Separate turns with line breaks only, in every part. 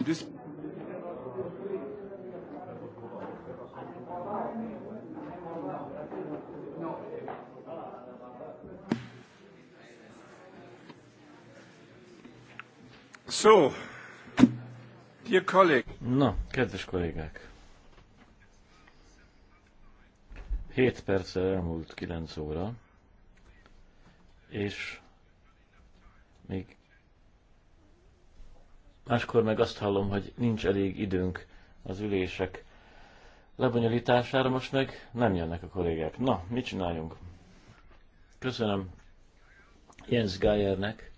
This So, dear colleague. Na, kedves kollégák! 7 perccel elmúlt 9 óra, és még Máskor meg azt hallom, hogy nincs elég időnk az ülések lebonyolítására, most meg nem jönnek a kollégák. Na, mit csináljunk? Köszönöm Jens Geiernek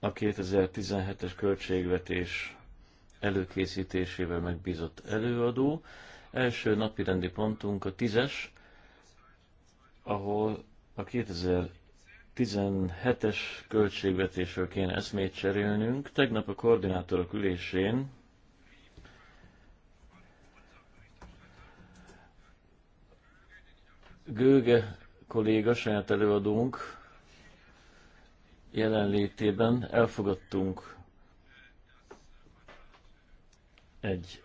a 2017-es költségvetés előkészítésével megbízott előadó. Első napi rendi pontunk a tízes, ahol a 2000 17-es költségvetésről kéne eszmét cserélnünk. Tegnap a koordinátorok ülésén Gőge kolléga, saját előadónk jelenlétében elfogadtunk egy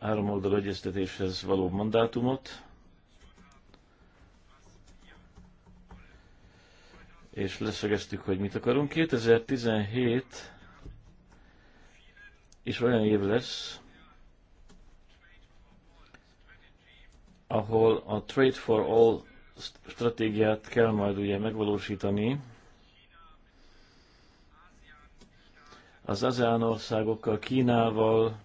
háromoldal egyeztetéshez való mandátumot, és leszögeztük, hogy mit akarunk. 2017 és olyan év lesz, ahol a Trade for All stratégiát kell majd ugye megvalósítani az ASEAN országokkal, Kínával,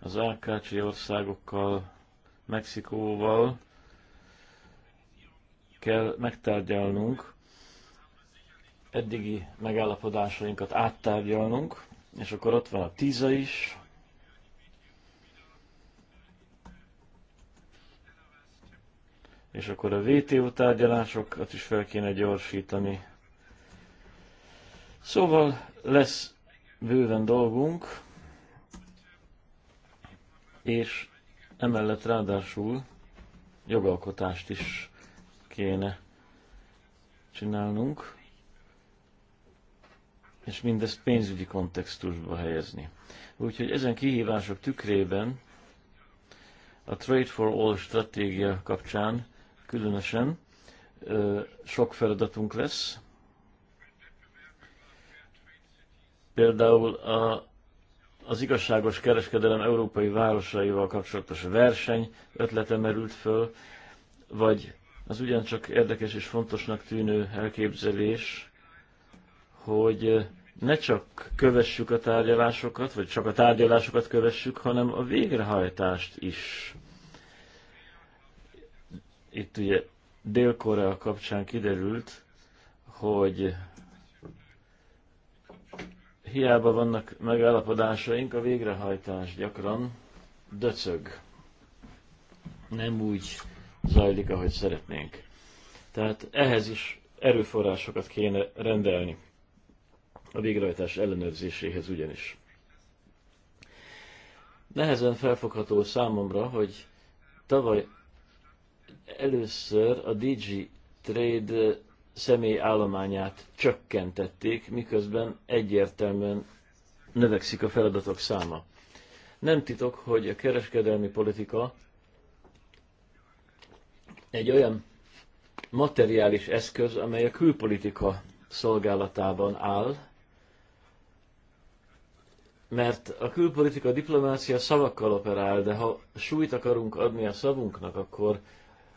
az AKC országokkal, Mexikóval, kell megtárgyalnunk, eddigi megállapodásainkat áttárgyalnunk, és akkor ott van a tíza is, és akkor a VTO tárgyalásokat is fel kéne gyorsítani. Szóval lesz bőven dolgunk, és emellett ráadásul jogalkotást is kéne csinálnunk, és mindezt pénzügyi kontextusba helyezni. Úgyhogy ezen kihívások tükrében a Trade for All stratégia kapcsán különösen sok feladatunk lesz. Például a, az igazságos kereskedelem európai városaival kapcsolatos verseny ötlete merült föl, vagy az ugyancsak érdekes és fontosnak tűnő elképzelés, hogy ne csak kövessük a tárgyalásokat, vagy csak a tárgyalásokat kövessük, hanem a végrehajtást is. Itt ugye Dél-Korea kapcsán kiderült, hogy hiába vannak megállapodásaink, a végrehajtás gyakran döcög. Nem úgy zajlik, ahogy szeretnénk. Tehát ehhez is erőforrásokat kéne rendelni a végrehajtás ellenőrzéséhez ugyanis. Nehezen felfogható számomra, hogy tavaly először a DG Trade személy állományát csökkentették, miközben egyértelműen növekszik a feladatok száma. Nem titok, hogy a kereskedelmi politika egy olyan materiális eszköz, amely a külpolitika szolgálatában áll, mert a külpolitika, diplomácia szavakkal operál, de ha súlyt akarunk adni a szavunknak, akkor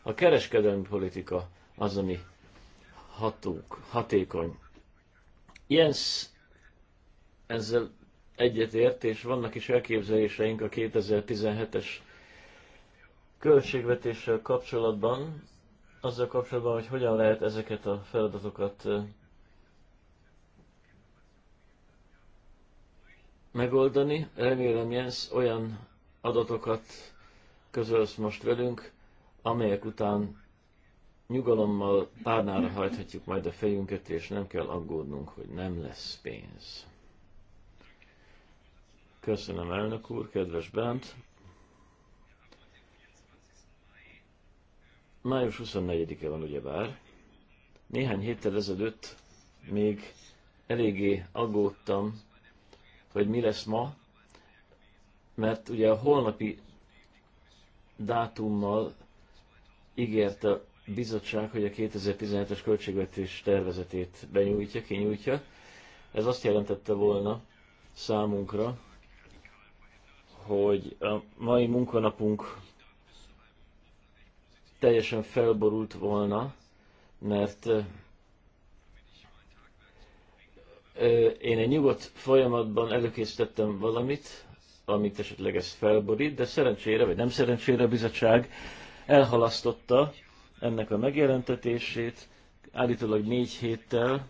a kereskedelmi politika az, ami hatunk, hatékony. Jens ezzel egyetért, és vannak is elképzeléseink a 2017-es költségvetéssel kapcsolatban, azzal kapcsolatban, hogy hogyan lehet ezeket a feladatokat megoldani. Remélem, Jens, olyan adatokat közölsz most velünk, amelyek után nyugalommal párnára hajthatjuk majd a fejünket, és nem kell aggódnunk, hogy nem lesz pénz. Köszönöm, elnök úr, kedves Bent! Május 24-e van ugyebár. Néhány héttel ezelőtt még eléggé aggódtam, hogy mi lesz ma, mert ugye a holnapi dátummal ígérte a bizottság, hogy a 2017-es költségvetés tervezetét benyújtja, kinyújtja. Ez azt jelentette volna számunkra, hogy a mai munkanapunk teljesen felborult volna, mert én egy nyugodt folyamatban előkészítettem valamit, amit esetleg ez felborít, de szerencsére, vagy nem szerencsére a bizottság elhalasztotta ennek a megjelentetését, állítólag négy héttel,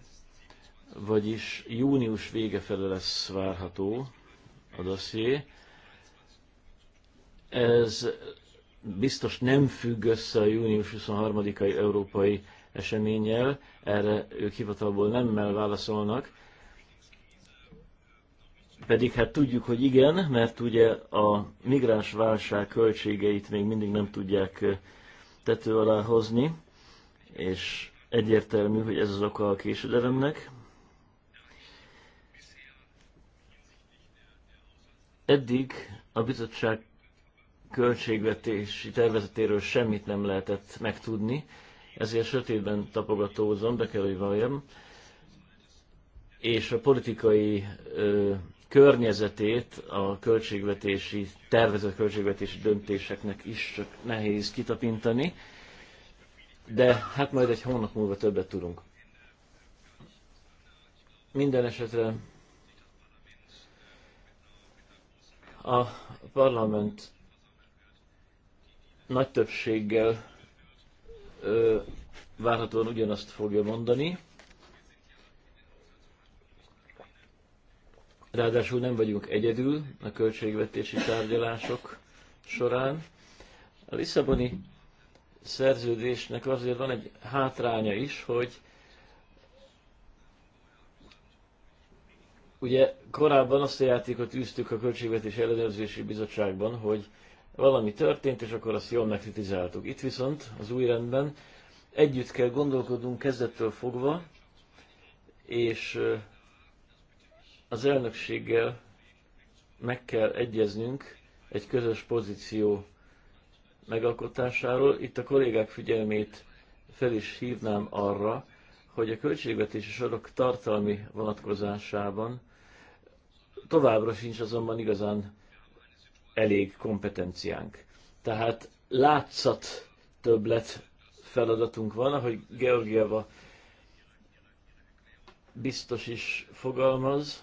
vagyis június vége felé lesz várható a dosszié. Ez biztos nem függ össze a június 23-ai európai eseményel, erre ők hivatalból nemmel válaszolnak, pedig hát tudjuk, hogy igen, mert ugye a migráns válság költségeit még mindig nem tudják tető alá hozni, és egyértelmű, hogy ez az oka a késedelemnek. Eddig a bizottság költségvetési tervezetéről semmit nem lehetett megtudni, ezért sötétben tapogatózom, be kell, hogy valljam, és a politikai ö, környezetét a költségvetési, tervezett költségvetési döntéseknek is csak nehéz kitapintani, de hát majd egy hónap múlva többet tudunk. Minden esetre a parlament nagy többséggel ö, várhatóan ugyanazt fogja mondani. Ráadásul nem vagyunk egyedül a költségvetési tárgyalások során. A Lisszaboni szerződésnek azért van egy hátránya is, hogy ugye korábban azt a játékot űztük a Költségvetési Ellenőrzési Bizottságban, hogy valami történt, és akkor azt jól megkritizáltuk. Itt viszont az új rendben együtt kell gondolkodnunk kezdettől fogva, és az elnökséggel meg kell egyeznünk egy közös pozíció megalkotásáról. Itt a kollégák figyelmét fel is hívnám arra, hogy a költségvetési sorok tartalmi vonatkozásában továbbra sincs azonban igazán elég kompetenciánk. Tehát látszat többlet feladatunk van, ahogy Georgieva biztos is fogalmaz.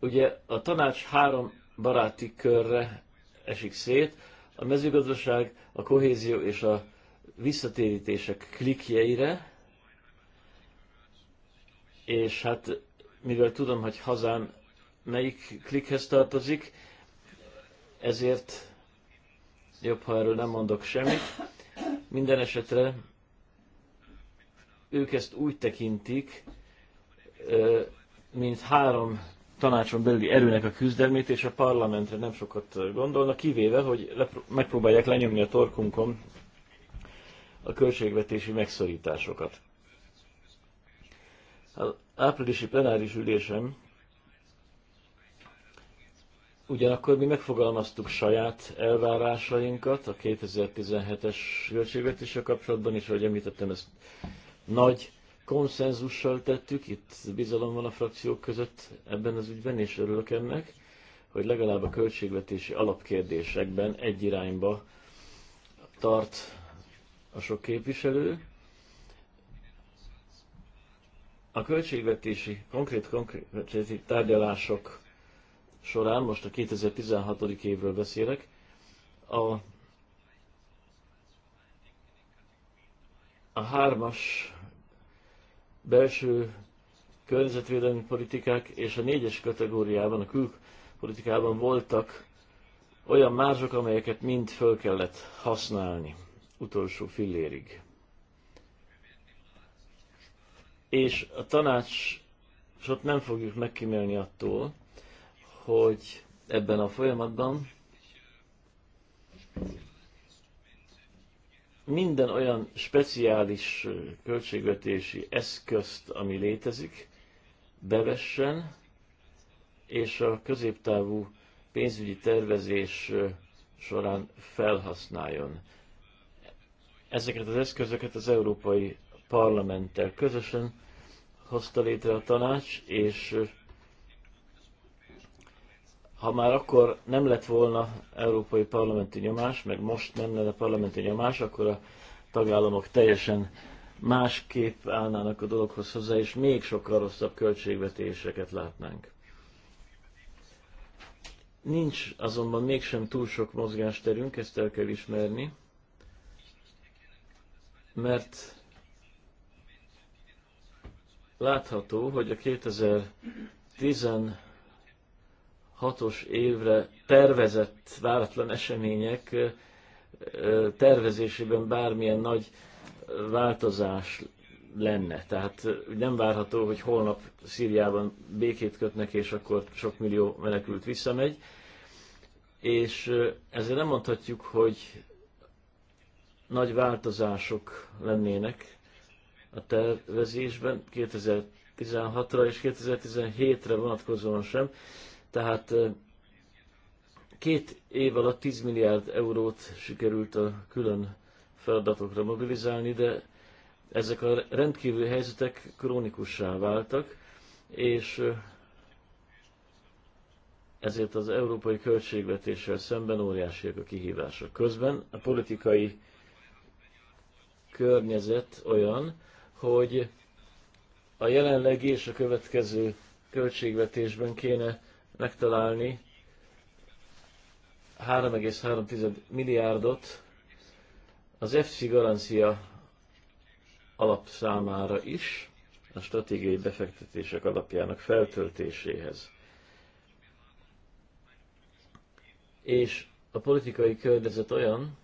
Ugye a tanács három baráti körre esik szét, a mezőgazdaság, a kohézió és a visszatérítések klikjeire, és hát mivel tudom, hogy hazán melyik klikhez tartozik, ezért jobb, ha erről nem mondok semmit. Minden esetre ők ezt úgy tekintik, mint három tanácson belüli erőnek a küzdelmét, és a parlamentre nem sokat gondolnak, kivéve, hogy megpróbálják lenyomni a torkunkon a költségvetési megszorításokat. Az áprilisi plenáris ülésem Ugyanakkor mi megfogalmaztuk saját elvárásainkat a 2017-es költségvetéssel kapcsolatban, és ahogy említettem, ezt nagy konszenzussal tettük, itt bizalom van a frakciók között ebben az ügyben, és örülök ennek, hogy legalább a költségvetési alapkérdésekben egy irányba tart a sok képviselő. A költségvetési konkrét, konkrét tárgyalások során, most a 2016. évről beszélek, a, a hármas belső környezetvédelmi politikák és a négyes kategóriában, a külpolitikában voltak olyan mázsok, amelyeket mind föl kellett használni utolsó fillérig. És a tanács és ott nem fogjuk megkímélni attól, hogy ebben a folyamatban minden olyan speciális költségvetési eszközt, ami létezik, bevessen, és a középtávú pénzügyi tervezés során felhasználjon. Ezeket az eszközöket az Európai Parlamenttel közösen hozta létre a tanács, és ha már akkor nem lett volna európai parlamenti nyomás, meg most nem lenne parlamenti nyomás, akkor a tagállamok teljesen másképp állnának a dologhoz hozzá, és még sokkal rosszabb költségvetéseket látnánk. Nincs azonban mégsem túl sok mozgásterünk, ezt el kell ismerni, mert látható, hogy a 2010 hatos évre tervezett váratlan események tervezésében bármilyen nagy változás lenne. Tehát nem várható, hogy holnap Szíriában békét kötnek, és akkor sok millió menekült visszamegy. És ezzel nem mondhatjuk, hogy nagy változások lennének a tervezésben 2016-ra és 2017-re vonatkozóan sem, tehát két év alatt 10 milliárd eurót sikerült a külön feladatokra mobilizálni, de ezek a rendkívül helyzetek krónikussá váltak, és ezért az európai költségvetéssel szemben óriásiak a kihívások. Közben a politikai környezet olyan, hogy a jelenlegi és a következő költségvetésben kéne megtalálni 3,3 milliárdot az FC garancia alapszámára is, a stratégiai befektetések alapjának feltöltéséhez. És a politikai környezet olyan,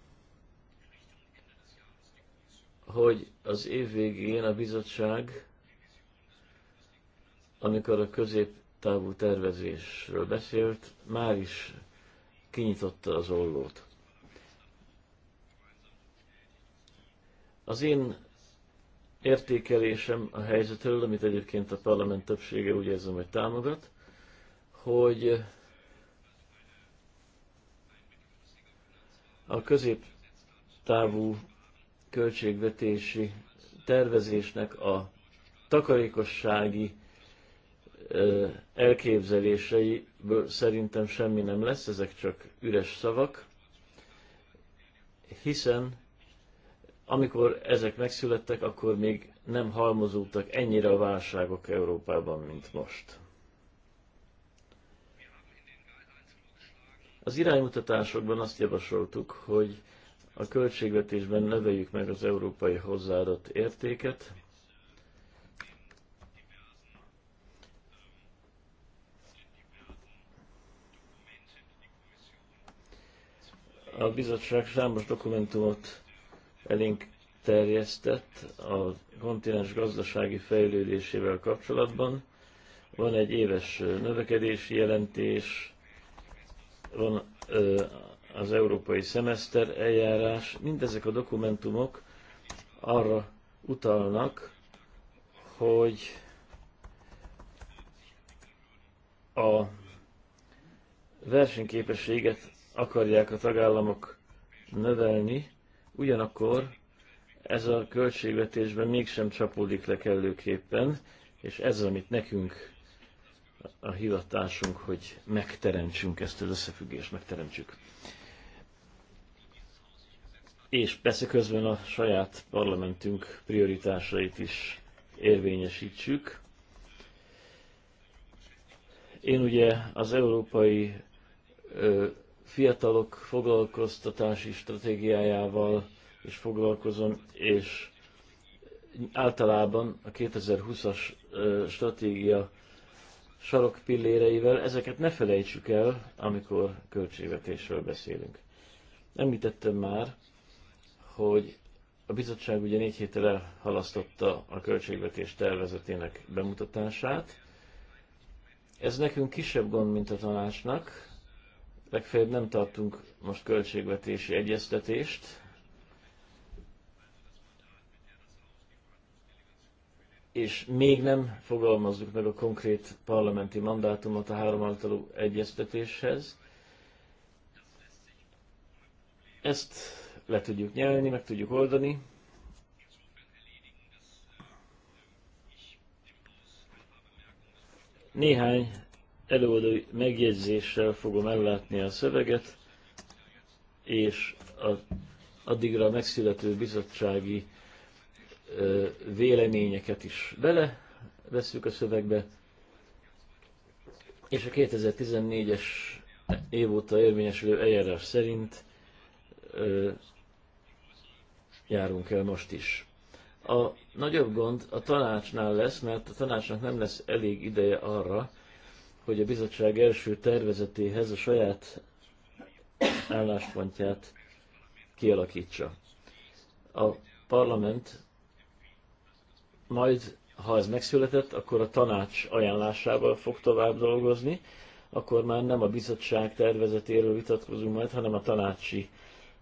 hogy az év végén a bizottság, amikor a közép távú tervezésről beszélt, már is kinyitotta az ollót. Az én értékelésem a helyzetről, amit egyébként a parlament többsége úgy érzem, hogy támogat, hogy a középtávú költségvetési tervezésnek a takarékossági elképzeléseiből szerintem semmi nem lesz, ezek csak üres szavak, hiszen amikor ezek megszülettek, akkor még nem halmozódtak ennyire a válságok Európában, mint most. Az iránymutatásokban azt javasoltuk, hogy a költségvetésben növeljük meg az európai hozzáadott értéket, a bizottság számos dokumentumot elénk terjesztett a kontinens gazdasági fejlődésével kapcsolatban. Van egy éves növekedési jelentés, van az európai szemeszter eljárás. Mindezek a dokumentumok arra utalnak, hogy a versenyképességet akarják a tagállamok növelni, ugyanakkor ez a költségvetésben mégsem csapódik le kellőképpen, és ez, amit nekünk a hivatásunk, hogy megteremtsünk ezt az összefüggést, megteremtsük. És persze közben a saját parlamentünk prioritásait is érvényesítsük. Én ugye az európai fiatalok foglalkoztatási stratégiájával is foglalkozom, és általában a 2020-as stratégia sarok pilléreivel, ezeket ne felejtsük el, amikor költségvetésről beszélünk. Említettem már, hogy a bizottság ugye négy héttel elhalasztotta a költségvetés tervezetének bemutatását. Ez nekünk kisebb gond, mint a tanácsnak, Legfeljebb nem tartunk most költségvetési egyeztetést. És még nem fogalmazzuk meg a konkrét parlamenti mandátumot a három általú egyeztetéshez. Ezt le tudjuk nyelni, meg tudjuk oldani. Néhány előadó megjegyzéssel fogom ellátni a szöveget, és a, addigra a megszülető bizottsági ö, véleményeket is bele veszük a szövegbe, és a 2014-es év óta érvényesülő eljárás szerint ö, járunk el most is. A nagyobb gond a tanácsnál lesz, mert a tanácsnak nem lesz elég ideje arra, hogy a bizottság első tervezetéhez a saját álláspontját kialakítsa. A parlament majd, ha ez megszületett, akkor a tanács ajánlásával fog tovább dolgozni, akkor már nem a bizottság tervezetéről vitatkozunk majd, hanem a tanácsi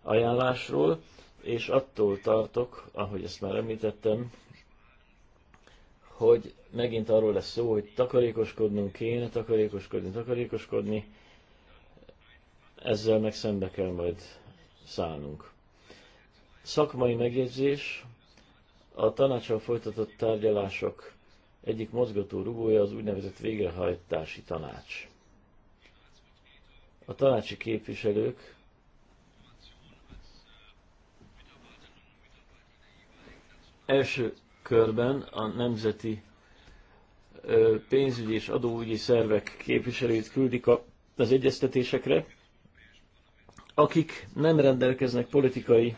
ajánlásról, és attól tartok, ahogy ezt már említettem, hogy megint arról lesz szó, hogy takarékoskodnunk kéne, takarékoskodni, takarékoskodni, ezzel meg szembe kell majd szállnunk. Szakmai megjegyzés, a tanácsal folytatott tárgyalások egyik mozgató rugója az úgynevezett végrehajtási tanács. A tanácsi képviselők első körben a nemzeti pénzügyi és adóügyi szervek képviselőit küldik az egyeztetésekre, akik nem rendelkeznek politikai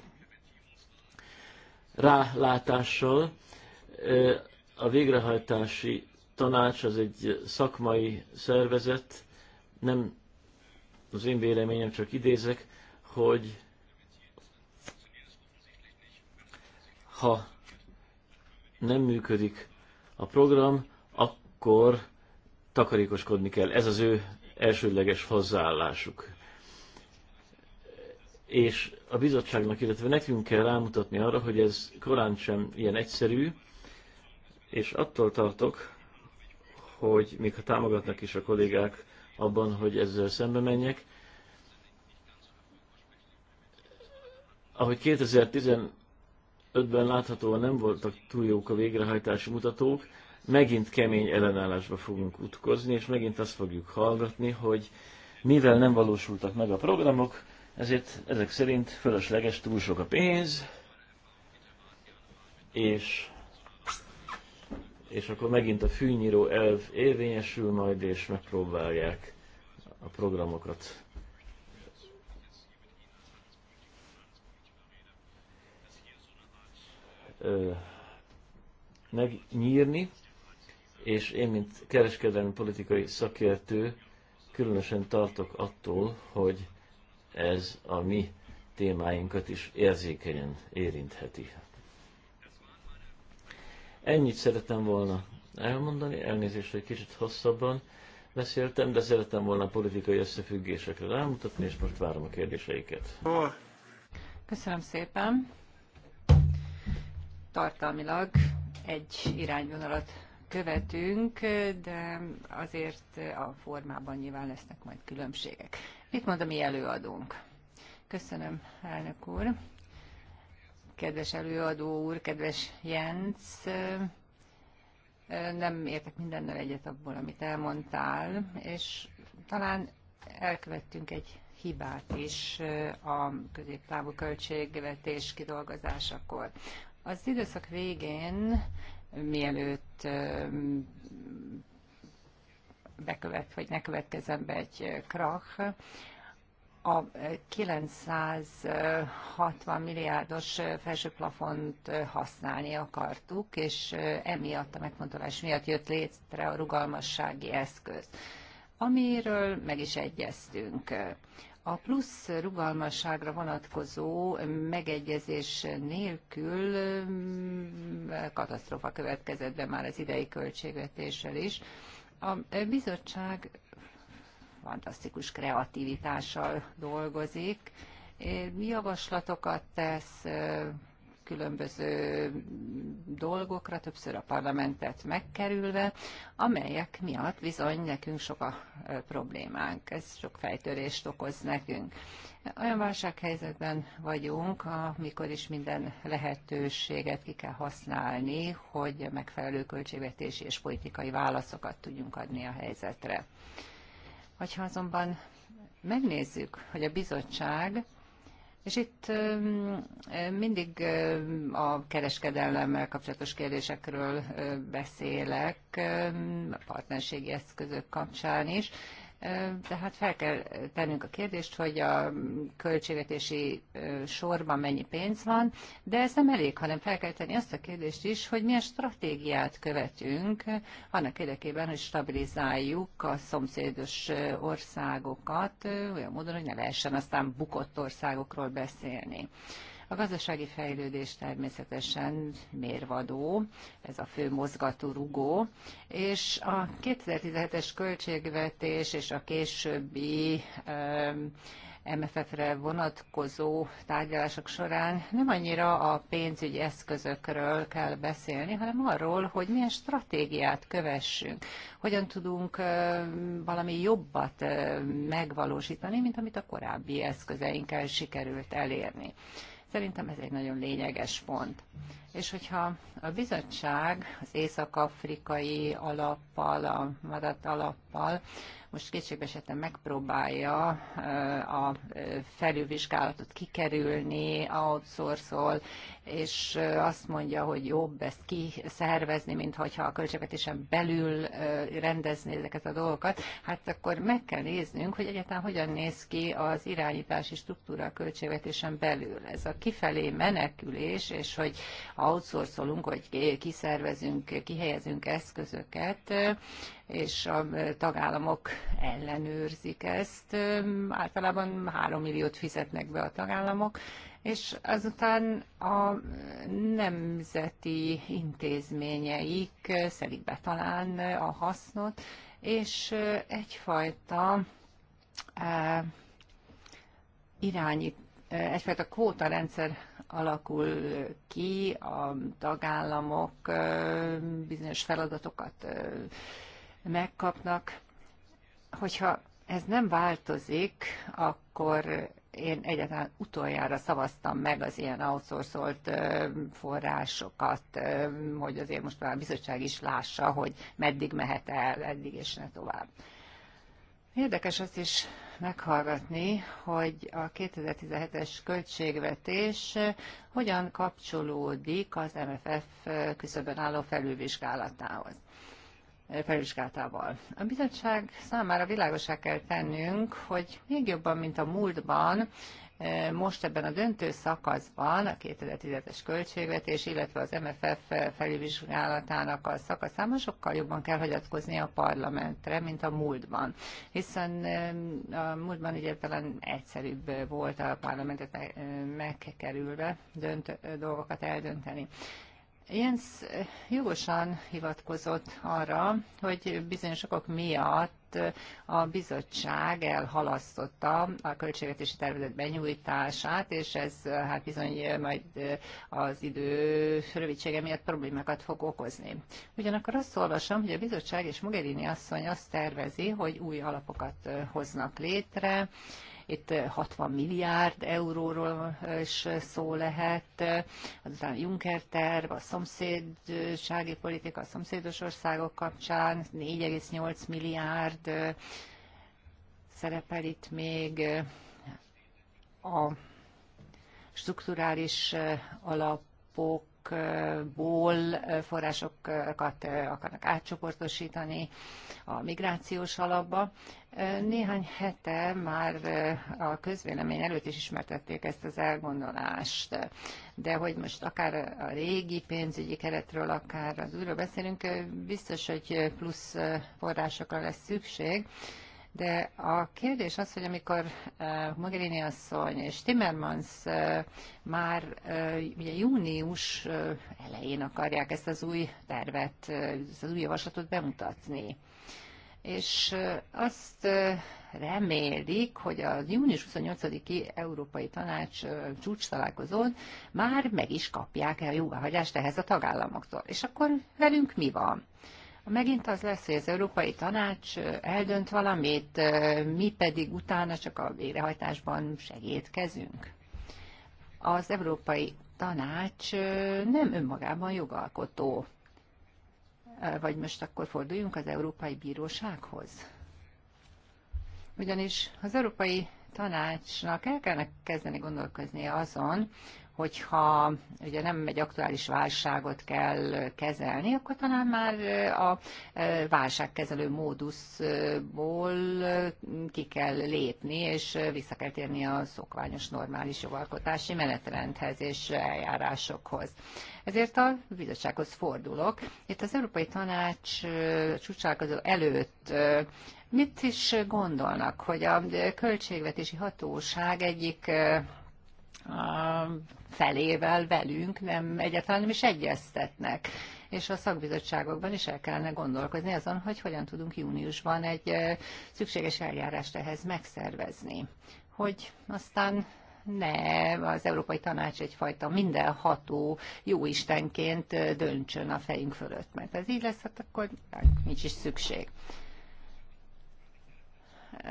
rálátással. A végrehajtási tanács az egy szakmai szervezet, nem az én véleményem, csak idézek, hogy ha nem működik a program, akkor takarékoskodni kell. Ez az ő elsődleges hozzáállásuk. És a bizottságnak, illetve nekünk kell rámutatni arra, hogy ez korán sem ilyen egyszerű, és attól tartok, hogy még ha támogatnak is a kollégák abban, hogy ezzel szembe menjek, ahogy 2015-ben láthatóan nem voltak túl jók a végrehajtási mutatók, megint kemény ellenállásba fogunk utkozni, és megint azt fogjuk hallgatni, hogy mivel nem valósultak meg a programok, ezért ezek szerint fölösleges túl sok a pénz, és, és akkor megint a fűnyíró elv érvényesül majd, és megpróbálják a programokat megnyírni és én, mint kereskedelmi politikai szakértő, különösen tartok attól, hogy ez a mi témáinkat is érzékenyen érintheti. Ennyit szeretem volna elmondani, elnézést, hogy kicsit hosszabban beszéltem, de szeretem volna politikai összefüggésekre rámutatni, és most várom a kérdéseiket.
Köszönöm szépen. Tartalmilag egy irányvonalat követünk, de azért a formában nyilván lesznek majd különbségek. Mit mond a mi előadónk? Köszönöm, elnök úr. Kedves előadó úr, kedves Jens, nem értek mindennel egyet abból, amit elmondtál, és talán elkövettünk egy hibát is a középtávú költségvetés kidolgozásakor. Az időszak végén mielőtt bekövet, vagy ne következzen be egy krach. A 960 milliárdos felső plafont használni akartuk, és emiatt a megfontolás miatt jött létre a rugalmassági eszköz, amiről meg is egyeztünk. A plusz rugalmasságra vonatkozó megegyezés nélkül mm, katasztrofa következett be már az idei költségvetéssel is. A bizottság fantasztikus kreativitással dolgozik, javaslatokat tesz, különböző dolgokra, többször a parlamentet megkerülve, amelyek miatt bizony nekünk sok a problémánk, ez sok fejtörést okoz nekünk. Olyan válsághelyzetben vagyunk, amikor is minden lehetőséget ki kell használni, hogy megfelelő költségvetési és politikai válaszokat tudjunk adni a helyzetre. Hogyha azonban megnézzük, hogy a bizottság és itt mindig a kereskedelemmel kapcsolatos kérdésekről beszélek, a partnerségi eszközök kapcsán is, de hát fel kell tennünk a kérdést, hogy a költségvetési sorban mennyi pénz van, de ez nem elég, hanem fel kell tenni azt a kérdést is, hogy milyen stratégiát követünk annak érdekében, hogy stabilizáljuk a szomszédos országokat, olyan módon, hogy ne lehessen aztán bukott országokról beszélni. A gazdasági fejlődés természetesen mérvadó, ez a fő mozgató rugó, és a 2017-es költségvetés és a későbbi MFF-re vonatkozó tárgyalások során nem annyira a pénzügyi eszközökről kell beszélni, hanem arról, hogy milyen stratégiát kövessünk, hogyan tudunk valami jobbat megvalósítani, mint amit a korábbi eszközeinkkel sikerült elérni. Szerintem ez egy nagyon lényeges pont. És hogyha a bizottság az észak-afrikai alappal, a madat alappal most kétségbe esetem megpróbálja a felülvizsgálatot kikerülni, outsourcol, és azt mondja, hogy jobb ezt kiszervezni, mint hogyha a költségvetésen belül rendezni ezeket a dolgokat, hát akkor meg kell néznünk, hogy egyáltalán hogyan néz ki az irányítási struktúra a költségvetésen belül. Ez a kifelé menekülés, és hogy outsourcolunk, hogy kiszervezünk, kihelyezünk eszközöket, és a tagállamok ellenőrzik ezt. Általában 3 milliót fizetnek be a tagállamok, és azután a nemzeti intézményeik szedik be talán a hasznot, és egyfajta e, irányít, e, egyfajta kvótarendszer alakul ki, a tagállamok e, bizonyos feladatokat megkapnak. Hogyha ez nem változik, akkor én egyáltalán utoljára szavaztam meg az ilyen outsourcolt forrásokat, hogy azért most már a bizottság is lássa, hogy meddig mehet el, eddig és ne tovább. Érdekes azt is meghallgatni, hogy a 2017-es költségvetés hogyan kapcsolódik az MFF küszöbön álló felülvizsgálatához felvizsgálatával. A bizottság számára világosá kell tennünk, hogy még jobban, mint a múltban, e, most ebben a döntő szakaszban, a 2010-es költségvetés, illetve az MFF felülvizsgálatának a szakaszában sokkal jobban kell hagyatkozni a parlamentre, mint a múltban. Hiszen e, a múltban ugye talán egyszerűbb volt a parlamentet e, megkerülve dönt, dolgokat eldönteni. Jens eh, jogosan hivatkozott arra, hogy bizonyos okok miatt eh, a bizottság elhalasztotta a költségvetési tervezet benyújtását, és ez eh, hát bizony majd az idő rövidsége miatt problémákat fog okozni. Ugyanakkor azt olvasom, hogy a bizottság és Mogherini asszony azt tervezi, hogy új alapokat hoznak létre, itt 60 milliárd euróról is szó lehet, azután a Juncker terv, a szomszédsági politika, a szomszédos országok kapcsán 4,8 milliárd szerepel itt még a strukturális alapok migránsokból forrásokat akarnak átcsoportosítani a migrációs alapba. Néhány hete már a közvélemény előtt is ismertették ezt az elgondolást, de hogy most akár a régi pénzügyi keretről, akár az újra beszélünk, biztos, hogy plusz forrásokra lesz szükség, de a kérdés az, hogy amikor eh, Mogherini asszony és Timmermans eh, már eh, ugye június elején akarják ezt az új tervet, ezt az új javaslatot bemutatni, és azt remélik, hogy a június 28-i Európai Tanács csúcs találkozón már meg is kapják el jóváhagyást ehhez a tagállamoktól. És akkor velünk mi van? megint az lesz, hogy az Európai Tanács eldönt valamit, mi pedig utána csak a végrehajtásban segítkezünk. Az Európai Tanács nem önmagában jogalkotó. Vagy most akkor forduljunk az Európai Bírósághoz. Ugyanis az Európai Tanácsnak el kellene kezdeni gondolkozni azon, hogyha ugye nem egy aktuális válságot kell kezelni, akkor talán már a e, válságkezelő móduszból ki kell lépni, és vissza kell térni a szokványos normális jogalkotási menetrendhez és eljárásokhoz. Ezért a bizottsághoz fordulok. Itt az Európai Tanács e, csúcsálkozó előtt e, mit is gondolnak, hogy a költségvetési hatóság egyik a felével velünk nem egyáltalán nem is egyeztetnek. És a szakbizottságokban is el kellene gondolkozni azon, hogy hogyan tudunk júniusban egy szükséges eljárást ehhez megszervezni. Hogy aztán ne az Európai Tanács egyfajta mindenható jóistenként döntsön a fejünk fölött, mert ez így lesz, hát akkor nincs is szükség.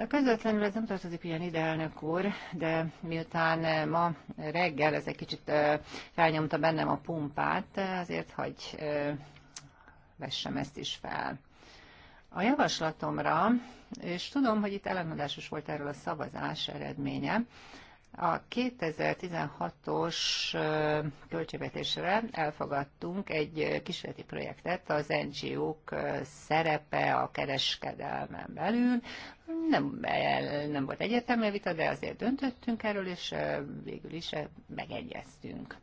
Közvetlenül ez nem tartozik ugyan ide, elnök úr, de miután ma reggel ez egy kicsit felnyomta bennem a pumpát, azért hagy vessem ezt is fel. A javaslatomra, és tudom, hogy itt ellentmondásos volt erről a szavazás eredménye, a 2016-os költségvetésre elfogadtunk egy kísérleti projektet az NGO-k szerepe a kereskedelmen belül. Nem, nem volt egyértelmű vita, de azért döntöttünk erről, és végül is megegyeztünk.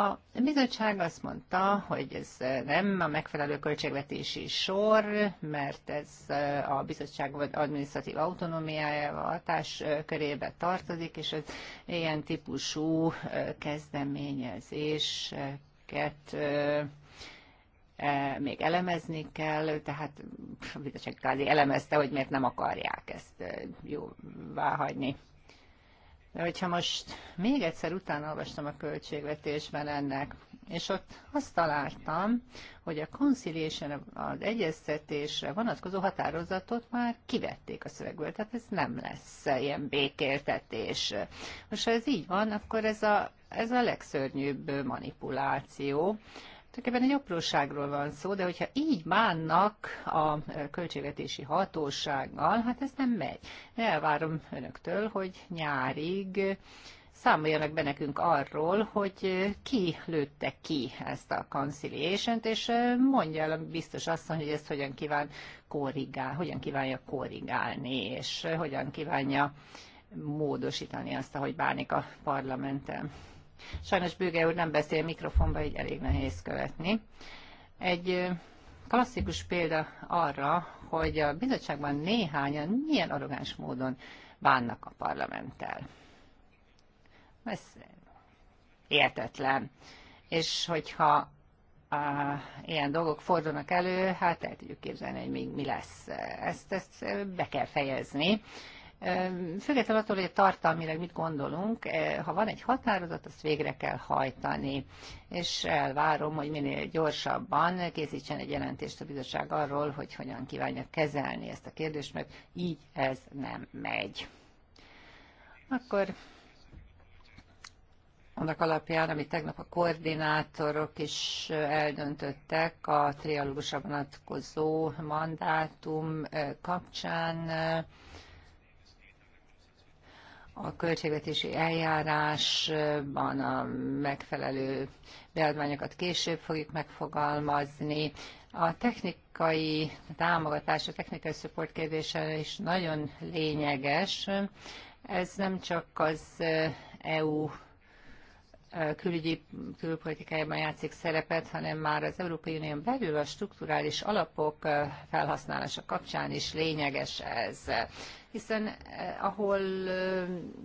A bizottság azt mondta, hogy ez nem a megfelelő költségvetési sor, mert ez a bizottság adminisztratív autonómiájával hatás körébe tartozik, és ez ilyen típusú kezdeményezéseket e, még elemezni kell, tehát a bizottság elemezte, hogy miért nem akarják ezt jóvá hagyni. De hogyha most még egyszer utána olvastam a költségvetésben ennek, és ott azt találtam, hogy a conciliation, az egyeztetésre vonatkozó határozatot már kivették a szövegből, tehát ez nem lesz ilyen békéltetés. Most ha ez így van, akkor ez a, ez a legszörnyűbb manipuláció, Tulajdonképpen egy apróságról van szó, de hogyha így bánnak a költségvetési hatósággal, hát ez nem megy. Elvárom önöktől, hogy nyárig számoljanak be nekünk arról, hogy ki lőtte ki ezt a conciliation és mondja el biztos asszony, hogy ezt hogyan kíván korrigál, hogyan kívánja korrigálni, és hogyan kívánja módosítani azt, ahogy bánik a parlamenten. Sajnos Bőge úr nem beszél mikrofonba, így elég nehéz követni. Egy klasszikus példa arra, hogy a bizottságban néhányan milyen arrogáns módon bánnak a parlamenttel. Ez értetlen. És hogyha a, ilyen dolgok fordulnak elő, hát el tudjuk képzelni, hogy mi, mi lesz. Ezt, ezt be kell fejezni Függetlenül attól, hogy tartalmilag mit gondolunk, e, ha van egy határozat, azt végre kell hajtani. És elvárom, hogy minél gyorsabban készítsen egy jelentést a bizottság arról, hogy hogyan kívánja kezelni ezt a kérdést, mert így ez nem megy. Akkor annak alapján, amit tegnap a koordinátorok is eldöntöttek a trialógusra vonatkozó mandátum e, kapcsán, a költségvetési eljárásban a megfelelő beadványokat később fogjuk megfogalmazni. A technikai támogatás, a technikai support kérdése is nagyon lényeges. Ez nem csak az EU e, külügyi külpolitikájában játszik szerepet, hanem már az Európai Unión belül a strukturális alapok e, felhasználása kapcsán is lényeges ez hiszen eh, ahol eh,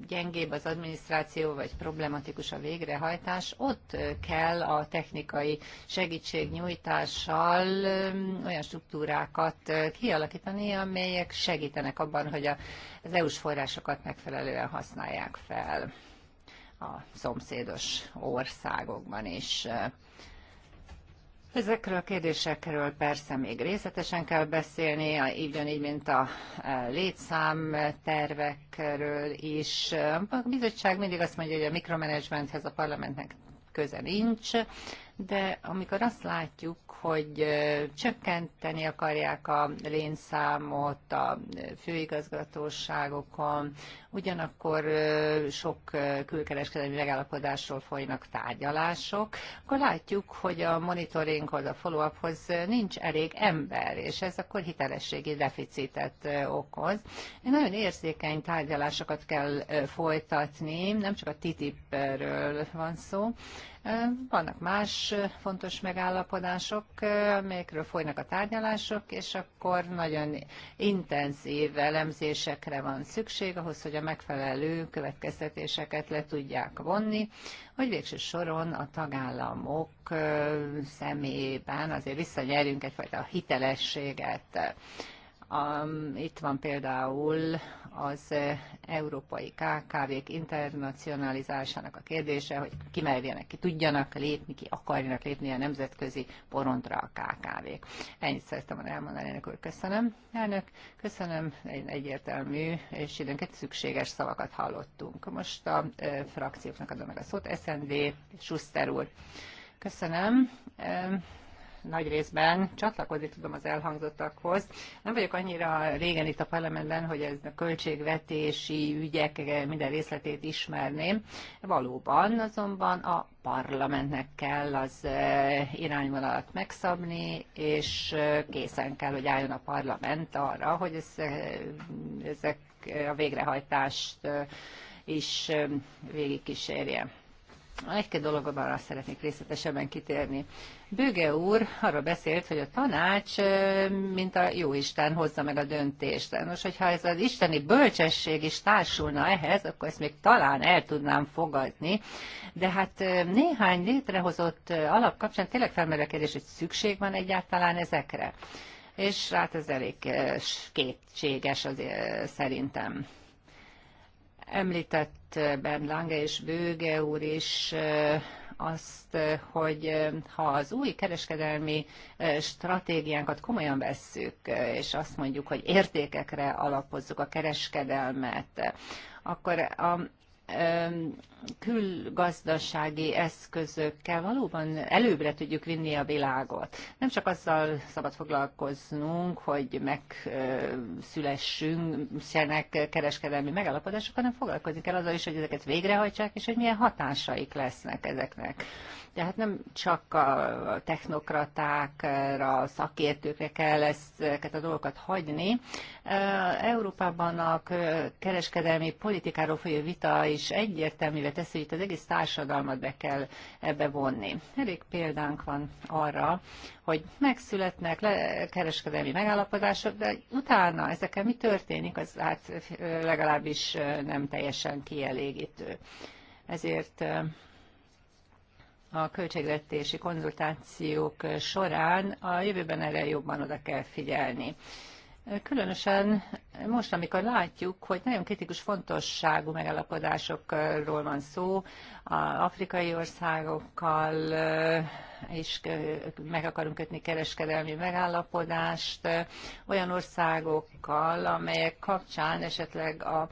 gyengébb az adminisztráció, vagy problematikus a végrehajtás, ott eh, kell a technikai segítségnyújtással olyan struktúrákat kialakítani, amelyek segítenek abban, hogy az EU-s forrásokat megfelelően használják fel a szomszédos országokban is. Ezekről a kérdésekről persze még részletesen kell beszélni, így ugyanígy, mint a e, létszám tervekről is. A bizottság mindig azt mondja, hogy a mikromanagementhez a parlamentnek köze nincs, de amikor azt látjuk, hogy csökkenteni akarják a lénszámot a főigazgatóságokon, ugyanakkor sok külkereskedelmi megállapodásról folynak tárgyalások, akkor látjuk, hogy a monitoringhoz, a follow-uphoz nincs elég ember, és ez akkor hitelességi deficitet okoz. Nagyon érzékeny tárgyalásokat kell folytatni, nem csak a TTIP-ről van szó, vannak más fontos megállapodások, amelyekről folynak a tárgyalások, és akkor nagyon intenzív elemzésekre van szükség ahhoz, hogy a megfelelő következtetéseket le tudják vonni, hogy végső soron a tagállamok szemében azért visszanyerjünk egyfajta hitelességet. itt van például az európai KKV-k internacionalizálásának a kérdése, hogy kimerjenek, ki tudjanak lépni, ki akarjanak lépni a nemzetközi porondra a KKV-k. Ennyit szerettem volna elmondani, elnök úr, köszönöm. Elnök, köszönöm, egyértelmű és időnként szükséges szavakat hallottunk. Most a e, frakcióknak adom meg a szót, SND, Schuster úr. Köszönöm. E, nagy részben csatlakozni tudom az elhangzottakhoz. Nem vagyok annyira régen itt a parlamentben, hogy ez a költségvetési ügyek minden részletét ismerném. Valóban azonban a parlamentnek kell az eh, irányvonalat megszabni, és eh, készen kell, hogy álljon a parlament arra, hogy eh, ezek a végrehajtást is végigkísérje. Egy-két dologban arra szeretnék részletesebben kitérni. Bőge úr arra beszélt, hogy a tanács, mint a jó Isten hozza meg a döntést. Nos, hogyha ez az isteni bölcsesség is társulna ehhez, akkor ezt még talán el tudnám fogadni. De hát néhány létrehozott alap kapcsán tényleg felmerül a kérdés, hogy szükség van egyáltalán ezekre. És hát ez elég kétséges az, szerintem. Említett eh, ben Lange és Bőge úr is eh, azt, eh, hogy ha az új kereskedelmi stratégiánkat komolyan vesszük, és azt mondjuk, hogy értékekre alapozzuk a kereskedelmet, akkor a külgazdasági eszközökkel valóban előbbre tudjuk vinni a világot. Nem csak azzal szabad foglalkoznunk, hogy megszülessünk, szenek kereskedelmi megállapodások, hanem foglalkozni kell azzal is, hogy ezeket végrehajtsák, és hogy milyen hatásaik lesznek ezeknek hát nem csak a technokratákra, szakértőkre kell ezeket a dolgokat hagyni. Európában a kereskedelmi politikáról folyó vita is egyértelművé teszi, hogy itt az egész társadalmat be kell ebbe vonni. Elég példánk van arra, hogy megszületnek le, kereskedelmi megállapodások, de utána ezekkel mi történik, az hát legalábbis nem teljesen kielégítő. Ezért a költségvetési konzultációk során a jövőben erre jobban oda kell figyelni. Különösen most, amikor látjuk, hogy nagyon kritikus fontosságú megalapodásokról van szó, a afrikai országokkal is eh, meg akarunk kötni kereskedelmi megállapodást, olyan országokkal, amelyek kapcsán esetleg a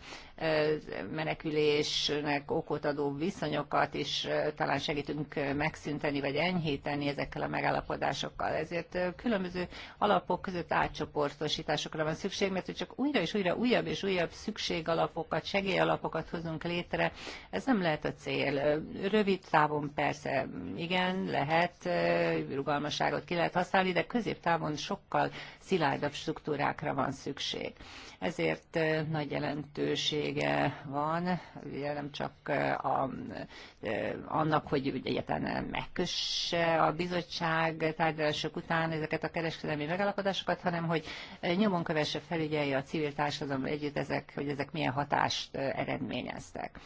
menekülésnek okot adó viszonyokat is talán segítünk megszünteni vagy enyhíteni ezekkel a megállapodásokkal. Ezért különböző alapok között átcsoportosításokra van szükség, mert hogy csak újra és újra újabb és újabb szükségalapokat, segélyalapokat hozunk létre, ez nem lehet a cél. Rövid távon persze igen, lehet, rugalmasságot ki lehet használni, de középtávon sokkal szilárdabb struktúrákra van szükség. Ezért nagy jelentőség jelentősége van, ugye nem csak a, annak, hogy egyetlen megkösse a bizottság tárgyalások után ezeket a kereskedelmi megalapodásokat, hanem hogy nyomon kövesse, felügyelje a civil társadalom együtt ezek, hogy ezek milyen hatást eredményeztek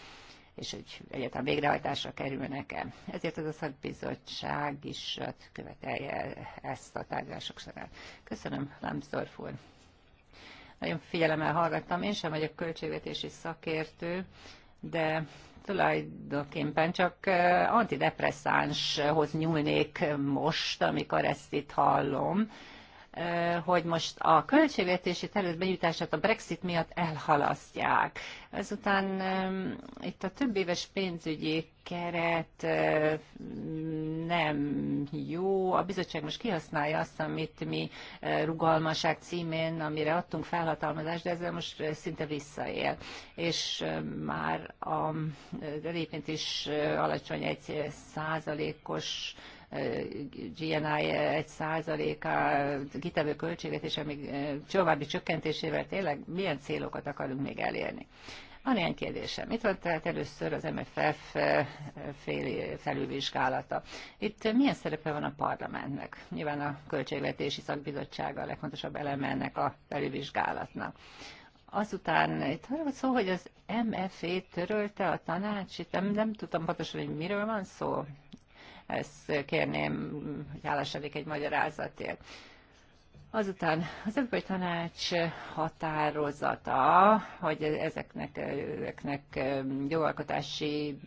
és hogy egyáltalán végrehajtásra kerülnek-e. Ezért az a szakbizottság is követelje ezt a tárgyalások során. Köszönöm, Lambsdorff úr. Nagyon figyelemmel hallgattam, én sem vagyok költségvetési szakértő, de tulajdonképpen csak antidepresszánshoz nyúlnék most, amikor ezt itt hallom hogy most a költségvetési terület benyújtását a Brexit miatt elhalasztják. Ezután itt a több éves pénzügyi keret nem jó. A bizottság most kihasználja azt, amit mi rugalmaság címén, amire adtunk felhatalmazást, de ezzel most szinte visszaél. És már a egyébként is alacsony egy százalékos GNI 1 százaléka kitevő költségvetése még további csökkentésével tényleg milyen célokat akarunk még elérni. Van ilyen kérdésem. Itt van tehát először az MFF fél felülvizsgálata. Itt milyen szerepe van a parlamentnek? Nyilván a Költségvetési Szakbizottsága a legfontosabb eleme ennek a felülvizsgálatnak. Azután itt arra volt szó, hogy az MFF törölte a tanács, itt nem, nem tudtam pontosan, hogy miről van szó. Ezt kérném, hogy hálásadik egy magyarázatért. Azután az Európai Tanács határozata, hogy ezeknek, ezeknek jogalkotási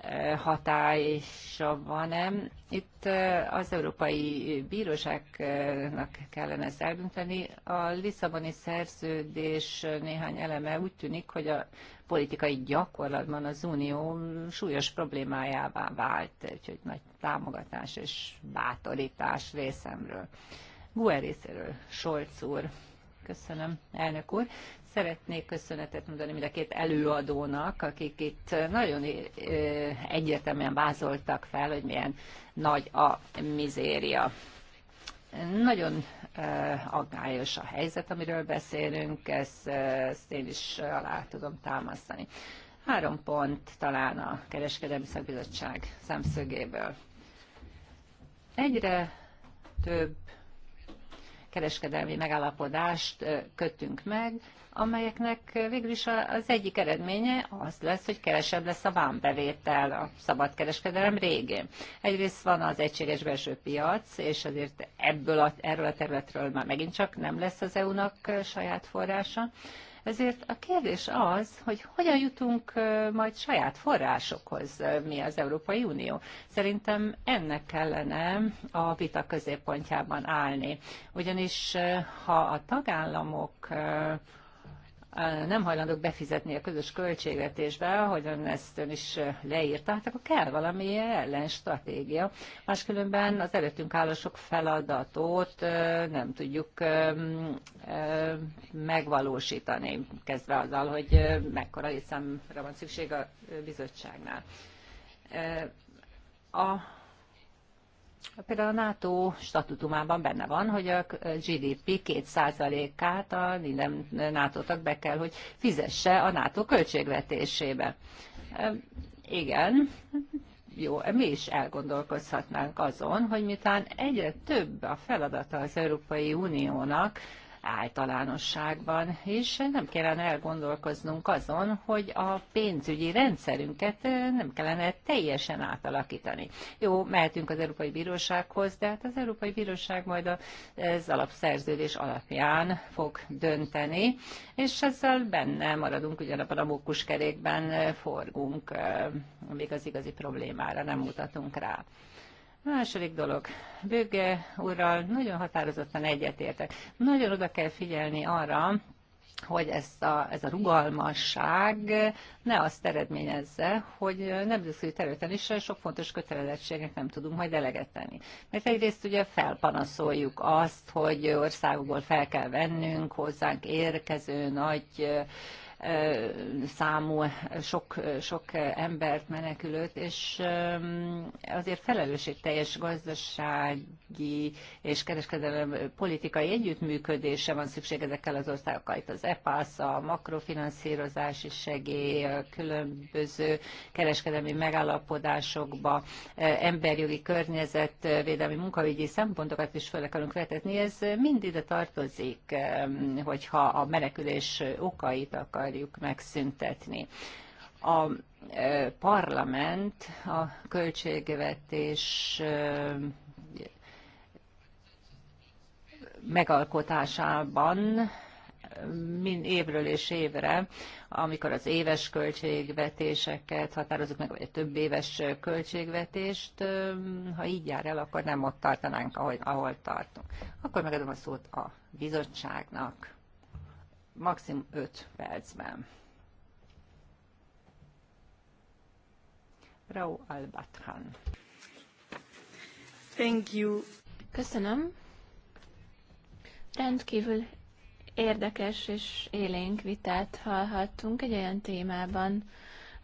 e, hatása van-e. Itt e, az Európai Bíróságnak kellene ezt eldönteni. A Lisszaboni szerződés néhány eleme úgy tűnik, hogy a politikai gyakorlatban az Unió súlyos problémájává vált, úgyhogy nagy támogatás és bátorítás részemről. Guer részéről, Solc úr. Köszönöm, elnök úr. Szeretnék köszönetet mondani mind a két előadónak, akik itt nagyon egyértelműen vázoltak fel, hogy milyen nagy a mizéria nagyon aggályos a helyzet, amiről beszélünk, ezt, ezt én is alá tudom támasztani. Három pont talán a Kereskedelmi Szakbizottság szemszögéből. Egyre több kereskedelmi megállapodást kötünk meg, amelyeknek végül is az egyik eredménye az lesz, hogy kevesebb lesz a vámbevétel a szabadkereskedelem régén. Egyrészt van az egységes belső piac, és azért ebből a, erről a területről már megint csak nem lesz az EU-nak saját forrása. Ezért a kérdés az, hogy hogyan jutunk majd saját forrásokhoz mi az Európai Unió. Szerintem ennek kellene a vita középpontjában állni. Ugyanis ha a tagállamok nem hajlandók befizetni a közös költségvetésbe, ahogyan ezt ön is leírta, hát akkor kell valami ellenstratégia. Máskülönben az előttünk álló sok feladatot nem tudjuk megvalósítani, kezdve azzal, hogy mekkora létszámra van szükség a bizottságnál. A Például a NATO statutumában benne van, hogy a GDP 2%-át a minden nato be kell, hogy fizesse a NATO költségvetésébe. Igen, jó, mi is elgondolkozhatnánk azon, hogy miután egyre több a feladata az Európai Uniónak, általánosságban, és nem kellene elgondolkoznunk azon, hogy a pénzügyi rendszerünket eh, nem kellene teljesen átalakítani. Jó, mehetünk az Európai Bírósághoz, de hát az Európai Bíróság majd az alapszerződés alapján fog dönteni, és ezzel benne maradunk ugyanabban a mókuskerékben eh, forgunk, eh, még az igazi problémára nem mutatunk rá. Második dolog, Böge úrral nagyon határozottan egyetértek. Nagyon oda kell figyelni arra, hogy ezt a, ez a rugalmasság ne azt eredményezze, hogy nemzetközi területen is sok fontos kötelezettségnek nem tudunk majd delegetni. Mert egyrészt ugye felpanaszoljuk azt, hogy országokból fel kell vennünk hozzánk érkező nagy számú sok, sok embert, menekülőt, és azért teljes gazdasági és kereskedelmi politikai együttműködése van szükség ezekkel az országokkal. Itt az EPASZ, a makrofinanszírozási segély, a különböző kereskedelmi megállapodásokba, emberjogi környezetvédelmi munkavégyi szempontokat is fel akarunk vetetni. Ez mind ide tartozik, hogyha a menekülés okait akar akarjuk megszüntetni. A e, parlament a költségvetés e, megalkotásában mind évről és évre, amikor az éves költségvetéseket határozunk meg, vagy a több éves költségvetést, e, ha így jár el, akkor nem ott tartanánk, ahol, ahol tartunk. Akkor megadom a szót a bizottságnak maximum 5 percben. Rau Albatran.
Thank you. Köszönöm. Rendkívül érdekes és élénk vitát hallhattunk egy olyan témában,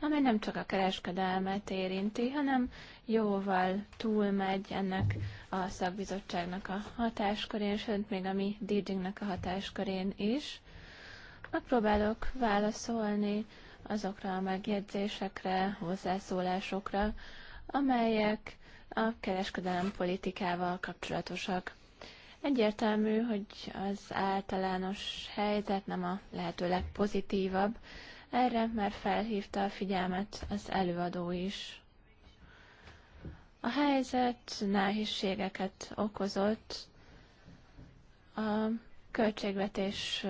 amely nem csak a kereskedelmet érinti, hanem jóval túlmegy ennek a szakbizottságnak a hatáskörén, sőt még a mi djing a hatáskörén is. Megpróbálok válaszolni azokra a megjegyzésekre, hozzászólásokra, amelyek a kereskedelem politikával kapcsolatosak. Egyértelmű, hogy az általános helyzet nem a lehető legpozitívabb, erre már felhívta a figyelmet az előadó is. A helyzet nehézségeket okozott a költségvetés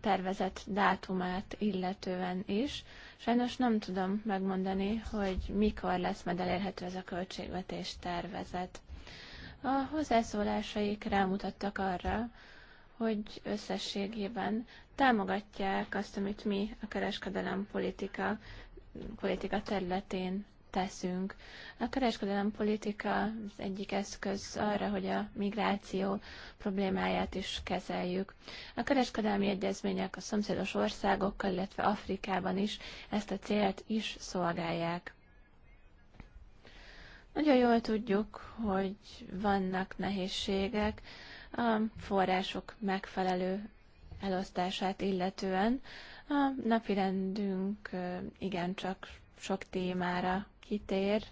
tervezett dátumát illetően is. Sajnos nem tudom megmondani, hogy mikor lesz majd elérhető ez a költségvetés tervezet. A hozzászólásaik rámutattak arra, hogy összességében támogatják azt, amit mi a kereskedelem politika, politika területén teszünk. A kereskedelem politika az egyik eszköz arra, hogy a migráció problémáját is kezeljük. A kereskedelmi egyezmények a szomszédos országokkal, illetve Afrikában is ezt a célt is szolgálják. Nagyon jól tudjuk, hogy vannak nehézségek a források megfelelő elosztását illetően. A napirendünk igencsak sok témára kitér.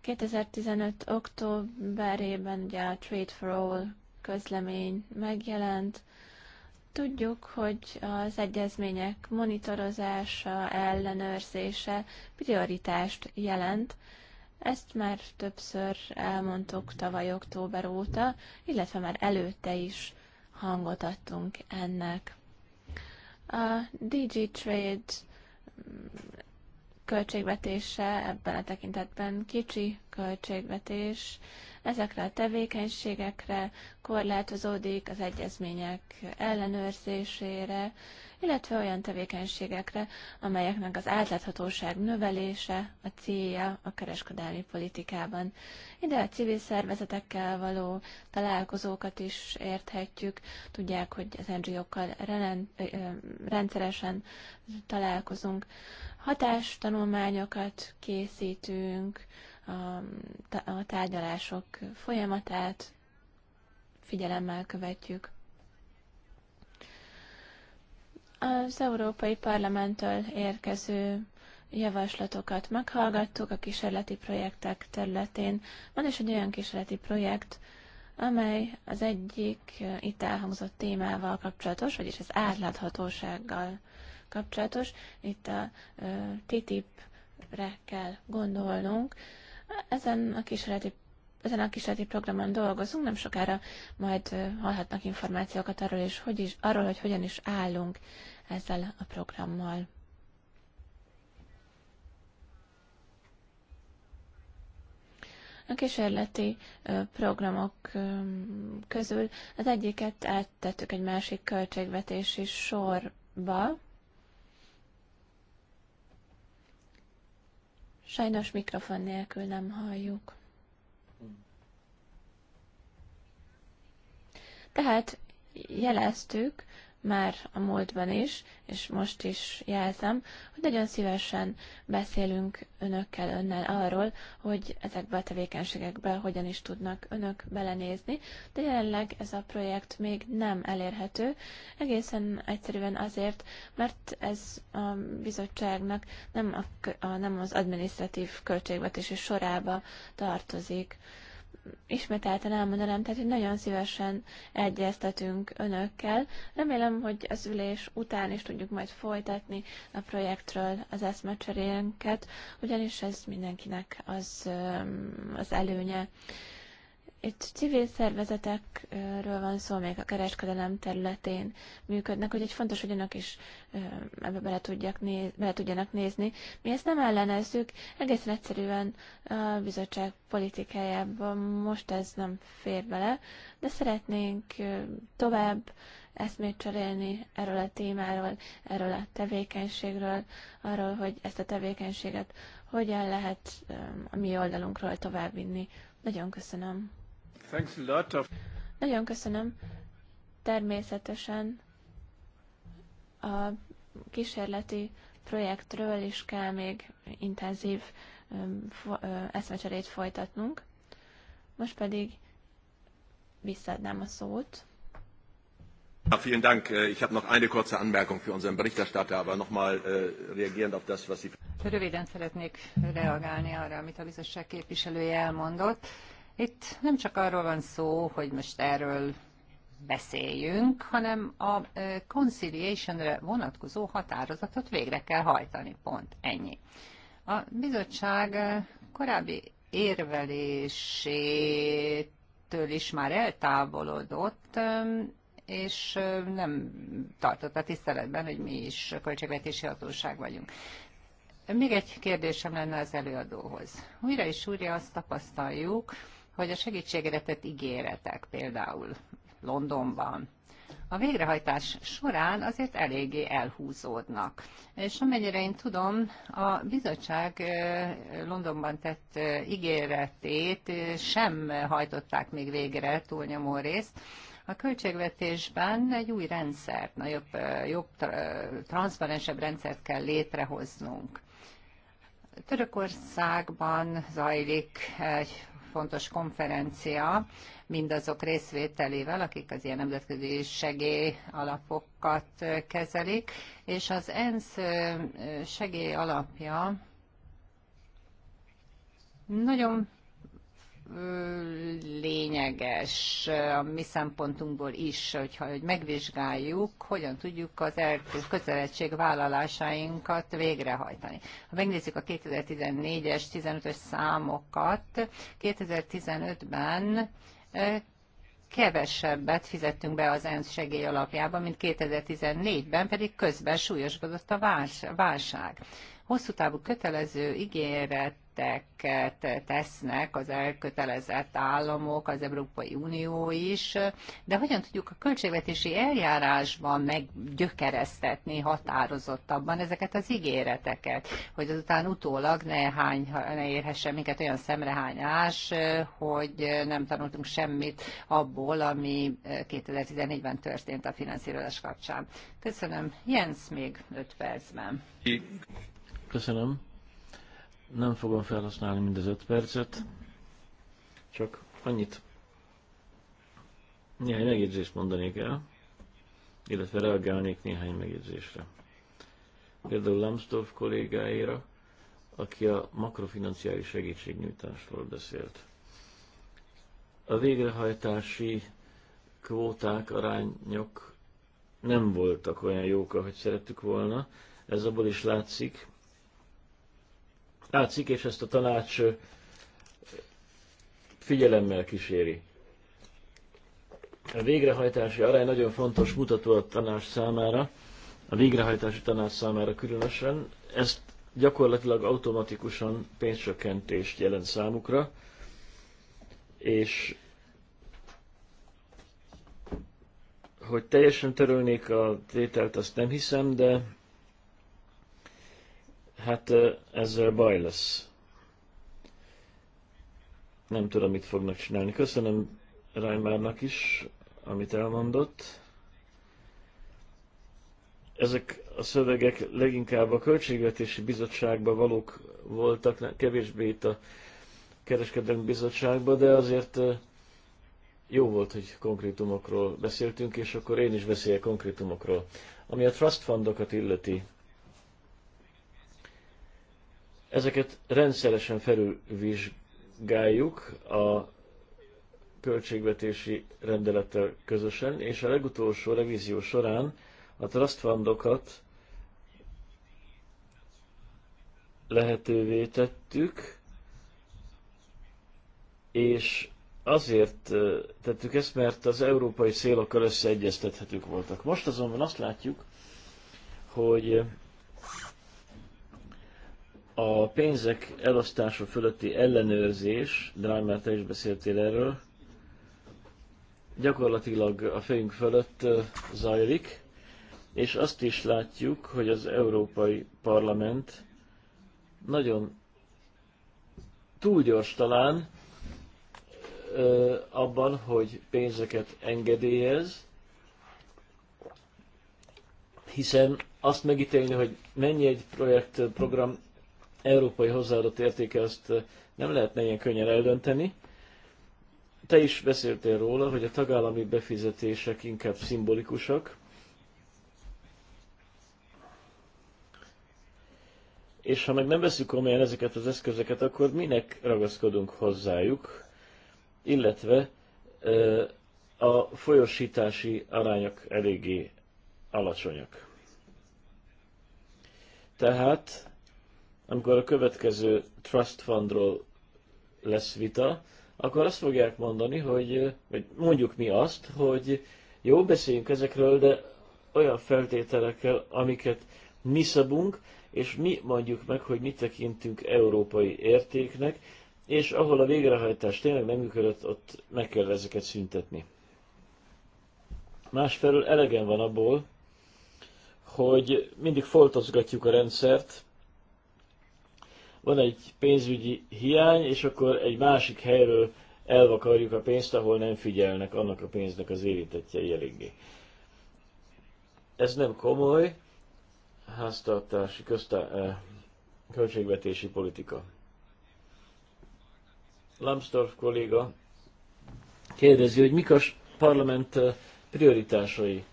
2015. októberében ugye a Trade for All közlemény megjelent. Tudjuk, hogy az egyezmények monitorozása, ellenőrzése prioritást jelent. Ezt már többször elmondtuk tavaly október óta, illetve már előtte is hangot adtunk ennek. A DG Trade költségvetése ebben a tekintetben kicsi költségvetés. Ezekre a tevékenységekre korlátozódik az egyezmények ellenőrzésére, illetve olyan tevékenységekre, amelyeknek az átláthatóság növelése a célja a kereskedelmi politikában. Ide a civil szervezetekkel való találkozókat is érthetjük. Tudják, hogy az NGO-kkal rendszeresen találkozunk. Hatástanulmányokat készítünk, a tárgyalások folyamatát figyelemmel követjük. Az Európai Parlamenttől érkező javaslatokat meghallgattuk a kísérleti projektek területén. Van is egy olyan kísérleti projekt, amely az egyik eh, itt elhangzott témával kapcsolatos, vagyis az átláthatósággal kapcsolatos. Itt a TTIP-re kell gondolnunk. Ezen a kísérleti ezen a kísérleti programon dolgozunk, nem sokára majd hallhatnak információkat arról, és hogy is, arról, hogy hogyan is állunk ezzel a programmal. A kísérleti programok közül az egyiket áttettük egy másik költségvetési sorba, Sajnos mikrofon nélkül nem halljuk. Tehát jeleztük, már a múltban is, és most is jelzem, hogy nagyon szívesen beszélünk önökkel, önnel arról, hogy ezekbe a tevékenységekbe hogyan is tudnak önök belenézni, de jelenleg ez a projekt még nem elérhető, egészen egyszerűen azért, mert ez a bizottságnak nem, a, a, nem az adminisztratív költségvetési sorába tartozik ismételten elmondanám, tehát hogy nagyon szívesen egyeztetünk önökkel. Remélem, hogy az ülés után is tudjuk majd folytatni a projektről az eszmecserénket, ugyanis ez mindenkinek az, az előnye. Itt civil szervezetekről van szó, amelyek a kereskedelem területén működnek, hogy egy fontos, hogy önök is ebbe bele, tudjak néz, bele tudjanak nézni. Mi ezt nem ellenezzük, egészen egyszerűen a bizottság politikájában most ez nem fér bele, de szeretnénk tovább eszmét cserélni erről a témáról, erről a tevékenységről, arról, hogy ezt a tevékenységet hogyan lehet a mi oldalunkról továbbvinni. Nagyon köszönöm.
Thanks a lot of...
Nagyon köszönöm. Természetesen a kísérleti projektről is kell még intenzív eszmecserét folytatnunk. Most pedig visszaadnám a szót.
Ja, vielen Dank. Ich habe noch eine kurze Anmerkung für unseren Berichterstatter, aber nochmal äh, reagierend auf das, was Sie... Röviden szeretnék reagálni arra, amit a bizottság képviselője elmondott. Uh, itt nem csak arról van szó, hogy most erről beszéljünk, hanem a conciliationre vonatkozó határozatot végre kell hajtani, pont ennyi. A bizottság korábbi érvelésétől is már eltávolodott, és nem tartotta tiszteletben, hogy mi is költségvetési hatóság vagyunk. Még egy kérdésem lenne az előadóhoz. Újra és újra azt tapasztaljuk, hogy a segítségre tett ígéretek például Londonban, a végrehajtás során azért eléggé elhúzódnak. És amennyire én tudom, a bizottság Londonban tett ígéretét sem hajtották még végre túlnyomó részt. A költségvetésben egy új rendszert, nagyobb, jobb, transzparensebb rendszert kell létrehoznunk. Törökországban zajlik egy fontos konferencia mindazok részvételével, akik az ilyen nemzetközi segély alapokat kezelik, és az ENSZ segély alapja nagyon lényeges a mi szempontunkból is, hogyha hogy megvizsgáljuk, hogyan tudjuk az közelettség vállalásainkat végrehajtani. Ha megnézzük a 2014-es, 15-ös számokat, 2015-ben kevesebbet fizettünk be az ENSZ segély alapjában, mint 2014-ben, pedig közben súlyosbodott a válság. Hosszú távú kötelező ígéret ígéreteket tesznek az elkötelezett államok, az Európai Unió is, de hogyan tudjuk a költségvetési eljárásban meggyökeresztetni határozottabban ezeket az ígéreteket, hogy azután utólag ne, hány, ne érhessen minket olyan szemrehányás, hogy nem tanultunk semmit abból, ami 2014-ben történt a finanszírozás kapcsán. Köszönöm. Jens még 5 percben.
Köszönöm. Nem fogom felhasználni mind az öt percet, csak annyit néhány megjegyzést mondanék el, illetve reagálnék néhány megjegyzésre. Például Lambsdorff kollégáira, aki a makrofinanciális segítségnyújtásról beszélt. A végrehajtási kvóták, arányok nem voltak olyan jók, ahogy szerettük volna. Ez abból is látszik, látszik, és ezt a tanács figyelemmel kíséri. A végrehajtási arány nagyon fontos mutató a tanács számára, a végrehajtási tanács számára különösen. Ezt gyakorlatilag automatikusan pénzcsökkentést jelent számukra, és hogy teljesen törölnék a tételt, azt nem hiszem, de Hát ezzel baj lesz. Nem tudom, mit fognak csinálni. Köszönöm Reimernak is, amit elmondott. Ezek a szövegek leginkább a Költségvetési Bizottságban valók voltak, kevésbé itt a Kereskedelmi Bizottságban, de azért jó volt, hogy konkrétumokról beszéltünk, és akkor én is beszéljek konkrétumokról. Ami a trust fundokat illeti, Ezeket rendszeresen felülvizsgáljuk a költségvetési rendelettel közösen, és a legutolsó revízió során a trust fundokat lehetővé tettük, és azért tettük ezt, mert az európai célokkal összeegyeztethetők voltak. Most azonban azt látjuk, hogy a pénzek elosztása fölötti ellenőrzés, de már, már te is beszéltél erről, gyakorlatilag a fejünk fölött zajlik, és azt is látjuk, hogy az Európai Parlament nagyon túl gyors talán abban, hogy pénzeket engedélyez, hiszen azt megítélni, hogy mennyi egy projekt program európai hozzáadott értéke azt nem lehetne ilyen könnyen eldönteni. Te is beszéltél róla, hogy a tagállami befizetések inkább szimbolikusak, és ha meg nem veszük komolyan ezeket az eszközeket, akkor minek ragaszkodunk hozzájuk, illetve a folyosítási arányok eléggé alacsonyak. Tehát amikor a következő trust fundról lesz vita, akkor azt fogják mondani, hogy, vagy mondjuk mi azt, hogy jó, beszéljünk ezekről, de olyan feltételekkel, amiket mi szabunk, és mi mondjuk meg, hogy mit tekintünk európai értéknek, és ahol a végrehajtás tényleg nem működött, ott meg kell ezeket szüntetni. Másfelől elegen van abból, hogy mindig foltozgatjuk a rendszert, van egy pénzügyi hiány, és akkor egy másik helyről elvakarjuk a pénzt, ahol nem figyelnek annak a pénznek az érintettjei eléggé. Ez nem komoly háztartási köztá, eh, költségvetési politika. Lambsdorff kolléga kérdezi, hogy mik a parlament eh, prioritásai.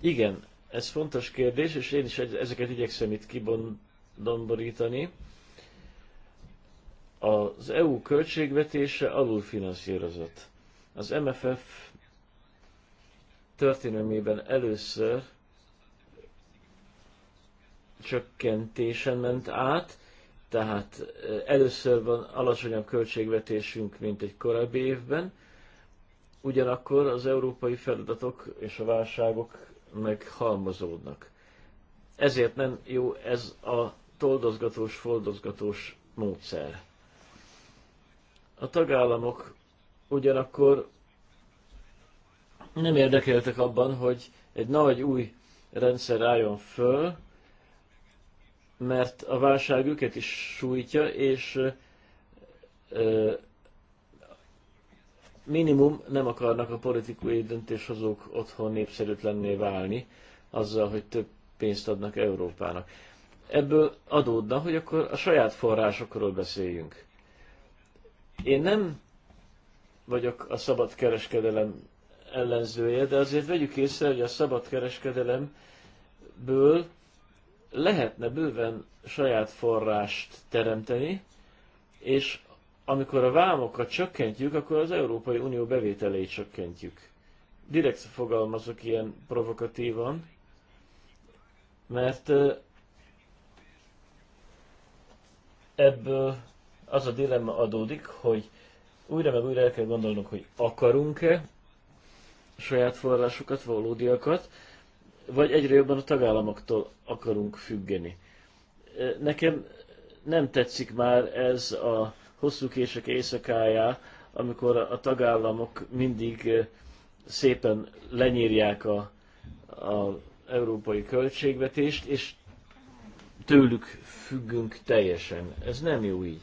Igen, ez fontos kérdés, és én is ezeket igyekszem itt kibontani domborítani. Az EU költségvetése alulfinanszírozott. Az MFF történelmében először csökkentésen ment át, tehát először van alacsonyabb költségvetésünk, mint egy korábbi évben, ugyanakkor az európai feladatok és a válságok meghalmozódnak. Ezért nem jó ez a toldozgatós, foldozgatós módszer. A tagállamok ugyanakkor nem érdekeltek abban, hogy egy nagy új rendszer álljon föl, mert a válság őket is sújtja, és ö, minimum nem akarnak a politikai döntéshozók otthon népszerűtlenné válni azzal, hogy több pénzt adnak Európának ebből adódna, hogy akkor a saját forrásokról beszéljünk. Én nem vagyok a szabad kereskedelem ellenzője, de azért vegyük észre, hogy a szabad kereskedelemből lehetne bőven saját forrást teremteni, és amikor a vámokat csökkentjük, akkor az Európai Unió bevételeit csökkentjük. Direkt fogalmazok ilyen provokatívan, mert ebből az a dilemma adódik, hogy újra meg újra el kell gondolnunk, hogy akarunk-e saját forrásokat, valódiakat, vagy egyre jobban a tagállamoktól akarunk függeni. Nekem nem tetszik már ez a hosszú kések éjszakájá, amikor a tagállamok mindig szépen lenyírják a, a európai költségvetést, és tőlük függünk teljesen. Ez nem jó így.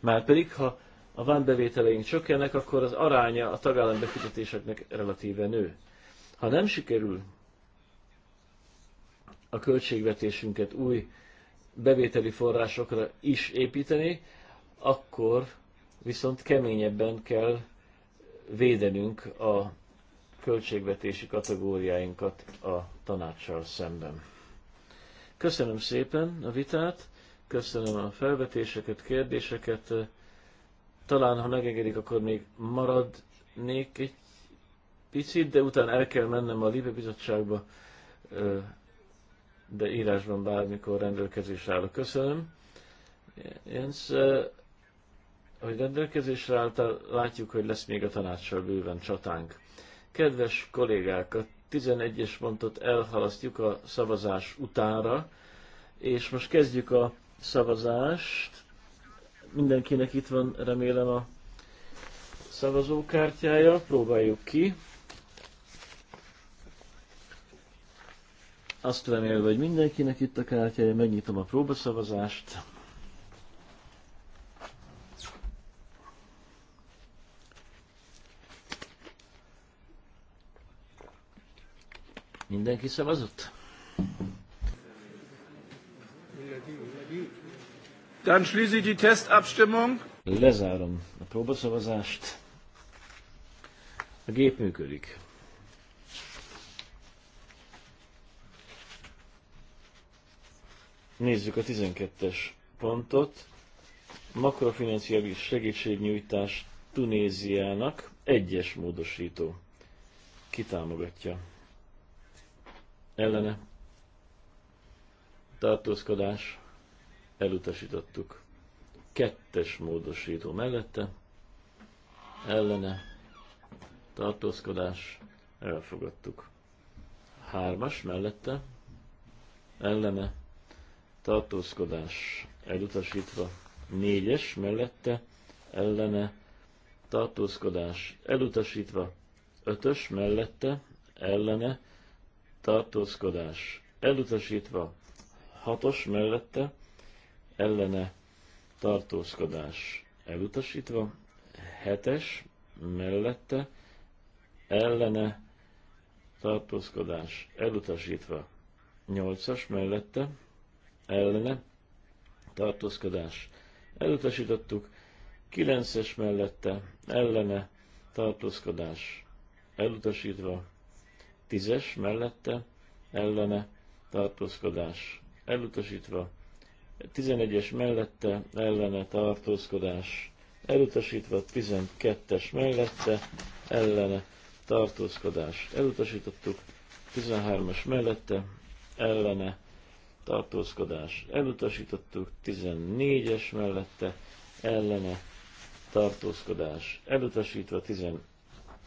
Márpedig, ha a vámbevételeink csökkennek, akkor az aránya a tagállam befizetéseknek relatíve nő. Ha nem sikerül a költségvetésünket új bevételi forrásokra is építeni, akkor viszont keményebben kell védenünk a költségvetési kategóriáinkat a tanácssal szemben. Köszönöm szépen a vitát, köszönöm a felvetéseket, kérdéseket. Talán, ha megengedik, akkor még maradnék egy picit, de utána el kell mennem a Libe Bizottságba, de írásban bármikor rendelkezésre állok. Köszönöm. Jens, hogy rendelkezésre álltál, látjuk, hogy lesz még a tanácssal bőven csatánk. Kedves kollégákat 11-es pontot elhalasztjuk a szavazás utára, és most kezdjük a szavazást. Mindenkinek itt van, remélem, a szavazókártyája. Próbáljuk ki. Azt remélve, hogy mindenkinek itt a kártyája, megnyitom a próbaszavazást. Mindenki szavazott?
Dann schließe die Testabstimmung.
Lezárom a próbaszavazást. A gép működik. Nézzük a 12-es pontot. Makrofinanciális segítségnyújtás Tunéziának egyes módosító. Kitámogatja ellene tartózkodás elutasítottuk. Kettes módosító mellette ellene tartózkodás elfogadtuk. Hármas mellette ellene tartózkodás elutasítva. Négyes mellette ellene tartózkodás elutasítva. Ötös mellette ellene tartózkodás elutasítva, hatos mellette, ellene tartózkodás elutasítva, hetes mellette, ellene tartózkodás elutasítva, nyolcas mellette, ellene tartózkodás elutasítottuk, kilences mellette, ellene tartózkodás elutasítva, Tízes mellette ellene tartózkodás elutasítva. 11-es mellette ellene tartózkodás elutasítva, 12-es mellette ellene tartózkodás elutasítottuk, 13-as mellette ellene tartózkodás elutasítottuk, 14-es mellette ellene tartózkodás elutasítva,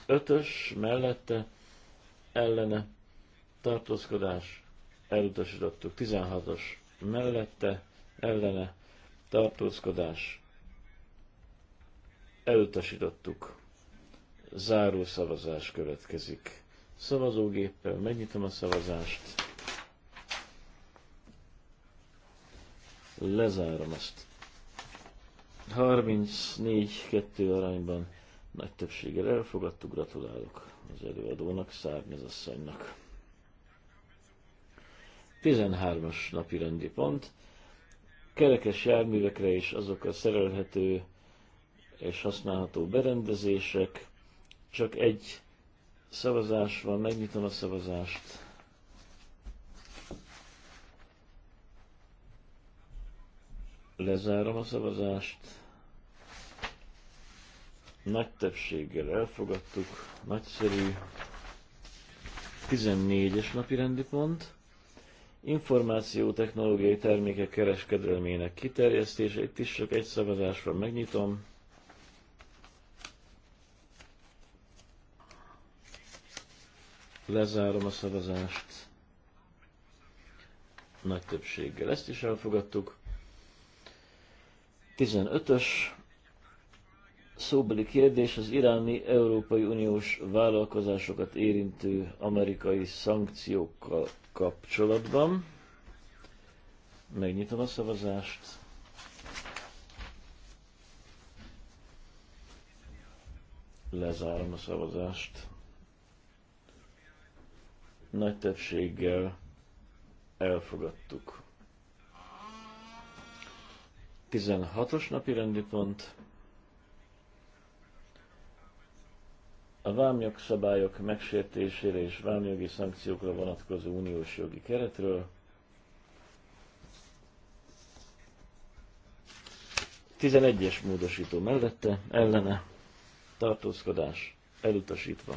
15-ös mellette ellene tartózkodás elutasítottuk 16-os mellette ellene tartózkodás elutasítottuk. Záró szavazás következik. Szavazógéppel megnyitom a szavazást. Lezárom ezt. 34-2 arányban nagy többséggel elfogadtuk, gratulálok az előadónak, Szárnyaz asszonynak. 13-as napi rendi pont. Kerekes járművekre és azokra szerelhető és használható berendezések. Csak egy szavazás van, megnyitom a szavazást. Lezárom a szavazást nagy többséggel elfogadtuk, nagyszerű. 14-es napi rendi pont. Információtechnológiai termékek kereskedelmének kiterjesztése. Itt is csak egy szavazás megnyitom. Lezárom a szavazást. Nagy többséggel ezt is elfogadtuk. 15-ös szóbeli kérdés az iráni Európai Uniós vállalkozásokat érintő amerikai szankciókkal kapcsolatban. Megnyitom a szavazást. Lezárom a szavazást. Nagy többséggel elfogadtuk. 16-os napi rendi pont. a vámjogszabályok megsértésére és vámjogi szankciókra vonatkozó uniós jogi keretről. tizenegyes es módosító mellette, ellene, tartózkodás elutasítva.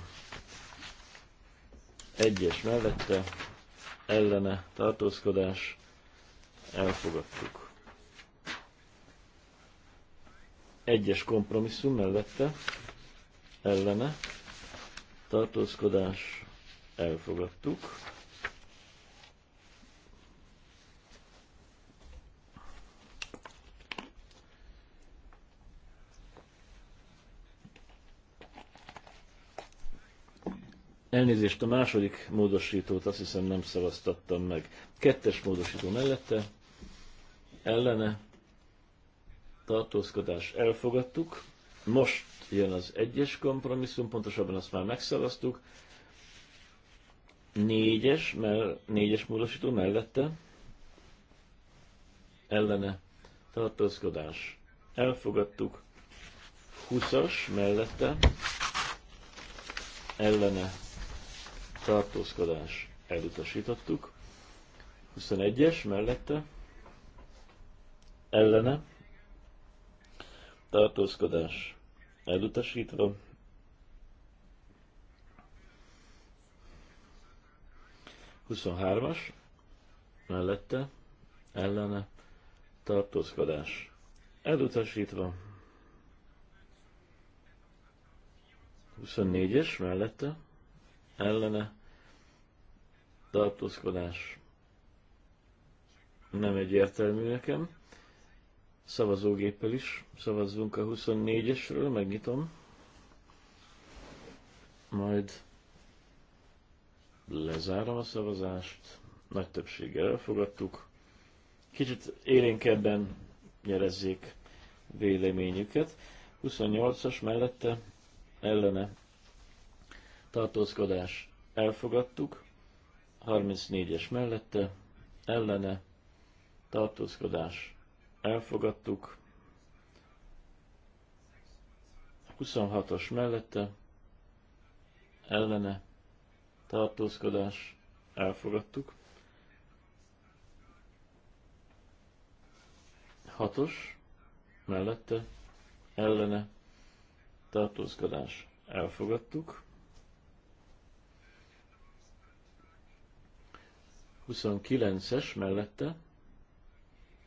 egyes mellette, ellene, tartózkodás elfogadtuk. egyes kompromisszum mellette, ellene, tartózkodás, elfogadtuk. Elnézést, a második módosítót azt hiszem nem szavaztattam meg. Kettes módosító mellette, ellene, tartózkodás elfogadtuk. Most jön az egyes kompromisszum, pontosabban azt már megszavaztuk. Négyes, mert négyes módosító mellette ellene tartózkodás. Elfogadtuk 20-as mellette ellene tartózkodás elutasítottuk. 21-es mellette ellene tartózkodás elutasítva. Huszonhármas, mellette, ellene, tartózkodás, elutasítva. 24-es mellette, ellene, tartózkodás nem egyértelmű nekem szavazógéppel is szavazzunk a 24-esről, megnyitom. Majd lezárom a szavazást, nagy többséggel elfogadtuk. Kicsit élénkebben nyerezzék véleményüket. 28-as mellette ellene tartózkodás elfogadtuk, 34-es mellette ellene tartózkodás elfogadtuk. 26-os mellette ellene tartózkodás elfogadtuk. 6-os mellette ellene tartózkodás elfogadtuk. 29-es mellette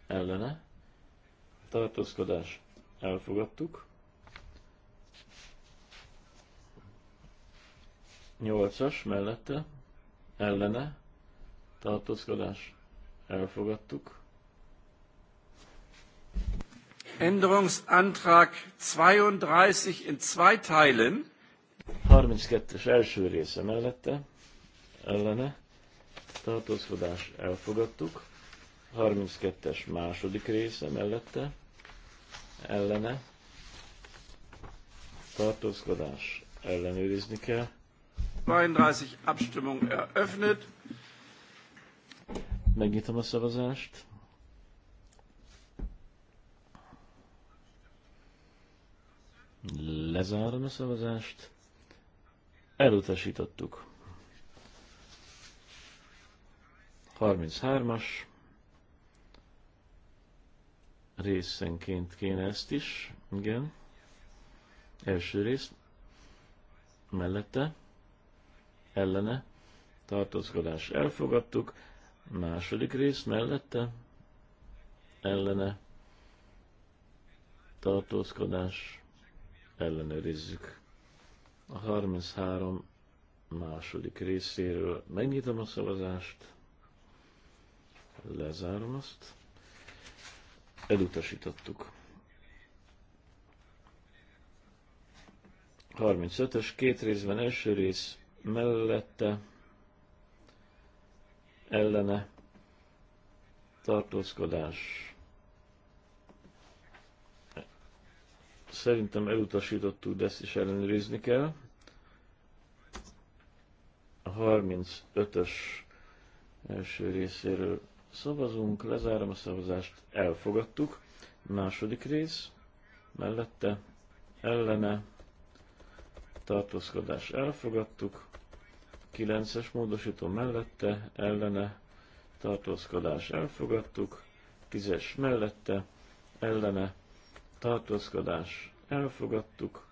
ellene tartózkodás elfogadtuk. 8-as mellette ellene tartózkodás elfogadtuk. Änderungsantrag 32 in zwei Teilen. 32-es első része mellette ellene tartózkodás elfogadtuk 32-es második része mellette, ellene, tartózkodás ellenőrizni kell.
39 Abstimmung eröffnet.
Megnyitom a szavazást. Lezárom a szavazást. Elutasítottuk. 33-as részenként kéne ezt is, igen. Első rész, mellette, ellene, tartózkodás elfogadtuk, második rész mellette, ellene, tartózkodás ellenőrizzük. A 33 második részéről megnyitom a szavazást, lezárom azt elutasítottuk. 35-ös két részben első rész mellette ellene tartózkodás. Szerintem elutasítottuk, de ezt is ellenőrizni kell. A 35-ös első részéről Szavazunk, lezárom a szavazást, elfogadtuk. Második rész, mellette, ellene, tartózkodás elfogadtuk. Kilences módosító mellette, ellene, tartózkodás elfogadtuk. Tízes mellette, ellene, tartózkodás elfogadtuk.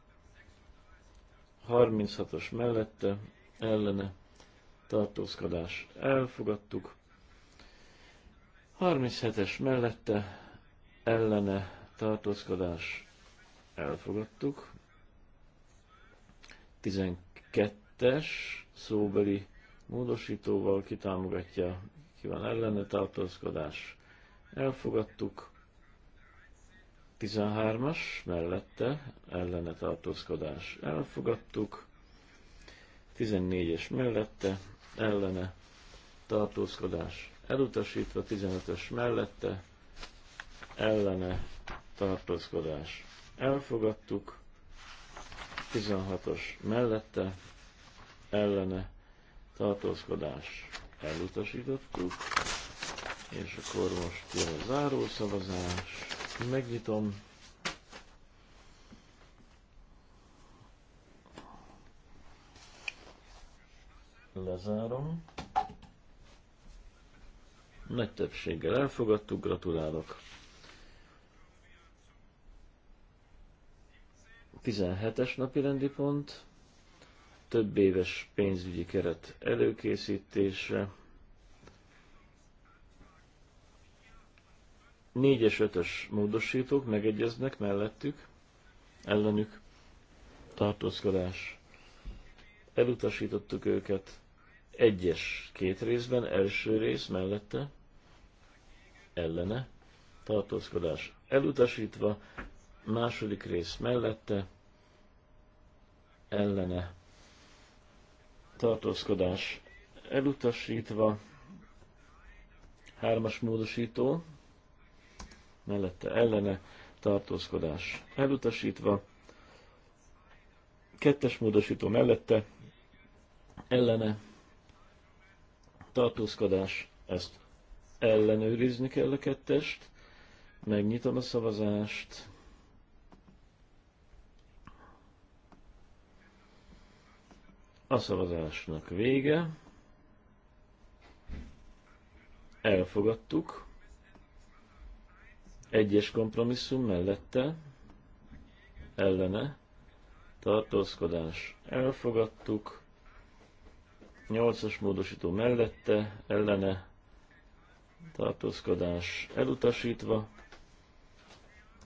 36-os mellette, ellene, tartózkodás elfogadtuk. 37-es mellette ellene tartózkodás elfogadtuk. 12-es szóbeli módosítóval kitámogatja, ki van ellene tartózkodás elfogadtuk. 13-as mellette ellene tartózkodás elfogadtuk. 14-es mellette ellene tartózkodás elutasítva 15-ös mellette, ellene tartózkodás. Elfogadtuk 16-os mellette, ellene tartózkodás. Elutasítottuk, és akkor most jön a zárószavazás. Megnyitom. Lezárom nagy többséggel elfogadtuk, gratulálok. 17-es napi rendi pont, több éves pénzügyi keret előkészítése, 4-es, 5-ös módosítók megegyeznek mellettük, ellenük tartózkodás. Elutasítottuk őket. Egyes két részben, első rész mellette, ellene, tartózkodás elutasítva, második rész mellette, ellene, tartózkodás elutasítva, hármas módosító, mellette ellene, tartózkodás elutasítva, kettes módosító mellette, ellene, tartózkodás, ezt ellenőrizni kell a kettest. Megnyitom a szavazást. A szavazásnak vége. Elfogadtuk. Egyes kompromisszum mellette, ellene, tartózkodás. Elfogadtuk. 8-as módosító mellette, ellene tartózkodás elutasítva,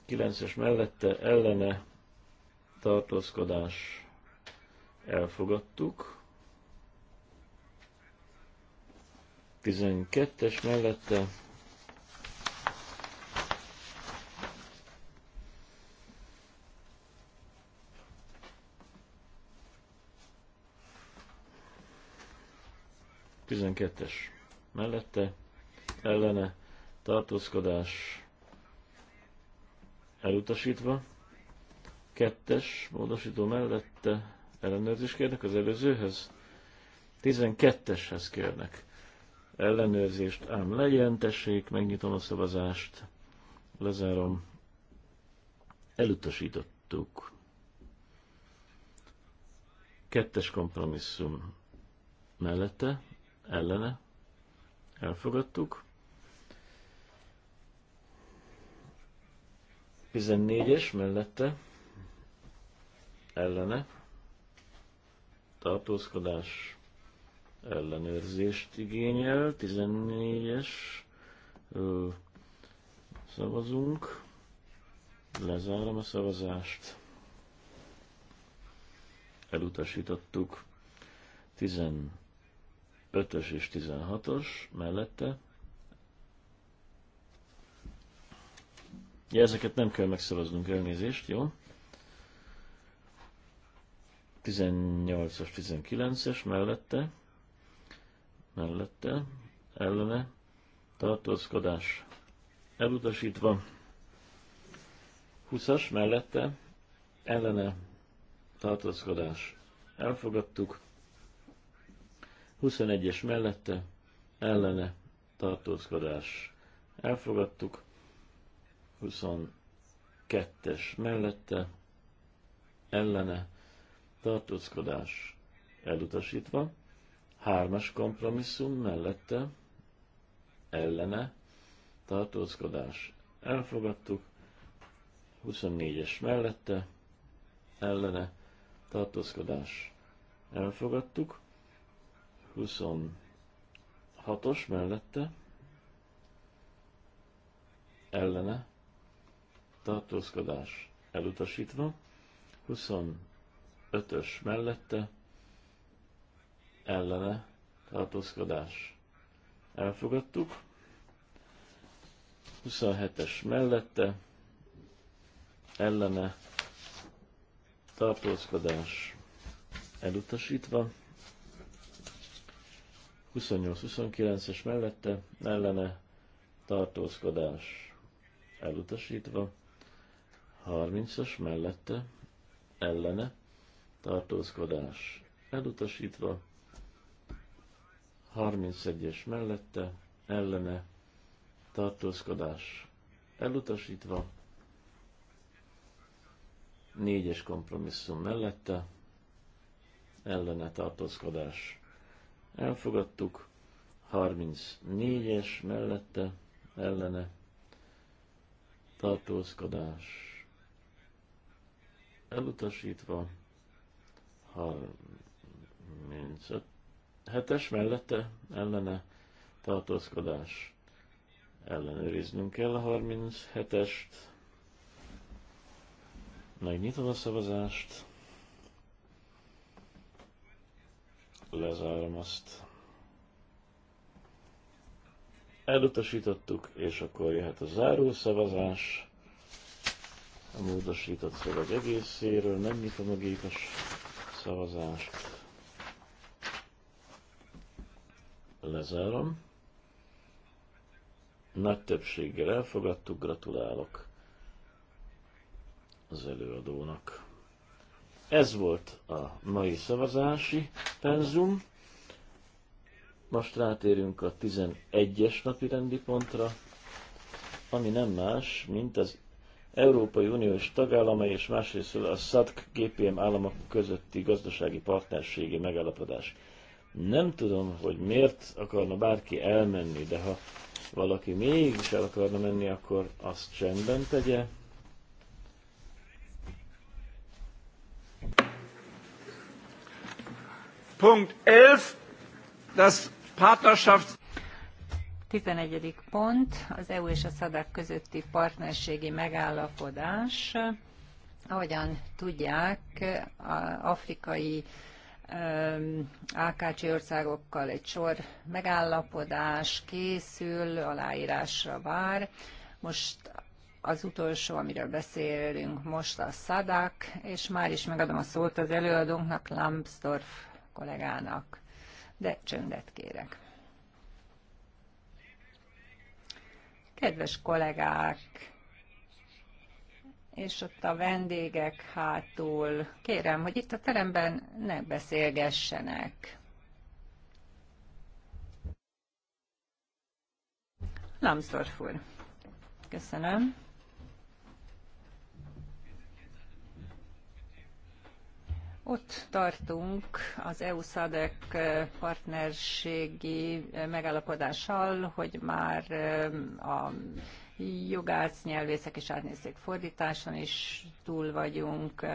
9-es mellette, ellene tartózkodás elfogadtuk, 12-es mellette, 12-es mellette, ellene, tartózkodás elutasítva, 2-es módosító mellette, ellenőrzést kérnek az előzőhöz, 12-eshez kérnek ellenőrzést, ám legyen, tessék, megnyitom a szavazást, lezárom, elutasítottuk. Kettes kompromisszum mellette, ellene elfogadtuk. 14-es mellette ellene tartózkodás ellenőrzést igényel, 14-es szavazunk, lezárom a szavazást, elutasítottuk, 15 5-ös és 16-os mellette. Ja, ezeket nem kell megszavaznunk, elnézést, jó? 18-as, 19-es mellette, mellette, ellene, tartózkodás elutasítva, 20-as mellette, ellene, tartózkodás elfogadtuk, 21-es mellette ellene tartózkodás elfogadtuk, 22-es mellette ellene tartózkodás elutasítva, 3-as kompromisszum mellette ellene tartózkodás elfogadtuk, 24-es mellette ellene tartózkodás elfogadtuk, 26-os mellette ellene tartózkodás elutasítva, 25-ös mellette ellene tartózkodás elfogadtuk, 27-es mellette ellene tartózkodás elutasítva, 28-29-es mellette ellene tartózkodás elutasítva, 30-as mellette ellene tartózkodás elutasítva, 31-es mellette ellene tartózkodás elutasítva, 4-es kompromisszum mellette ellene tartózkodás Elfogadtuk. 34-es mellette ellene tartózkodás elutasítva 37-es mellette ellene tartózkodás ellenőriznünk kell a 37-est megnyitom a szavazást Lezárom azt. Elutasítottuk, és akkor jöhet a záró szavazás. A módosított szöveg egészéről. Megnyitom a gépes szavazást. Lezárom. Nagy többséggel elfogadtuk, gratulálok az előadónak. Ez volt a mai szavazási penzum. Most rátérünk a 11-es napi rendi pontra, ami nem más, mint az Európai Uniós tagállamai és másrészt a SZADK GPM államok közötti gazdasági partnerségi megállapodás. Nem tudom, hogy miért akarna bárki elmenni, de ha valaki mégis el akarna menni, akkor azt csendben tegye.
Punkt 11, das Partnerschafts...
11. pont, az EU és a SZADAK közötti partnerségi megállapodás. Ahogyan tudják, afrikai AKC országokkal egy sor megállapodás készül, aláírásra vár. Most az utolsó, amiről beszélünk most a SZADAK, és már is megadom a szót az előadónknak, Lambsdorff kollégának, de csöndet kérek. Kedves kollégák, és ott a vendégek hátul, kérem, hogy itt a teremben ne beszélgessenek. Lambsdorff úr. Köszönöm. Ott tartunk az EU-SZADEK partnerségi megállapodással, hogy már a jogász, nyelvészek és átnézték fordításon is túl vagyunk.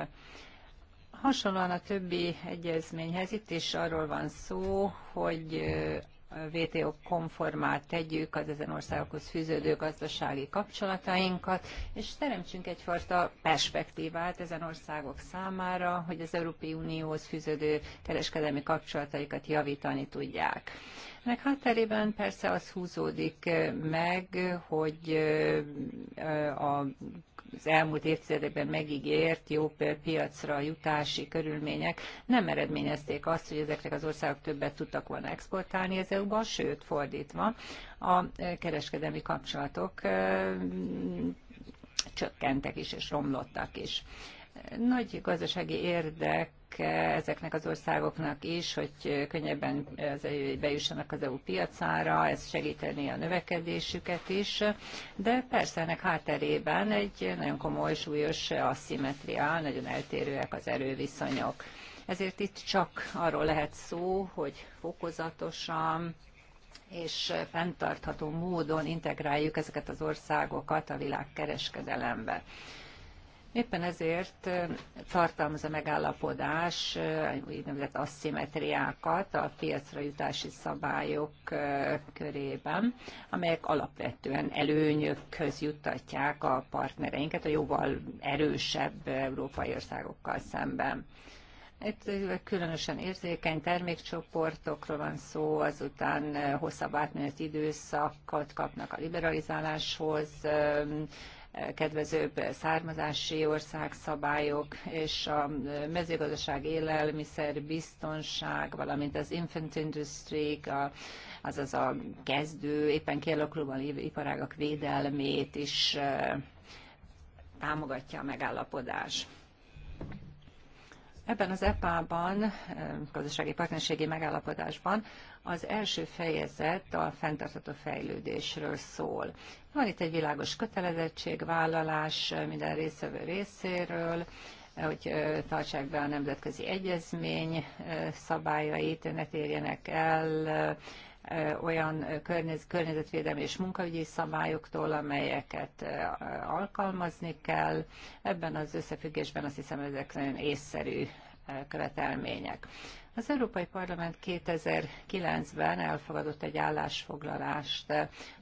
Hasonlóan a többi egyezményhez itt is arról van szó, hogy WTO konformát tegyük az ezen országokhoz fűződő gazdasági kapcsolatainkat, és teremtsünk egyfajta perspektívát ezen országok számára, hogy az Európai Unióhoz fűződő kereskedelmi kapcsolataikat javítani tudják. Ennek hátterében persze az húzódik meg, hogy a az elmúlt évtizedekben megígért jó piacra jutási körülmények nem eredményezték azt, hogy ezeknek az országok többet tudtak volna exportálni az eu sőt fordítva a e, kereskedelmi kapcsolatok e, csökkentek is és romlottak is nagy gazdasági érdek ezeknek az országoknak is, hogy könnyebben bejussanak az EU piacára, ez segíteni a növekedésüket is, de persze ennek hátterében egy nagyon komoly, súlyos asszimetria, nagyon eltérőek az erőviszonyok. Ezért itt csak arról lehet szó, hogy fokozatosan és fenntartható módon integráljuk ezeket az országokat a világkereskedelembe. kereskedelembe. Éppen ezért tartalmaz a megállapodás úgynevezett asszimetriákat a piacra jutási szabályok körében, amelyek alapvetően előnyökhöz juttatják a partnereinket a jóval erősebb európai országokkal szemben. Itt különösen érzékeny termékcsoportokról van szó, azután hosszabb átmeneti időszakot kapnak a liberalizáláshoz, kedvezőbb származási országszabályok és a mezőgazdaság élelmiszer biztonság, valamint az infant industry, a, azaz a kezdő, éppen kialakulóban iparágak védelmét is támogatja a megállapodás. Ebben az EPA-ban, gazdasági partnerségi megállapodásban az első fejezet a fenntartható fejlődésről szól. Van itt egy világos kötelezettségvállalás minden részvevő részéről, hogy tartsák be a nemzetközi egyezmény szabályait, ne térjenek el olyan környezetvédelmi és munkaügyi szabályoktól, amelyeket alkalmazni kell. Ebben az összefüggésben azt hiszem, ezek nagyon észszerű követelmények. Az Európai Parlament 2009-ben elfogadott egy állásfoglalást,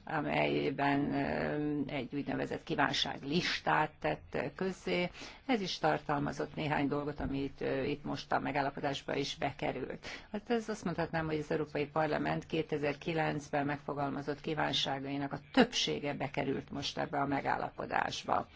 amelyben eh, egy úgynevezett kívánságlistát tett közzé. Ez is tartalmazott néhány dolgot, amit eh, itt most a megállapodásba is bekerült. Hát ez azt mondhatnám, hogy az Európai Parlament 2009-ben megfogalmazott kívánságainak a többsége bekerült most ebbe a megállapodásba.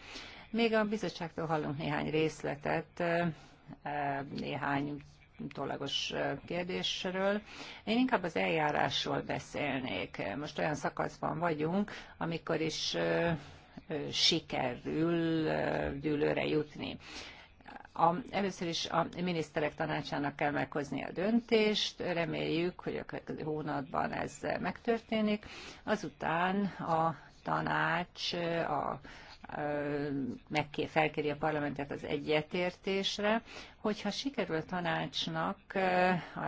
Még a bizottságtól hallunk néhány részletet, eh, néhány utólagos kérdésről. Én inkább az eljárásról beszélnék. Most olyan szakaszban vagyunk, amikor is sikerül gyűlőre jutni. A, először is a miniszterek tanácsának kell meghozni a döntést, reméljük, hogy a következő hónapban ez megtörténik. Azután a tanács, a felkéri a parlamentet az egyetértésre, hogyha sikerül a tanácsnak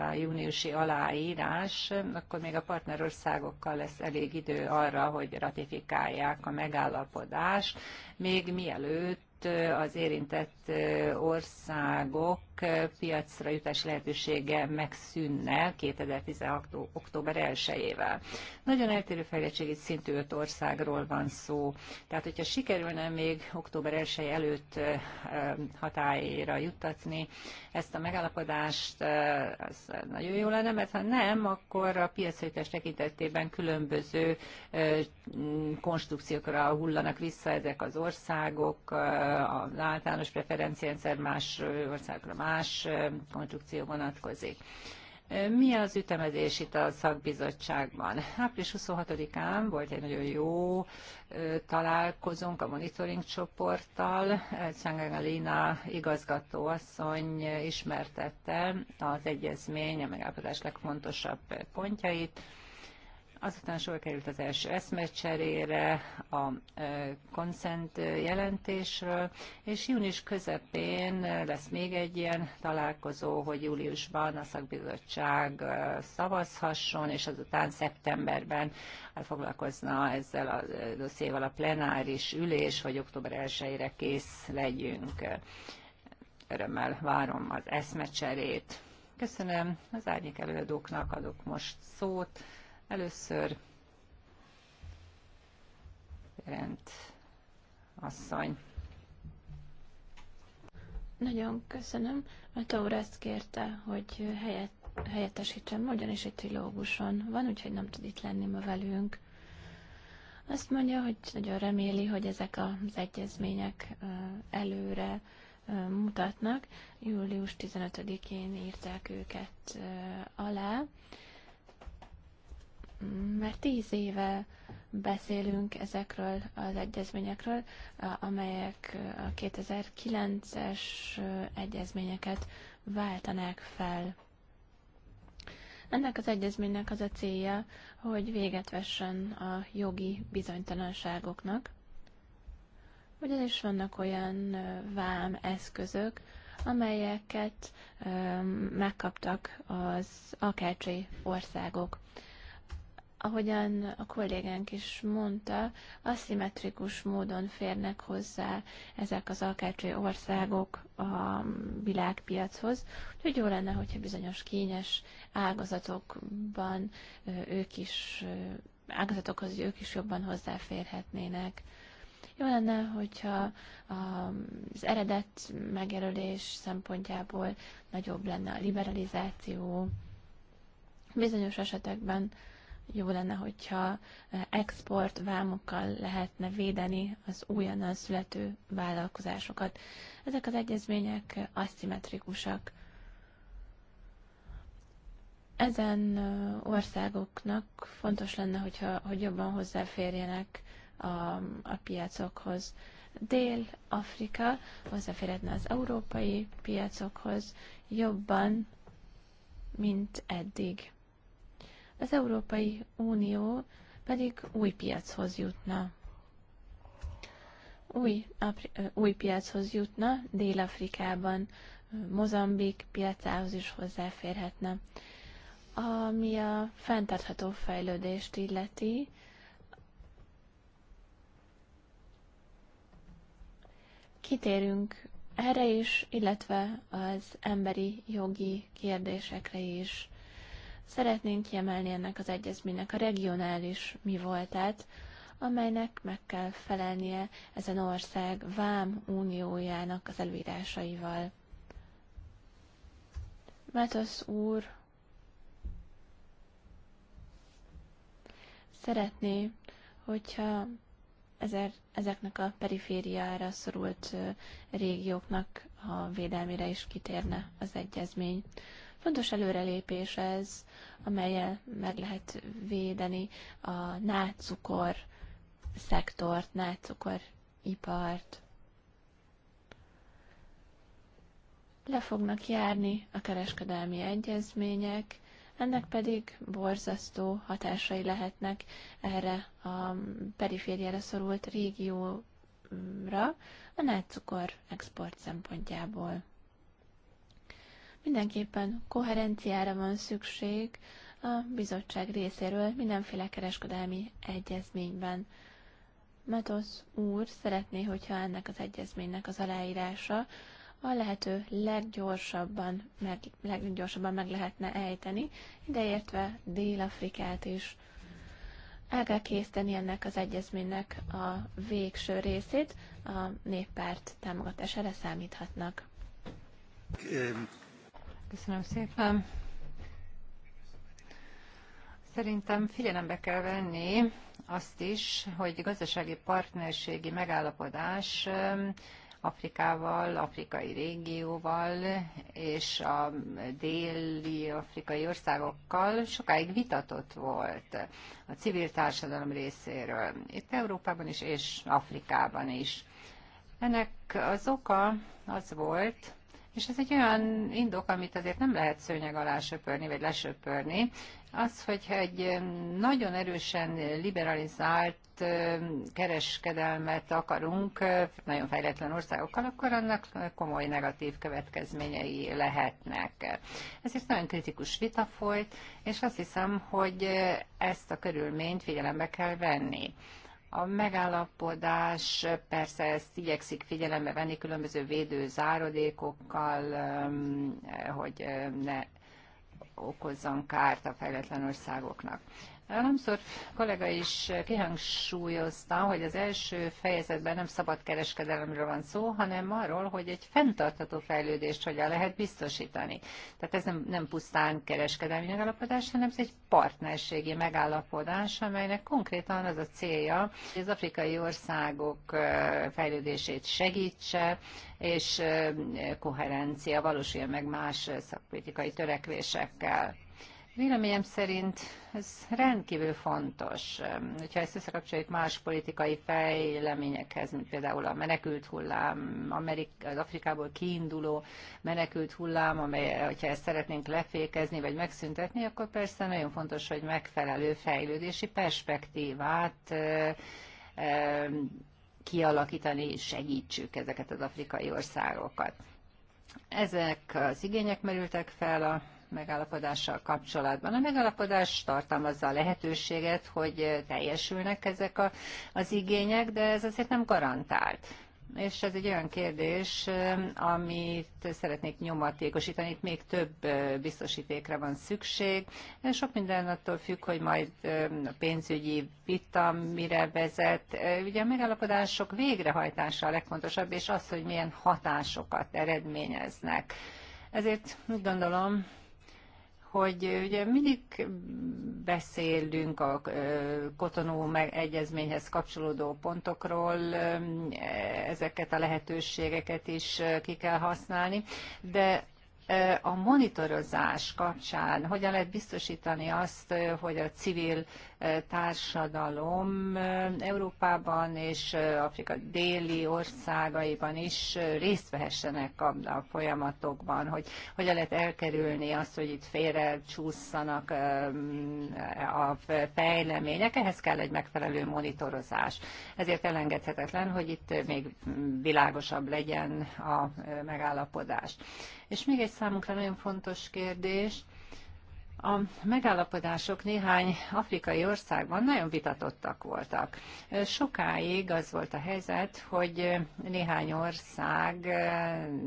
a júniusi aláírás, akkor még a partnerországokkal lesz elég idő arra, hogy ratifikálják a megállapodást, még mielőtt itt az érintett országok piacra jutás lehetősége megszűnne 2016. október 1-ével. Nagyon eltérő fejlettségi szintű öt országról van szó. Tehát, hogyha sikerülne még október 1 előtt hatályra juttatni ezt a megállapodást, az nagyon jó lenne, mert ha nem, akkor a piacra tekintetében különböző konstrukciókra hullanak vissza ezek az országok, az általános preferenciánszer más országra más konstrukció vonatkozik. Mi az ütemezés itt a szakbizottságban? Április 26-án volt egy nagyon jó találkozónk a monitoring csoporttal. Csangán Alina igazgatóasszony ismertette az egyezmény, a megállapodás legfontosabb pontjait Azután sor került az első eszmecserére, a konszent jelentésről, és június közepén lesz még egy ilyen találkozó, hogy júliusban a szakbizottság szavazhasson, és azután szeptemberben foglalkozna ezzel a dosszéval a plenáris ülés, hogy október 1-re kész legyünk. Örömmel várom az eszmecserét. Köszönöm az árnyék előadóknak, adok most szót. Először rend asszony.
Nagyon köszönöm. a Taur ezt kérte, hogy helyet, helyettesítsem, ugyanis egy trilóguson van, úgyhogy nem tud itt lenni ma velünk. Azt mondja, hogy nagyon reméli, hogy ezek az egyezmények előre mutatnak. Július 15-én írták őket alá. Mert tíz éve beszélünk ezekről az egyezményekről, amelyek a 2009-es egyezményeket váltanák fel. Ennek az egyezménynek az a célja, hogy véget vessen a jogi bizonytalanságoknak. Ugyanis vannak olyan vám eszközök, amelyeket megkaptak az AKC országok ahogyan a kollégánk is mondta, aszimmetrikus módon férnek hozzá ezek az alkácsai országok a világpiachoz, úgyhogy jó lenne, hogyha bizonyos kényes ágazatokban ők is, ágazatokhoz ők is jobban hozzáférhetnének. Jó lenne, hogyha az eredet megjelölés szempontjából nagyobb lenne a liberalizáció, bizonyos esetekben jó lenne, hogyha eh, export vámokkal lehetne védeni az újonnan születő vállalkozásokat. Ezek az egyezmények aszimmetrikusak. Ezen eh, országoknak fontos lenne, hogyha, hogy jobban hozzáférjenek a, a piacokhoz. Dél-Afrika hozzáférhetne az európai piacokhoz jobban, mint eddig az Európai Unió pedig új piachoz jutna. Új, új piachoz jutna, Dél-Afrikában, Mozambik piacához is hozzáférhetne. Ami a fenntartható fejlődést illeti, kitérünk erre is, illetve az emberi jogi kérdésekre is. Szeretnénk kiemelni ennek az egyezménynek a regionális mi voltát, amelynek meg kell felelnie ezen ország vám uniójának az előírásaival. Metosz úr szeretné, hogyha ezer, ezeknek a perifériára szorult régióknak a védelmére is kitérne az egyezmény. Fontos előrelépés ez, amelyel meg lehet védeni a nátszukor szektort, nátszukor ipart. Le fognak járni a kereskedelmi egyezmények, ennek pedig borzasztó hatásai lehetnek erre a perifériára szorult régióra, a nátszukor export szempontjából. Mindenképpen koherenciára van szükség a bizottság részéről mindenféle kereskedelmi egyezményben. Matosz úr szeretné, hogyha ennek az egyezménynek az aláírása a lehető leggyorsabban meg, leggyorsabban meg lehetne ejteni, ideértve Dél-Afrikát is. El kell készíteni ennek az egyezménynek a végső részét, a néppárt támogatására számíthatnak. Köszönöm
szépen. Szerintem figyelembe kell venni azt is, hogy gazdasági partnerségi megállapodás Afrikával, afrikai régióval és a déli afrikai országokkal sokáig vitatott volt a civil társadalom részéről, itt Európában is és Afrikában is. Ennek az oka az volt, és ez egy olyan indok, amit azért nem lehet szőnyeg alá söpörni, vagy lesöpörni. Az, hogy egy nagyon erősen liberalizált kereskedelmet akarunk nagyon fejletlen országokkal, akkor annak komoly negatív következményei lehetnek. Ezért nagyon kritikus vita folyt, és azt hiszem, hogy ezt a körülményt figyelembe kell venni. A megállapodás persze ezt igyekszik figyelembe venni különböző védő zárodékokkal, hogy ne okozzon kárt a fejletlen országoknak. Háromszor kollega is kihangsúlyozta, hogy az első fejezetben nem szabad kereskedelemről van szó, hanem arról, hogy egy fenntartható fejlődést hogyan lehet biztosítani. Tehát ez nem, nem pusztán kereskedelmi megállapodás, hanem ez egy partnerségi megállapodás, amelynek konkrétan az a célja, hogy az afrikai országok fejlődését segítse, és koherencia valósuljon meg más szakpolitikai törekvésekkel. Véleményem szerint ez rendkívül fontos, hogyha ezt összekapcsoljuk más politikai fejleményekhez, mint például a menekült hullám, Amerik, az Afrikából kiinduló menekült hullám, amely, hogyha ezt szeretnénk lefékezni vagy megszüntetni, akkor persze nagyon fontos, hogy megfelelő fejlődési perspektívát kialakítani, és segítsük ezeket az afrikai országokat. Ezek az igények merültek fel a megállapodással kapcsolatban. A megállapodás tartalmazza a lehetőséget, hogy teljesülnek ezek a, az igények, de ez azért nem garantált. És ez egy olyan kérdés, amit szeretnék nyomatékosítani. Itt még több biztosítékra van szükség. Sok minden attól függ, hogy majd um, a pénzügyi vita mire vezet. Uh, ugye a megállapodások végrehajtása a legfontosabb, és az, hogy milyen hatásokat eredményeznek. Ezért úgy gondolom, hogy ugye mindig beszélünk a kotonó egyezményhez kapcsolódó pontokról, ezeket a lehetőségeket is ki kell használni, de a monitorozás kapcsán hogyan lehet biztosítani azt, hogy a civil társadalom Európában és Afrika déli országaiban is részt vehessenek a folyamatokban, hogy hogyan lehet elkerülni azt, hogy itt félre csúszanak a fejlemények, ehhez kell egy megfelelő monitorozás. Ezért elengedhetetlen, hogy itt még világosabb legyen a megállapodás. És még egy számunkra nagyon fontos kérdés, a megállapodások néhány afrikai országban nagyon vitatottak voltak. Sokáig az volt a helyzet, hogy néhány ország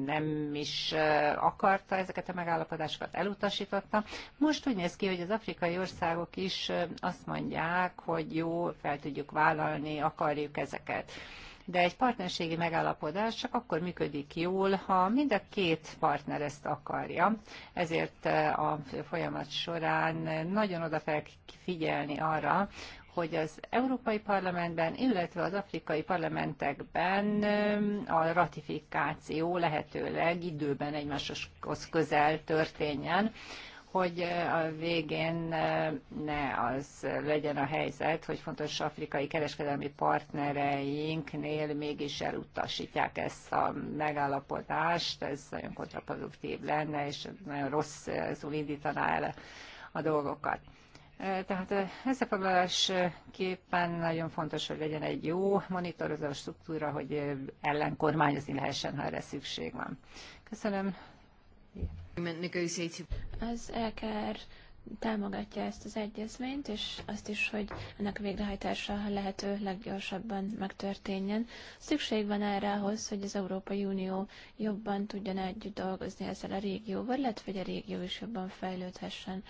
nem is akarta ezeket a megállapodásokat, elutasította. Most úgy néz ki, hogy az afrikai országok is azt mondják, hogy jó, fel tudjuk vállalni, akarjuk ezeket de egy partnerségi megállapodás csak akkor működik jól, ha mind a két partner ezt akarja. Ezért e, a folyamat során nagyon oda fel figyelni arra, hogy az Európai Parlamentben, illetve az afrikai parlamentekben e, a ratifikáció lehetőleg időben egymáshoz közel történjen, hogy a végén ne az legyen a helyzet, hogy fontos afrikai kereskedelmi partnereinknél mégis elutasítják ezt a megállapodást, ez nagyon kontraproduktív lenne, és nagyon rossz indítaná el a dolgokat. Tehát összefoglalásképpen nagyon fontos, hogy legyen egy jó monitorozó struktúra, hogy ellenkormányozni
lehessen, ha erre szükség van. Köszönöm. Yeah. Az LKR támogatja ezt az egyezményt, és azt is, hogy ennek a végrehajtása a lehető leggyorsabban megtörténjen. Szükség van erre ahhoz, hogy az Európai Unió jobban tudjon együtt dolgozni ezzel a régióval, illetve hogy a régió is jobban fejlődhessen.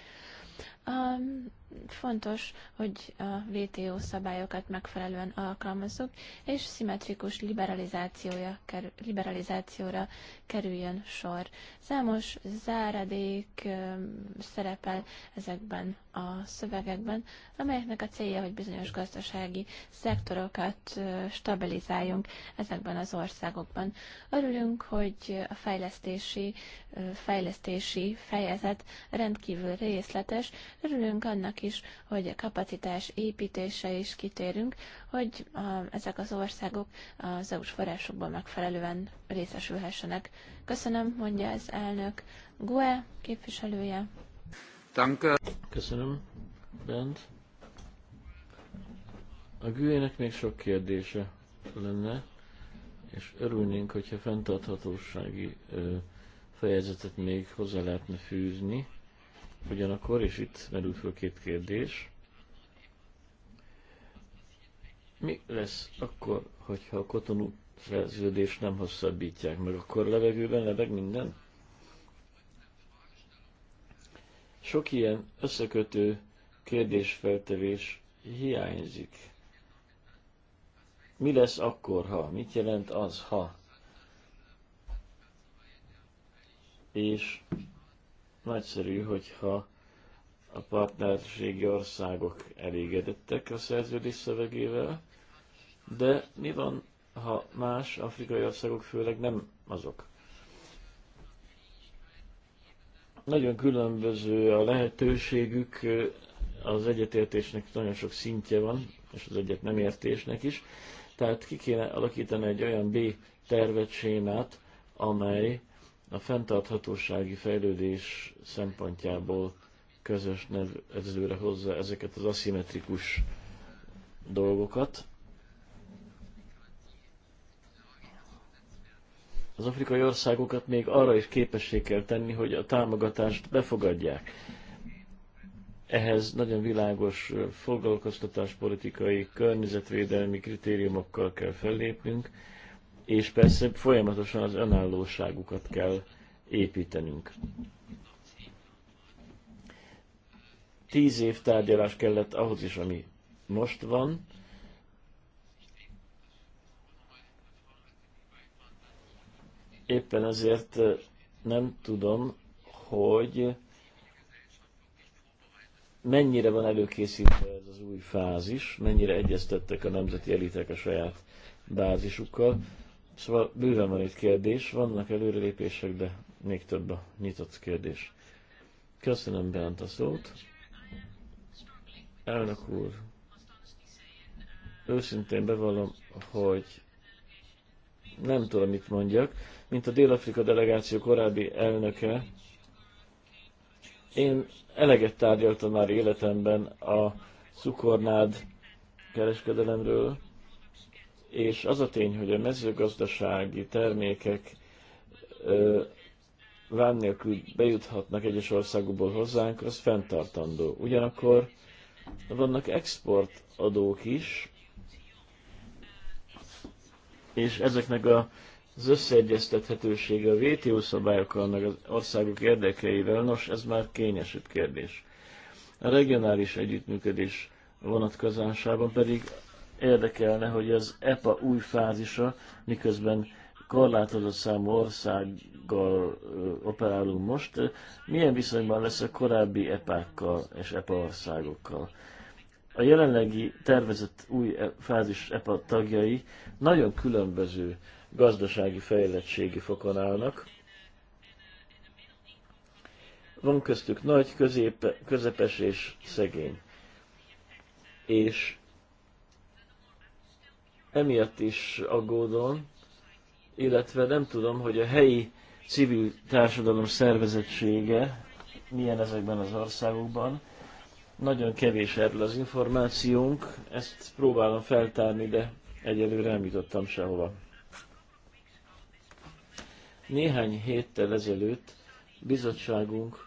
Um, fontos, hogy a WTO szabályokat megfelelően alkalmazzuk, és szimmetrikus liberalizációja, kerül, liberalizációra kerüljön sor. Számos záradék szerepel ezekben a szövegekben, amelyeknek a célja, hogy bizonyos gazdasági szektorokat stabilizáljunk ezekben az országokban. Örülünk, hogy a fejlesztési, fejlesztési fejezet rendkívül részletes, Örülünk annak is, hogy a kapacitás építése is kitérünk, hogy a, ezek az országok az EU-s forrásokból megfelelően részesülhessenek. Köszönöm, mondja az elnök. Gue képviselője.
Danke. Köszönöm, Bent. A Güének még sok kérdése lenne, és örülnénk, hogyha fenntarthatósági ö, fejezetet még hozzá lehetne fűzni Ugyanakkor, és itt merült föl két kérdés, mi lesz akkor, hogyha a kotonú szerződést nem hosszabbítják meg, akkor levegőben lebeg minden? Sok ilyen összekötő kérdésfeltevés hiányzik. Mi lesz akkor, ha? Mit jelent az, ha? És Nagyszerű, hogyha a partnerségi országok elégedettek a szerződés szövegével, de mi van, ha más afrikai országok főleg nem azok? Nagyon különböző a lehetőségük, az egyetértésnek nagyon sok szintje van, és az egyet nem értésnek is. Tehát ki kéne alakítani egy olyan B tervet, sémát, amely a fenntarthatósági fejlődés szempontjából közös nevezőre hozza ezeket az aszimmetrikus dolgokat. Az afrikai országokat még arra is képessé kell tenni, hogy a támogatást befogadják. Ehhez nagyon világos foglalkoztatáspolitikai, környezetvédelmi kritériumokkal kell fellépnünk, és persze folyamatosan az önállóságukat kell építenünk. Tíz év tárgyalás kellett ahhoz is, ami most van. Éppen ezért nem tudom, hogy mennyire van előkészítve ez az új fázis, mennyire egyeztettek a nemzeti elitek a saját bázisukkal. Szóval bőven van itt kérdés, vannak előrelépések, de még több a nyitott kérdés. Köszönöm Bent a szót. Elnök úr, őszintén bevallom, hogy nem tudom, mit mondjak. Mint a Dél-Afrika delegáció korábbi elnöke, én eleget tárgyaltam már életemben a cukornád kereskedelemről, és az a tény, hogy a mezőgazdasági termékek vám nélkül bejuthatnak egyes országokból hozzánk, az fenntartandó. Ugyanakkor vannak exportadók is, és ezeknek a az összeegyeztethetősége a WTO szabályokkal, meg az országok érdekeivel, nos, ez már kényesebb kérdés. A regionális együttműködés vonatkozásában pedig érdekelne, hogy az EPA új fázisa, miközben korlátozott számú országgal operálunk most, milyen viszonyban lesz a korábbi EPA-kkal és EPA országokkal. A jelenlegi tervezett új e- fázis EPA tagjai nagyon különböző gazdasági fejlettségi fokon állnak. Van köztük nagy, közép, közepes és szegény. És emiatt is aggódom, illetve nem tudom, hogy a helyi civil társadalom szervezettsége milyen ezekben az országokban. Nagyon kevés erről az információnk, ezt próbálom feltárni, de egyelőre nem jutottam sehova. Néhány héttel ezelőtt bizottságunk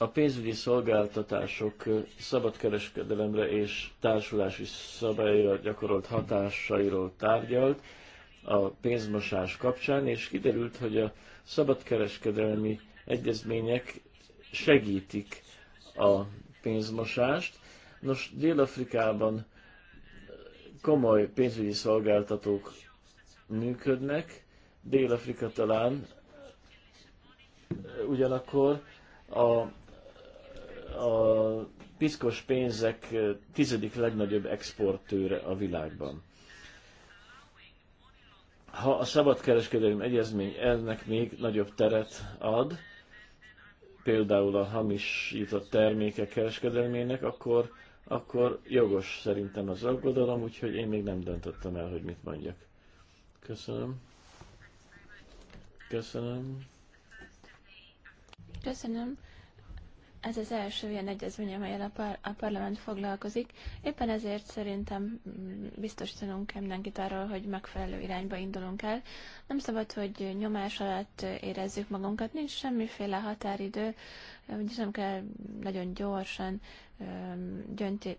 a pénzügyi szolgáltatások szabadkereskedelemre és társulási szabályra gyakorolt hatásairól tárgyalt a pénzmosás kapcsán, és kiderült, hogy a szabadkereskedelmi egyezmények segítik a pénzmosást. Nos, Dél-Afrikában komoly pénzügyi szolgáltatók működnek, Dél-Afrika talán eh, ugyanakkor a a piszkos pénzek tizedik legnagyobb exportőre a világban. Ha a szabadkereskedelmi egyezmény ennek még nagyobb teret ad, például a hamisított termékek kereskedelmének, akkor, akkor jogos szerintem az aggodalom, úgyhogy én még nem döntöttem el, hogy mit mondjak. Köszönöm. Köszönöm.
Köszönöm ez az első ilyen egyezmény, amelyen a, par- a parlament foglalkozik. Éppen ezért szerintem mm, biztosítanunk kell mindenkit arról, hogy megfelelő irányba indulunk el. Nem szabad, hogy nyomás alatt érezzük magunkat, nincs semmiféle határidő, úgyis nem kell nagyon gyorsan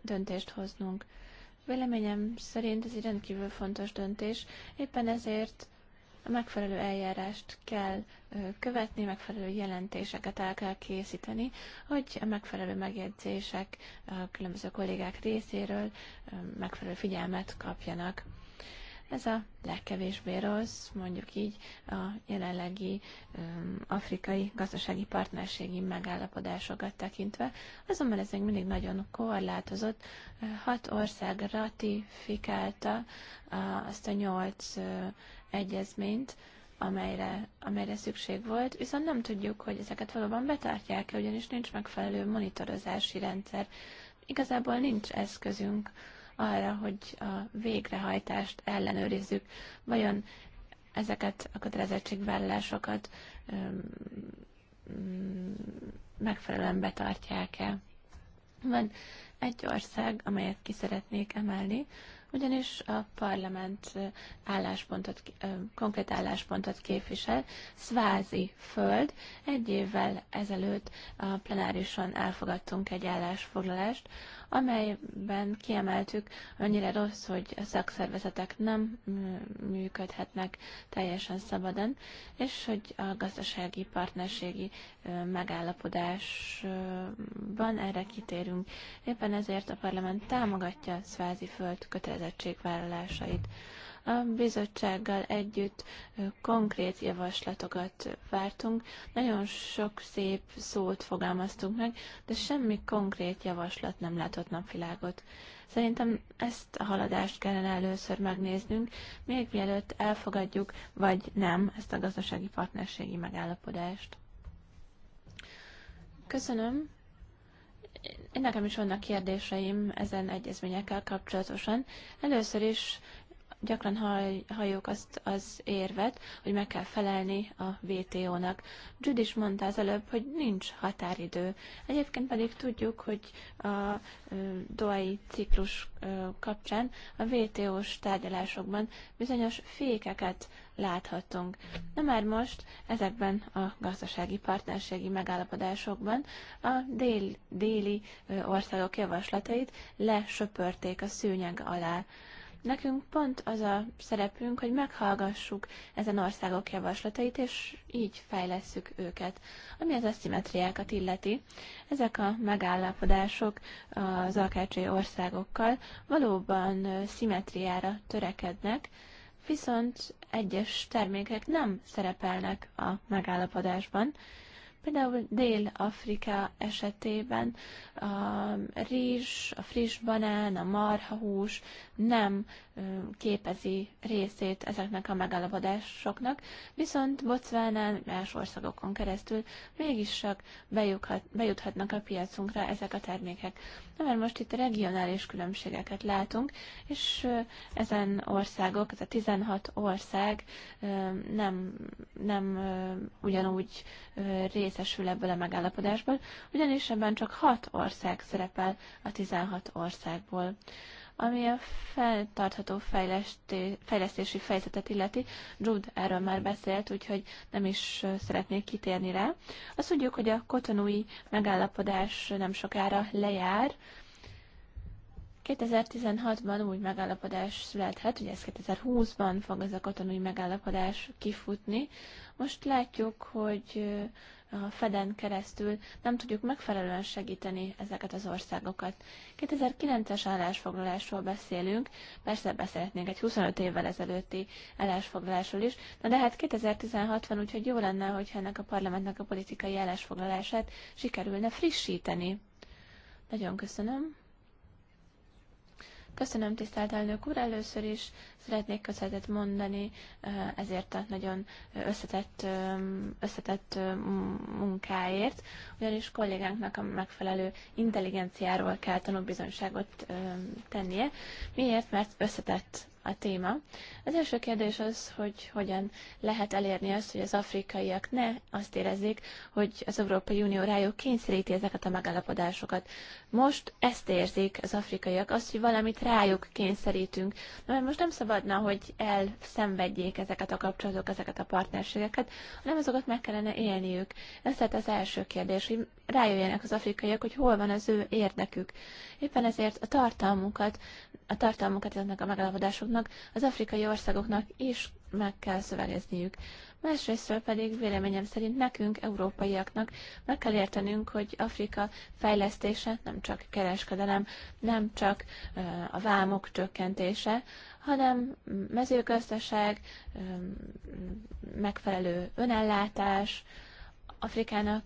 döntést hoznunk. Véleményem szerint ez egy rendkívül fontos döntés, éppen ezért a megfelelő eljárást kell követni, megfelelő jelentéseket el kell készíteni, hogy a megfelelő megjegyzések a különböző kollégák részéről megfelelő figyelmet kapjanak. Ez a legkevésbé rossz, mondjuk így a jelenlegi um, afrikai gazdasági partnerségi megállapodásokat tekintve, azonban ez még mindig nagyon korlátozott. Hat ország ratifikálta uh, azt a nyolc uh, egyezményt, amelyre, amelyre szükség volt, viszont nem tudjuk, hogy ezeket valóban betartják-e, ugyanis nincs megfelelő monitorozási rendszer. Igazából nincs eszközünk arra, hogy a végrehajtást ellenőrizzük. Vajon ezeket a kötelezettségvállalásokat megfelelően betartják-e? Van egy ország, amelyet ki szeretnék emelni, ugyanis a parlament álláspontot, konkrét álláspontot képvisel. Szvázi föld. Egy évvel ezelőtt a plenárison elfogadtunk egy állásfoglalást, amelyben kiemeltük, annyira rossz, hogy a szakszervezetek nem mm, működhetnek teljesen szabadon, és hogy a gazdasági partnerségi megállapodásban erre kitérünk. Éppen ezért a parlament támogatja Szvázi föld kötelezettségvállalásait. A bizottsággal együtt konkrét javaslatokat vártunk. Nagyon sok szép szót fogalmaztunk meg, de semmi konkrét javaslat nem látott napvilágot. Szerintem ezt a haladást kellene először megnéznünk, még mielőtt elfogadjuk, vagy nem ezt a gazdasági partnerségi megállapodást. Köszönöm. Én nekem is vannak kérdéseim ezen egyezményekkel kapcsolatosan. Először is gyakran halljuk azt az érvet, hogy meg kell felelni a VTO-nak. Judy is mondta az előbb, hogy nincs határidő. Egyébként pedig tudjuk, hogy a doai ciklus kapcsán a VTO-s tárgyalásokban bizonyos fékeket láthatunk. De már most ezekben a gazdasági partnerségi megállapodásokban a dél, déli országok javaslatait lesöpörték a szőnyeg alá. Nekünk pont az a szerepünk, hogy meghallgassuk ezen országok javaslatait, és így fejlesszük őket. Ami az aszimetriákat illeti, ezek a megállapodások az alkácsai országokkal valóban szimetriára törekednek, viszont egyes termékek nem szerepelnek a megállapodásban, Például Dél-Afrika esetében a rizs, a friss banán, a marhahús nem képezi részét ezeknek a megalapodásoknak, viszont botswana más országokon keresztül mégis csak bejuthat, bejuthatnak a piacunkra ezek a termékek. Na, mert most itt regionális különbségeket látunk, és ezen országok, ez a 16 ország nem, nem ugyanúgy részesül ebből a megállapodásból, ugyanis ebben csak 6 ország szerepel a 16 országból ami a feltartható fejlesztési fejezetet illeti. Jude erről már beszélt, úgyhogy nem is szeretnék kitérni rá. Azt tudjuk, hogy a kotonúi megállapodás nem sokára lejár, 2016-ban új megállapodás születhet, ugye ez 2020-ban fog ez a katonai megállapodás kifutni. Most látjuk, hogy a Feden keresztül nem tudjuk megfelelően segíteni ezeket az országokat. 2009-es állásfoglalásról beszélünk, persze beszélhetnénk egy 25 évvel ezelőtti állásfoglalásról is, na de hát 2016 van, úgyhogy jó lenne, hogyha ennek a parlamentnek a politikai állásfoglalását sikerülne frissíteni. Nagyon köszönöm. Köszönöm, tisztelt elnök úr, először is Szeretnék köszönetet mondani ezért a nagyon összetett, összetett munkáért, ugyanis kollégánknak a megfelelő intelligenciáról kell tanúbizonyságot tennie. Miért? Mert összetett a téma. Az első kérdés az, hogy hogyan lehet elérni azt, hogy az afrikaiak ne azt érezzék, hogy az Európai Unió rájuk kényszeríti ezeket a megállapodásokat. Most ezt érzik az afrikaiak, azt, hogy valamit rájuk kényszerítünk. Na, mert most nem szabad szabadna, hogy elszenvedjék ezeket a kapcsolatok, ezeket a partnerségeket, hanem azokat meg kellene élniük. Ez tehát az első kérdés, hogy rájöjjenek az afrikaiak, hogy hol van az ő érdekük. Éppen ezért a tartalmukat, a tartalmukat ezeknek a megalapodásoknak az afrikai országoknak is meg kell szövegezniük másrésztről pedig véleményem szerint nekünk, európaiaknak meg kell értenünk, hogy Afrika fejlesztése nem csak kereskedelem, nem csak a vámok csökkentése, hanem mezőgazdaság, megfelelő önellátás, Afrikának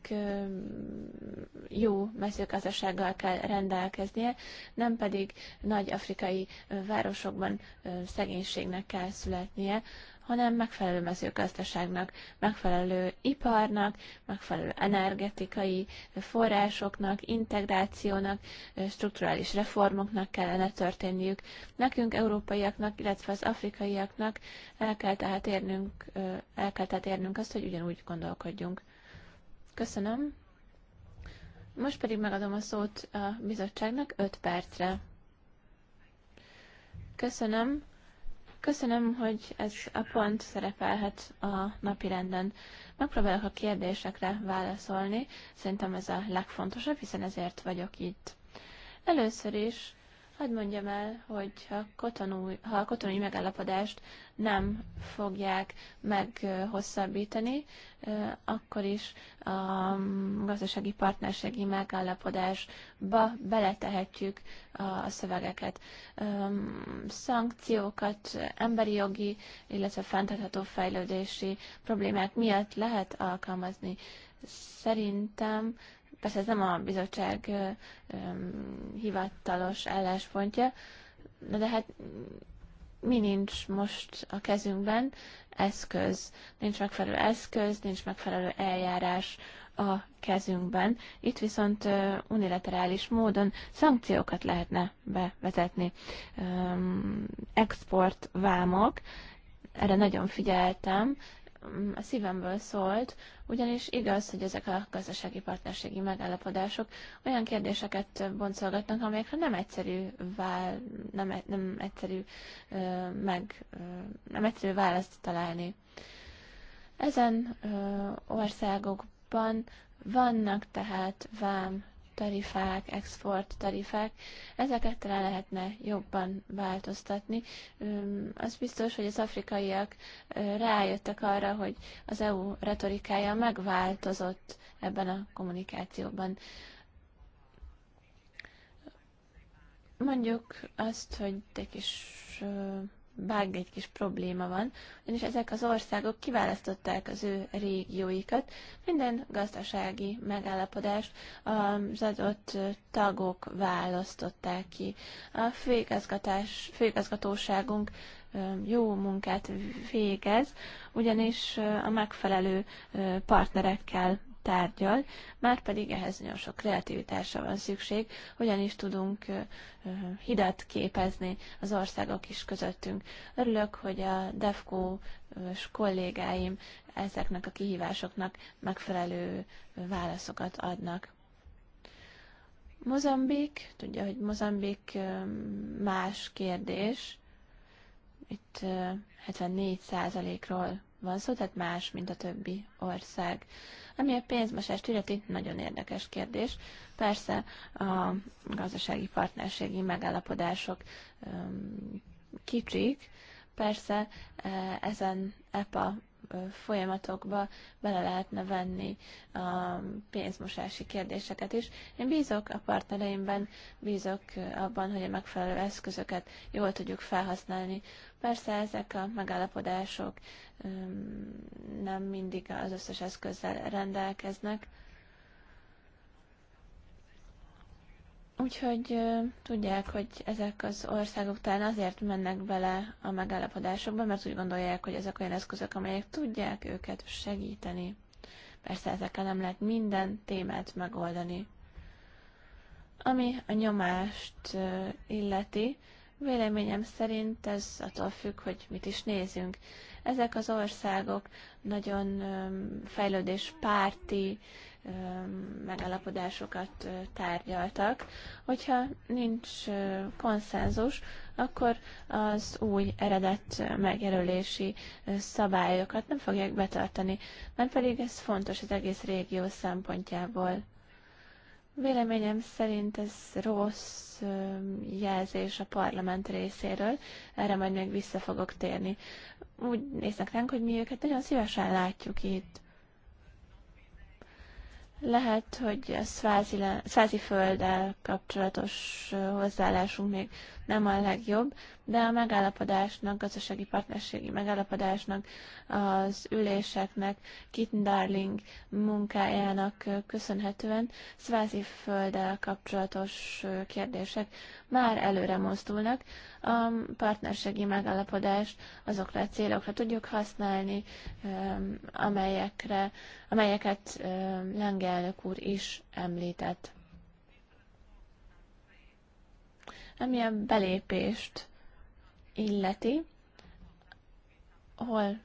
jó mezőgazdasággal kell rendelkeznie, nem pedig nagy afrikai városokban szegénységnek kell születnie, hanem megfelelő mezőgazdaságnak, megfelelő iparnak, megfelelő energetikai forrásoknak, integrációnak, strukturális reformoknak kellene történniük. Nekünk, európaiaknak, illetve az afrikaiaknak el kell tehát érnünk, el kell tehát érnünk azt, hogy ugyanúgy gondolkodjunk. Köszönöm. Most pedig megadom a szót a bizottságnak 5 percre. Köszönöm. Köszönöm, hogy ez a pont szerepelhet a napirenden. Megpróbálok a kérdésekre válaszolni, szerintem ez a legfontosabb, hiszen ezért vagyok itt. Először is Hadd mondjam el, hogy ha, kotonú, ha a kotonúi megállapodást nem fogják meghosszabbítani, akkor is a gazdasági partnerségi megállapodásba beletehetjük a szövegeket. Szankciókat emberi jogi, illetve fenntartható fejlődési problémák miatt lehet alkalmazni. Szerintem Persze ez nem a bizottság hivatalos álláspontja, de hát mi nincs most a kezünkben? Eszköz. Nincs megfelelő eszköz, nincs megfelelő eljárás a kezünkben. Itt viszont unilaterális módon szankciókat lehetne bevezetni. Export vámok, erre nagyon figyeltem, a szívemből szólt, ugyanis igaz, hogy ezek a gazdasági partnerségi megállapodások olyan kérdéseket boncolgatnak, amelyekre nem egyszerű, vál, nem, nem egyszerű, meg, nem egyszerű választ találni. Ezen országokban vannak tehát vám tarifák, export tarifák, ezeket talán lehetne jobban változtatni. Az biztos, hogy az afrikaiak rájöttek arra, hogy az EU retorikája megváltozott ebben a kommunikációban. Mondjuk azt, hogy egy kis vág egy kis probléma van, ugyanis ezek az országok kiválasztották az ő régióikat, minden gazdasági megállapodást az adott tagok választották ki. A főigazgatóságunk jó munkát végez, ugyanis a megfelelő partnerekkel tárgyal, már pedig ehhez nagyon sok kreativitásra van szükség, hogyan is tudunk hidat képezni az országok is közöttünk. Örülök, hogy a DEFCO és kollégáim ezeknek a kihívásoknak megfelelő válaszokat adnak. Mozambik, tudja, hogy Mozambik más kérdés. Itt 74%-ról van szó, tehát más, mint a többi ország. Ami a pénzmosást illeti, nagyon érdekes kérdés. Persze a gazdasági partnerségi megállapodások kicsik, persze e, ezen EPA folyamatokba bele lehetne venni a pénzmosási kérdéseket is. Én bízok a partnereimben, bízok abban, hogy a megfelelő eszközöket jól tudjuk felhasználni. Persze ezek a megállapodások nem mindig az összes eszközzel rendelkeznek, Úgyhogy tudják, hogy ezek az országok talán azért mennek bele a megállapodásokba, mert úgy gondolják, hogy ezek olyan eszközök, amelyek tudják őket segíteni. Persze ezekkel nem lehet minden témát megoldani. Ami a nyomást illeti, véleményem szerint ez attól függ, hogy mit is nézünk. Ezek az országok nagyon fejlődéspárti, megalapodásokat tárgyaltak. Hogyha nincs konszenzus, akkor az új eredet megjelölési szabályokat nem fogják betartani, mert pedig ez fontos az egész régió szempontjából. Véleményem szerint ez rossz jelzés a parlament részéről, erre majd még vissza fogok térni. Úgy néznek ránk, hogy mi őket nagyon szívesen látjuk itt. Lehet, hogy a Szvázi földdel kapcsolatos hozzáállásunk még nem a legjobb, de a megállapodásnak, gazdasági partnerségi megállapodásnak, az üléseknek, Kitten Darling munkájának köszönhetően szvázi földdel kapcsolatos kérdések már előre mozdulnak. A partnerségi megállapodást azokra a célokra tudjuk használni, amelyekre, amelyeket Lange úr is említett. ami a belépést illeti, hol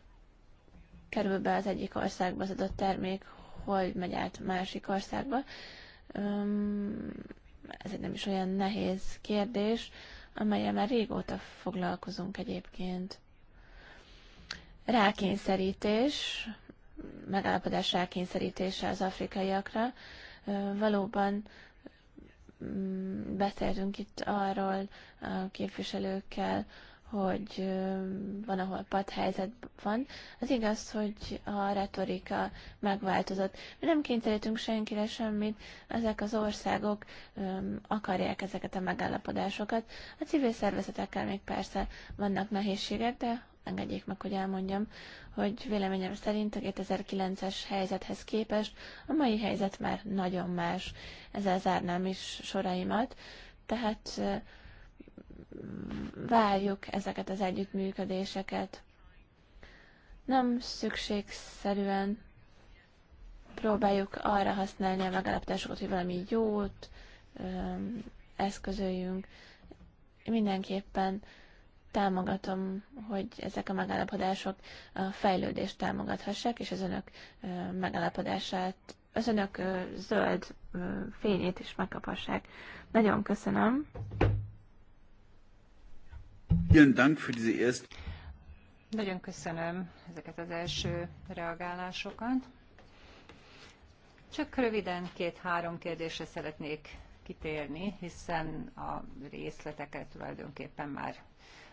kerül be az egyik országba az adott termék, hol megy át másik országba. Ez egy nem is olyan nehéz kérdés, amelyel már régóta foglalkozunk egyébként. Rákényszerítés, megállapodás rákényszerítése az afrikaiakra. Valóban beszéltünk itt arról a képviselőkkel, hogy van, ahol padhelyzet van. Az igaz, hogy a retorika megváltozott. Mi nem kényszerítünk senkire semmit, ezek az országok akarják ezeket a megállapodásokat. A civil szervezetekkel még persze vannak nehézségek, de engedjék meg, hogy elmondjam, hogy véleményem szerint a 2009-es helyzethez képest a mai helyzet már nagyon más. Ezzel zárnám is soraimat. Tehát mm, várjuk ezeket az együttműködéseket. Nem szükségszerűen próbáljuk arra használni a megállapításokat, hogy valami jót eszközöljünk. Mindenképpen támogatom, hogy ezek a megállapodások a fejlődést támogathassák, és az önök megállapodását, az önök zöld fényét is megkaphassák. Nagyon köszönöm. Nagyon köszönöm
ezeket az első reagálásokat. Csak röviden két-három kérdésre szeretnék kitérni, hiszen a részleteket tulajdonképpen már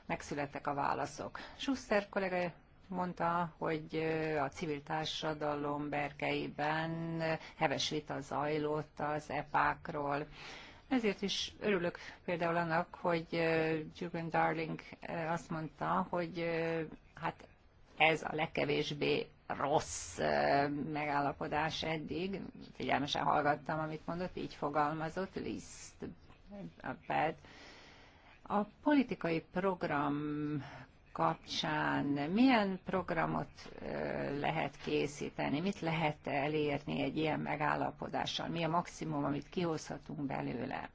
megszülettek a válaszok. Schuster kollega mondta, hogy a civil társadalom berkeiben heves vita zajlott az epákról. Ezért is örülök például annak, hogy Jürgen Darling azt mondta, hogy hát ez a legkevésbé rossz megállapodás eddig. Figyelmesen hallgattam, amit mondott, így fogalmazott, a bad. A politikai program kapcsán milyen programot lehet készíteni, mit lehet elérni egy ilyen megállapodással, mi a maximum, amit kihozhatunk belőle.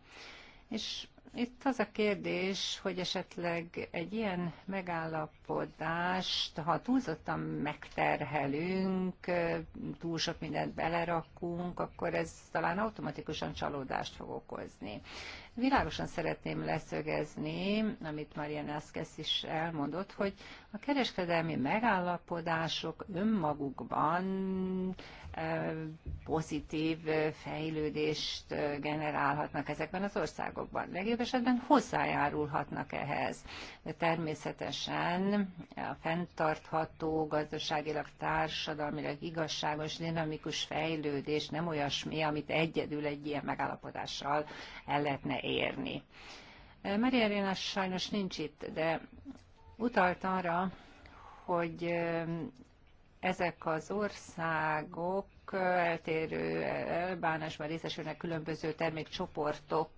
És itt az a kérdés, hogy esetleg egy ilyen megállapodást, ha túlzottan megterhelünk, túl sok mindent belerakunk, akkor ez talán automatikusan csalódást fog okozni. Világosan szeretném leszögezni, amit Marianne Eszkesz is elmondott, hogy a kereskedelmi megállapodások önmagukban pozitív fejlődést generálhatnak ezekben az országokban. Legjobb esetben hozzájárulhatnak ehhez. De természetesen a fenntartható, gazdaságilag, társadalmilag igazságos, dinamikus fejlődés nem olyasmi, amit egyedül egy ilyen megállapodással el lehetne érni. Maria Réna sajnos nincs itt, de utalt arra, hogy ezek az országok eltérő elbánásban részesülnek különböző termékcsoportok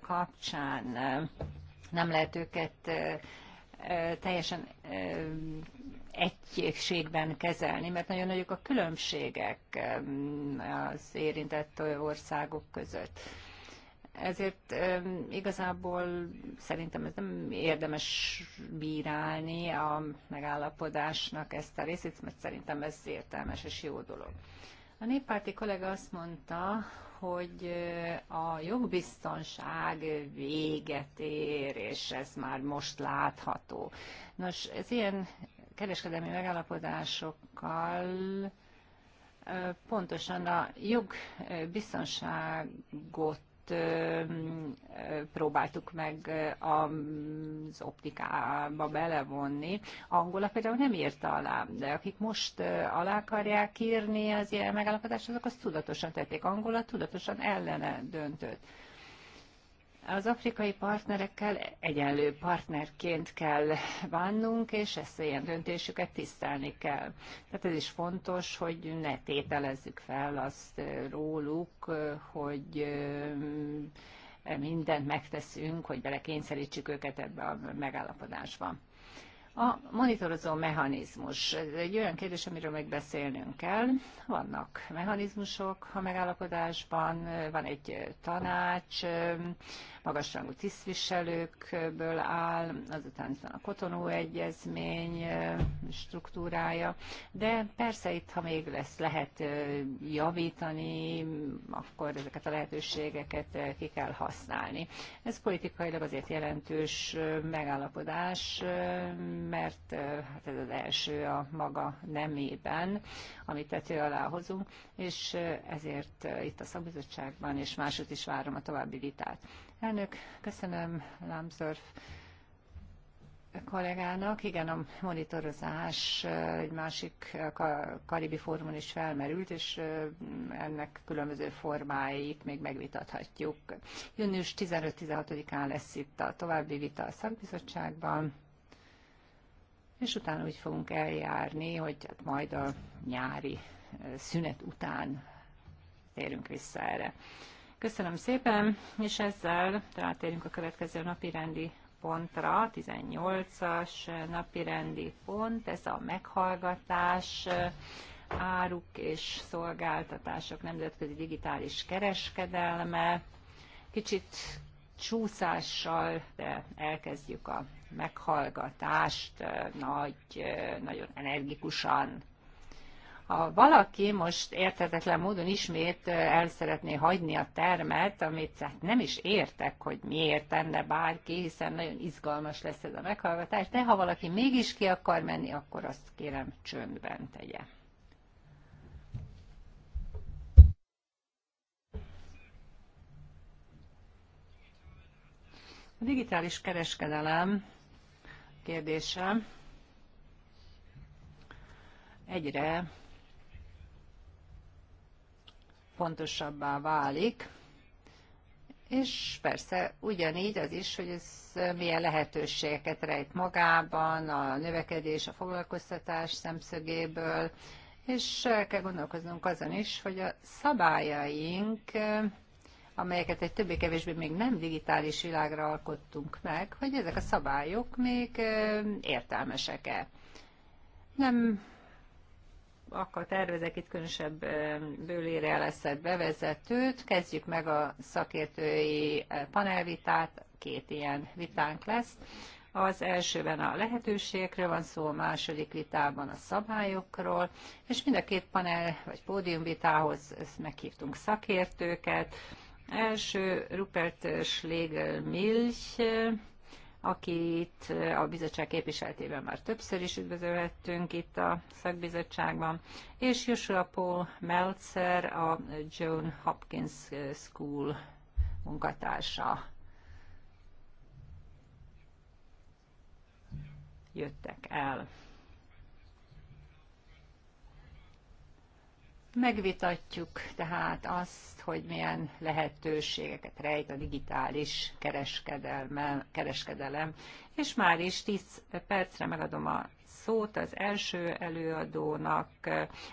kapcsán. Nem lehet őket teljesen egységben kezelni, mert nagyon nagyok a különbségek az érintett országok között ezért igazából szerintem ez nem érdemes bírálni a megállapodásnak ezt a részét, mert szerintem ez értelmes és jó dolog. A néppárti kollega azt mondta, hogy a jogbiztonság véget ér, és ez már most látható. Nos, ez ilyen kereskedelmi megállapodásokkal pontosan a jogbiztonságot próbáltuk meg az optikába belevonni. Angola például nem írta alá, de akik most alá akarják írni az ilyen megállapodást, azok azt tudatosan tették. Angola tudatosan ellene döntött. Az afrikai partnerekkel egyenlő partnerként kell bánnunk, és ezt ilyen döntésüket tisztelni kell. Tehát ez is fontos, hogy ne tételezzük fel azt róluk, hogy mindent megteszünk, hogy belekényszerítsük őket ebbe a megállapodásba. A monitorozó mechanizmus. Ez egy olyan kérdés, amiről még beszélnünk kell. Vannak mechanizmusok a megállapodásban, van egy tanács, magasrangú tisztviselőkből áll, azután itt van a Kotonó Egyezmény struktúrája, de persze itt, ha még lesz lehet javítani, akkor ezeket a lehetőségeket ki kell használni. Ez politikailag azért jelentős megállapodás, mert hát ez az első a maga nemében, amit tető alá hozunk, és ezért itt a szakbizottságban és máshogy is várom a további vitát. Elnök, köszönöm Lambsdorff kollégának. Igen, a monitorozás egy másik karibi fórumon is felmerült, és ennek különböző formáit még megvitathatjuk. Június 15-16-án lesz itt a további vita a szakbizottságban, és utána úgy fogunk eljárni, hogy hát majd a nyári szünet után térünk vissza erre. Köszönöm szépen, és ezzel rátérünk a következő napi rendi pontra, 18-as napi rendi pont, ez a meghallgatás, áruk és szolgáltatások nemzetközi digitális kereskedelme. Kicsit csúszással, de elkezdjük a meghallgatást nagy, nagyon energikusan, ha valaki most érthetetlen módon ismét el szeretné hagyni a termet, amit hát nem is értek, hogy miért tenne bárki, hiszen nagyon izgalmas lesz ez a meghallgatás, de ha valaki mégis ki akar menni, akkor azt kérem csöndben tegye. A digitális kereskedelem kérdése egyre fontosabbá válik, és persze ugyanígy az is, hogy ez milyen lehetőségeket rejt magában, a növekedés, a foglalkoztatás szemszögéből, és el kell gondolkoznunk azon is, hogy a szabályaink, amelyeket egy többé-kevésbé még nem digitális világra alkottunk meg, hogy ezek a szabályok még értelmesek-e. Nem akkor tervezek itt különösebb bőlére leszett bevezetőt. Kezdjük meg a szakértői panelvitát, két ilyen vitánk lesz. Az elsőben a lehetőségekről van szó, a második vitában a szabályokról, és mind a két panel vagy pódiumvitához meghívtunk szakértőket. Első Rupert Schlegel-Milch, akit a bizottság képviseltében már többször is üdvözölhettünk itt a szakbizottságban, és Joshua Paul Meltzer, a Joan Hopkins School munkatársa. Jöttek el. Megvitatjuk tehát azt, hogy milyen lehetőségeket rejt a digitális kereskedelem, és már is 10 percre megadom a szót az első előadónak,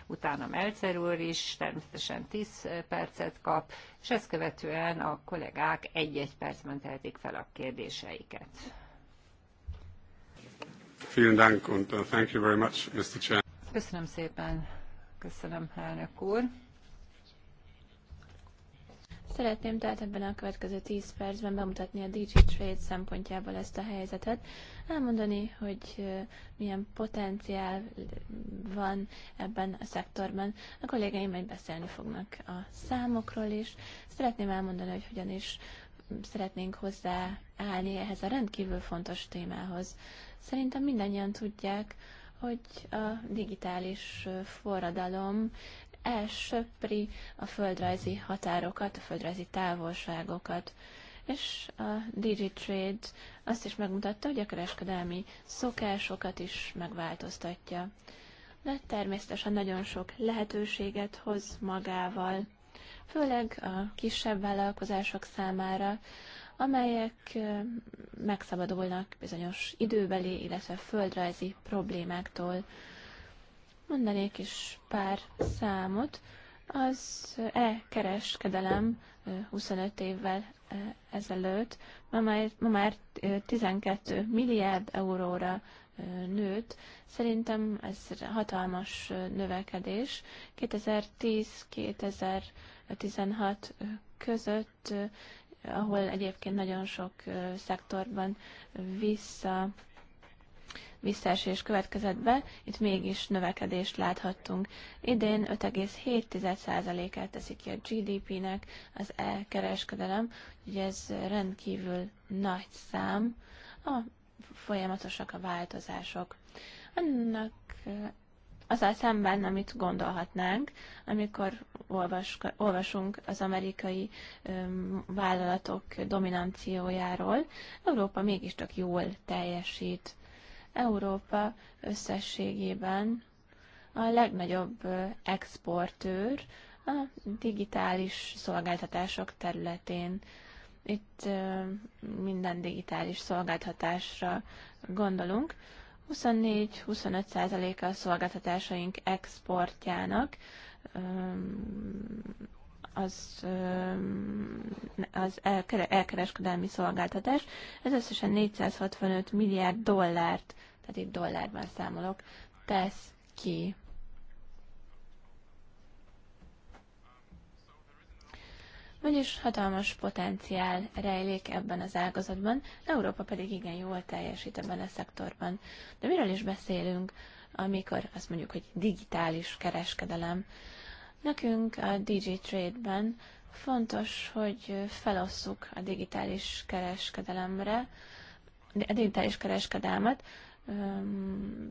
utána Melzer úr is természetesen 10 percet kap, és ezt követően a kollégák egy-egy percben tehetik fel a kérdéseiket. Uh, Köszönöm
szépen, Köszönöm, elnök úr. Szeretném tehát ebben a következő 10 percben bemutatni a DG Trade szempontjából ezt a helyzetet, elmondani, hogy milyen potenciál van ebben a szektorban. A kollégáim majd beszélni fognak a számokról is. Szeretném elmondani, hogy hogyan is szeretnénk hozzáállni ehhez a rendkívül fontos témához. Szerintem mindannyian tudják, hogy a digitális forradalom elsöpri a földrajzi határokat, a földrajzi távolságokat. És a DigiTrade azt is megmutatta, hogy a kereskedelmi szokásokat is megváltoztatja. De természetesen nagyon sok lehetőséget hoz magával, főleg a kisebb vállalkozások számára, amelyek megszabadulnak bizonyos időbeli, illetve földrajzi problémáktól. Mondanék is pár számot. Az e-kereskedelem 25 évvel ezelőtt ma már, ma már 12 milliárd euróra nőtt. Szerintem ez hatalmas növekedés. 2010-2016 között ahol egyébként nagyon sok szektorban vissza visszaesés következett be, itt mégis növekedést láthattunk. Idén 5,7%-át teszi ki a GDP-nek az e-kereskedelem, ugye ez rendkívül nagy szám, a folyamatosak a változások. Annak azzal szemben, amit gondolhatnánk, amikor olvas, olvasunk az amerikai öm, vállalatok dominanciójáról, Európa mégiscsak jól teljesít. Európa összességében a legnagyobb exportőr a digitális szolgáltatások területén. Itt minden digitális szolgáltatásra gondolunk, 24-25%-a a szolgáltatásaink exportjának, az, az elkereskedelmi szolgáltatás. Ez összesen 465 milliárd dollárt, tehát itt dollárban számolok, tesz ki. vagyis hatalmas potenciál rejlik ebben az ágazatban, Európa pedig igen jól teljesít ebben a szektorban. De miről is beszélünk, amikor azt mondjuk, hogy digitális kereskedelem? Nekünk a DG Trade-ben fontos, hogy felosszuk a digitális kereskedelemre, a digitális kereskedelmet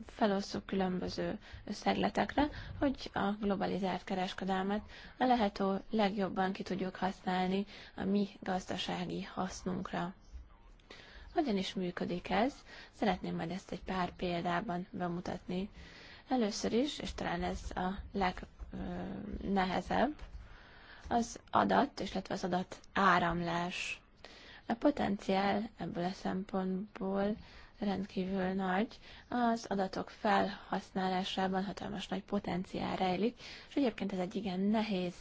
felosszuk különböző szegletekre, hogy a globalizált kereskedelmet a lehető legjobban ki tudjuk használni a mi gazdasági hasznunkra. Hogyan is működik ez? Szeretném majd ezt egy pár példában bemutatni. Először is, és talán ez a legnehezebb, az adat, illetve az adat áramlás. A potenciál ebből a szempontból rendkívül nagy, az adatok felhasználásában hatalmas nagy potenciál rejlik, és egyébként ez egy igen nehéz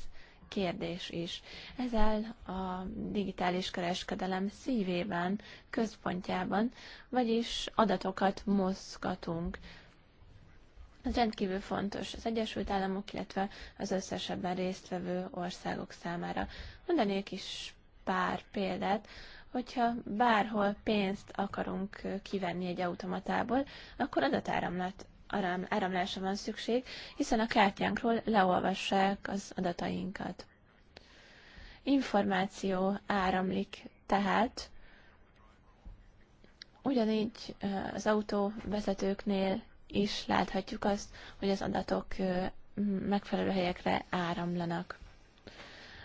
kérdés is. Ezzel a digitális kereskedelem szívében, központjában, vagyis adatokat mozgatunk. Ez rendkívül fontos az Egyesült Államok, illetve az összes ebben résztvevő országok számára. Mondanék is pár példát, hogyha bárhol pénzt akarunk kivenni egy automatából, akkor adatáramlat áramlásra van szükség, hiszen a kártyánkról leolvassák az adatainkat. Információ áramlik tehát, ugyanígy az autóvezetőknél is láthatjuk azt, hogy az adatok megfelelő helyekre áramlanak.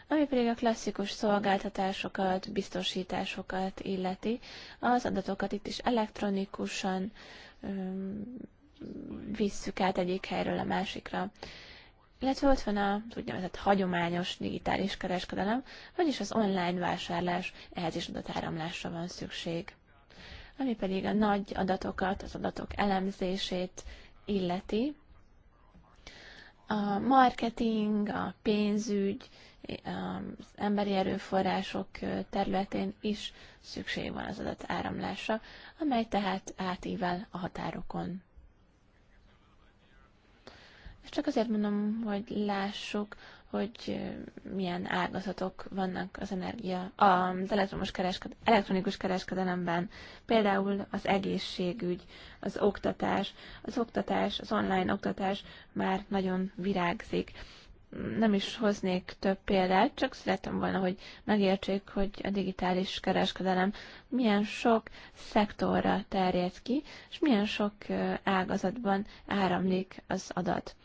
Ami pedig a klasszikus szolgáltatásokat, biztosításokat illeti, az adatokat itt is elektronikusan visszük át egyik helyről a másikra. Illetve ott van az úgynevezett hagyományos digitális kereskedelem, vagyis az online vásárlás, ehhez is adatáramlásra van szükség. Ami pedig a nagy adatokat, az adatok elemzését illeti, a marketing, a pénzügy az emberi erőforrások területén is szükség van az adat áramlása, amely tehát átível a határokon. És csak azért mondom, hogy lássuk, hogy milyen ágazatok vannak az energia, az elektromos keresked, elektronikus kereskedelemben, például az egészségügy, az oktatás. Az oktatás, az online oktatás már nagyon virágzik nem is hoznék több példát, csak szeretem volna, hogy megértsék, hogy a digitális kereskedelem milyen sok szektorra terjed ki, és milyen sok ágazatban áramlik az adat.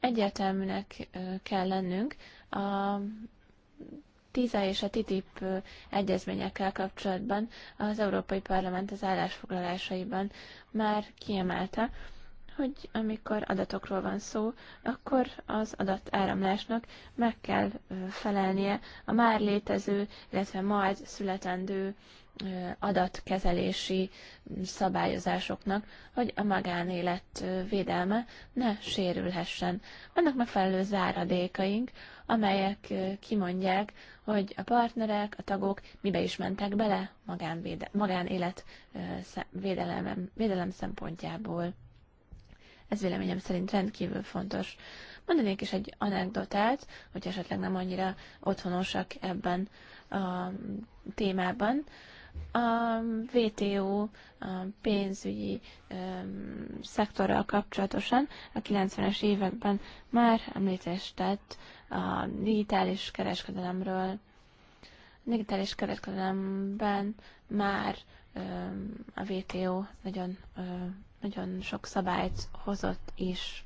Egyértelműnek kell lennünk a TISA és a TTIP egyezményekkel kapcsolatban az Európai Parlament az állásfoglalásaiban már kiemelte, hogy amikor adatokról van szó, akkor az adat áramlásnak meg kell felelnie a már létező, illetve majd születendő adatkezelési szabályozásoknak, hogy a magánélet védelme ne sérülhessen. Vannak megfelelő záradékaink, amelyek kimondják, hogy a partnerek, a tagok mibe is mentek bele magánvéde, magánélet védelem szempontjából. Ez véleményem szerint rendkívül fontos. Mondanék is egy anekdotát, hogy esetleg nem annyira otthonosak ebben a témában. A WTO a pénzügyi szektorral kapcsolatosan a 90-es években már említést tett a digitális kereskedelemről. A digitális kereskedelemben már a VTO nagyon, nagyon sok szabályt hozott is.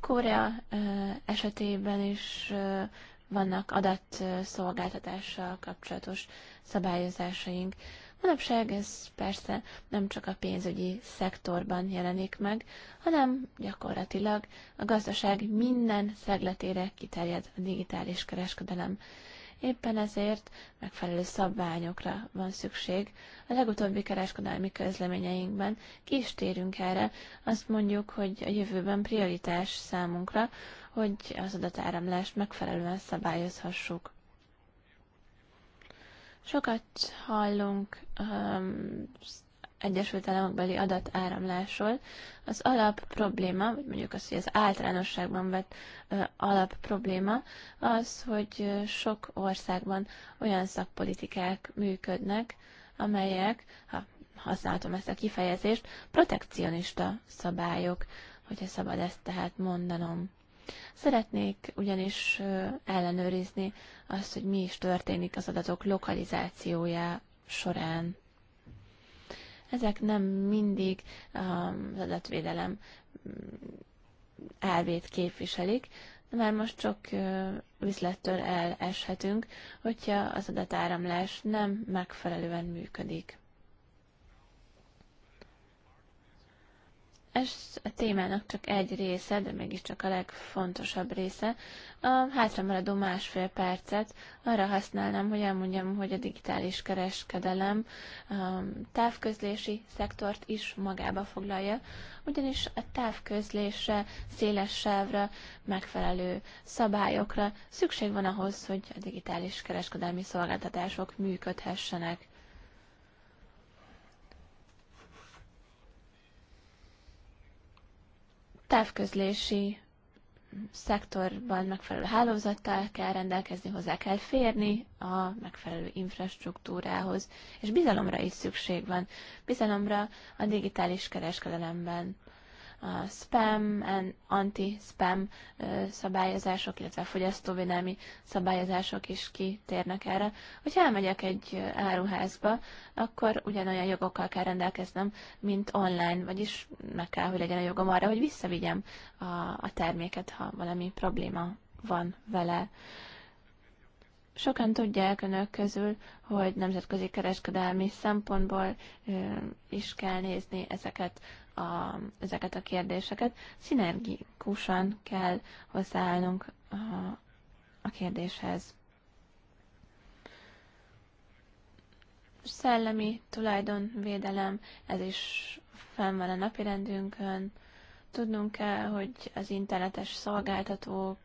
Korea esetében is vannak adatszolgáltatással kapcsolatos szabályozásaink. Manapság ez persze nem csak a pénzügyi szektorban jelenik meg, hanem gyakorlatilag a gazdaság minden szegletére kiterjed a digitális kereskedelem. Éppen ezért megfelelő szabványokra van szükség. A legutóbbi kereskedelmi közleményeinkben ki is térünk erre, azt mondjuk, hogy a jövőben prioritás számunkra, hogy az adatáramlást megfelelően szabályozhassuk. Sokat hallunk um, Egyesült Államokbeli adatáramlásról. Az alap probléma, vagy mondjuk az, hogy az általánosságban vett alap probléma, az, hogy sok országban olyan szakpolitikák működnek, amelyek, ha használtam ezt a kifejezést, protekcionista szabályok, hogyha szabad ezt tehát mondanom. Szeretnék ugyanis ellenőrizni azt, hogy mi is történik az adatok lokalizációja során ezek nem mindig um, az adatvédelem elvét képviselik, de már most sok üzlettől eleshetünk, hogyha az adatáramlás nem megfelelően működik. Ez a témának csak egy része, de mégiscsak a legfontosabb része. A hátra maradó másfél percet arra használnám, hogy elmondjam, hogy a digitális kereskedelem a távközlési szektort is magába foglalja, ugyanis a távközlésre, széles sávra, megfelelő szabályokra szükség van ahhoz, hogy a digitális kereskedelmi szolgáltatások működhessenek. távközlési szektorban megfelelő hálózattal kell rendelkezni, hozzá kell férni a megfelelő infrastruktúrához, és bizalomra is szükség van. Bizalomra a digitális kereskedelemben a spam, anti-spam szabályozások, illetve fogyasztóvédelmi szabályozások is kitérnek erre. Hogyha elmegyek egy áruházba, akkor ugyanolyan jogokkal kell rendelkeznem, mint online, vagyis meg kell, hogy legyen a jogom arra, hogy visszavigyem a, a terméket, ha valami probléma van vele. Sokan tudják önök közül, hogy nemzetközi kereskedelmi szempontból is kell nézni ezeket a, ezeket a kérdéseket. Szinergikusan kell hozzáállnunk a, a kérdéshez. Szellemi tulajdonvédelem, ez is fenn van a napirendünkön. Tudnunk kell, hogy az internetes szolgáltatók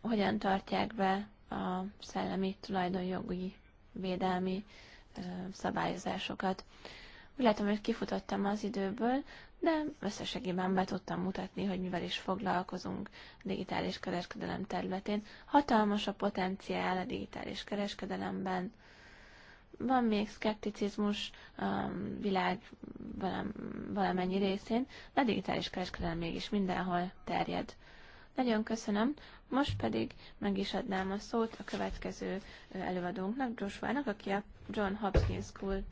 hogyan tartják be a szellemi tulajdonjogi védelmi szabályozásokat. Látom, hogy kifutottam az időből, de összességében be tudtam mutatni, hogy mivel is foglalkozunk a digitális kereskedelem területén. Hatalmas a potenciál a digitális kereskedelemben. Van még szkepticizmus a um, világ valamennyi részén, de a digitális kereskedelem mégis mindenhol terjed. Nagyon köszönöm, most pedig meg is adnám a szót a következő előadónknak, Joshua-nak, aki a John Hopkins School.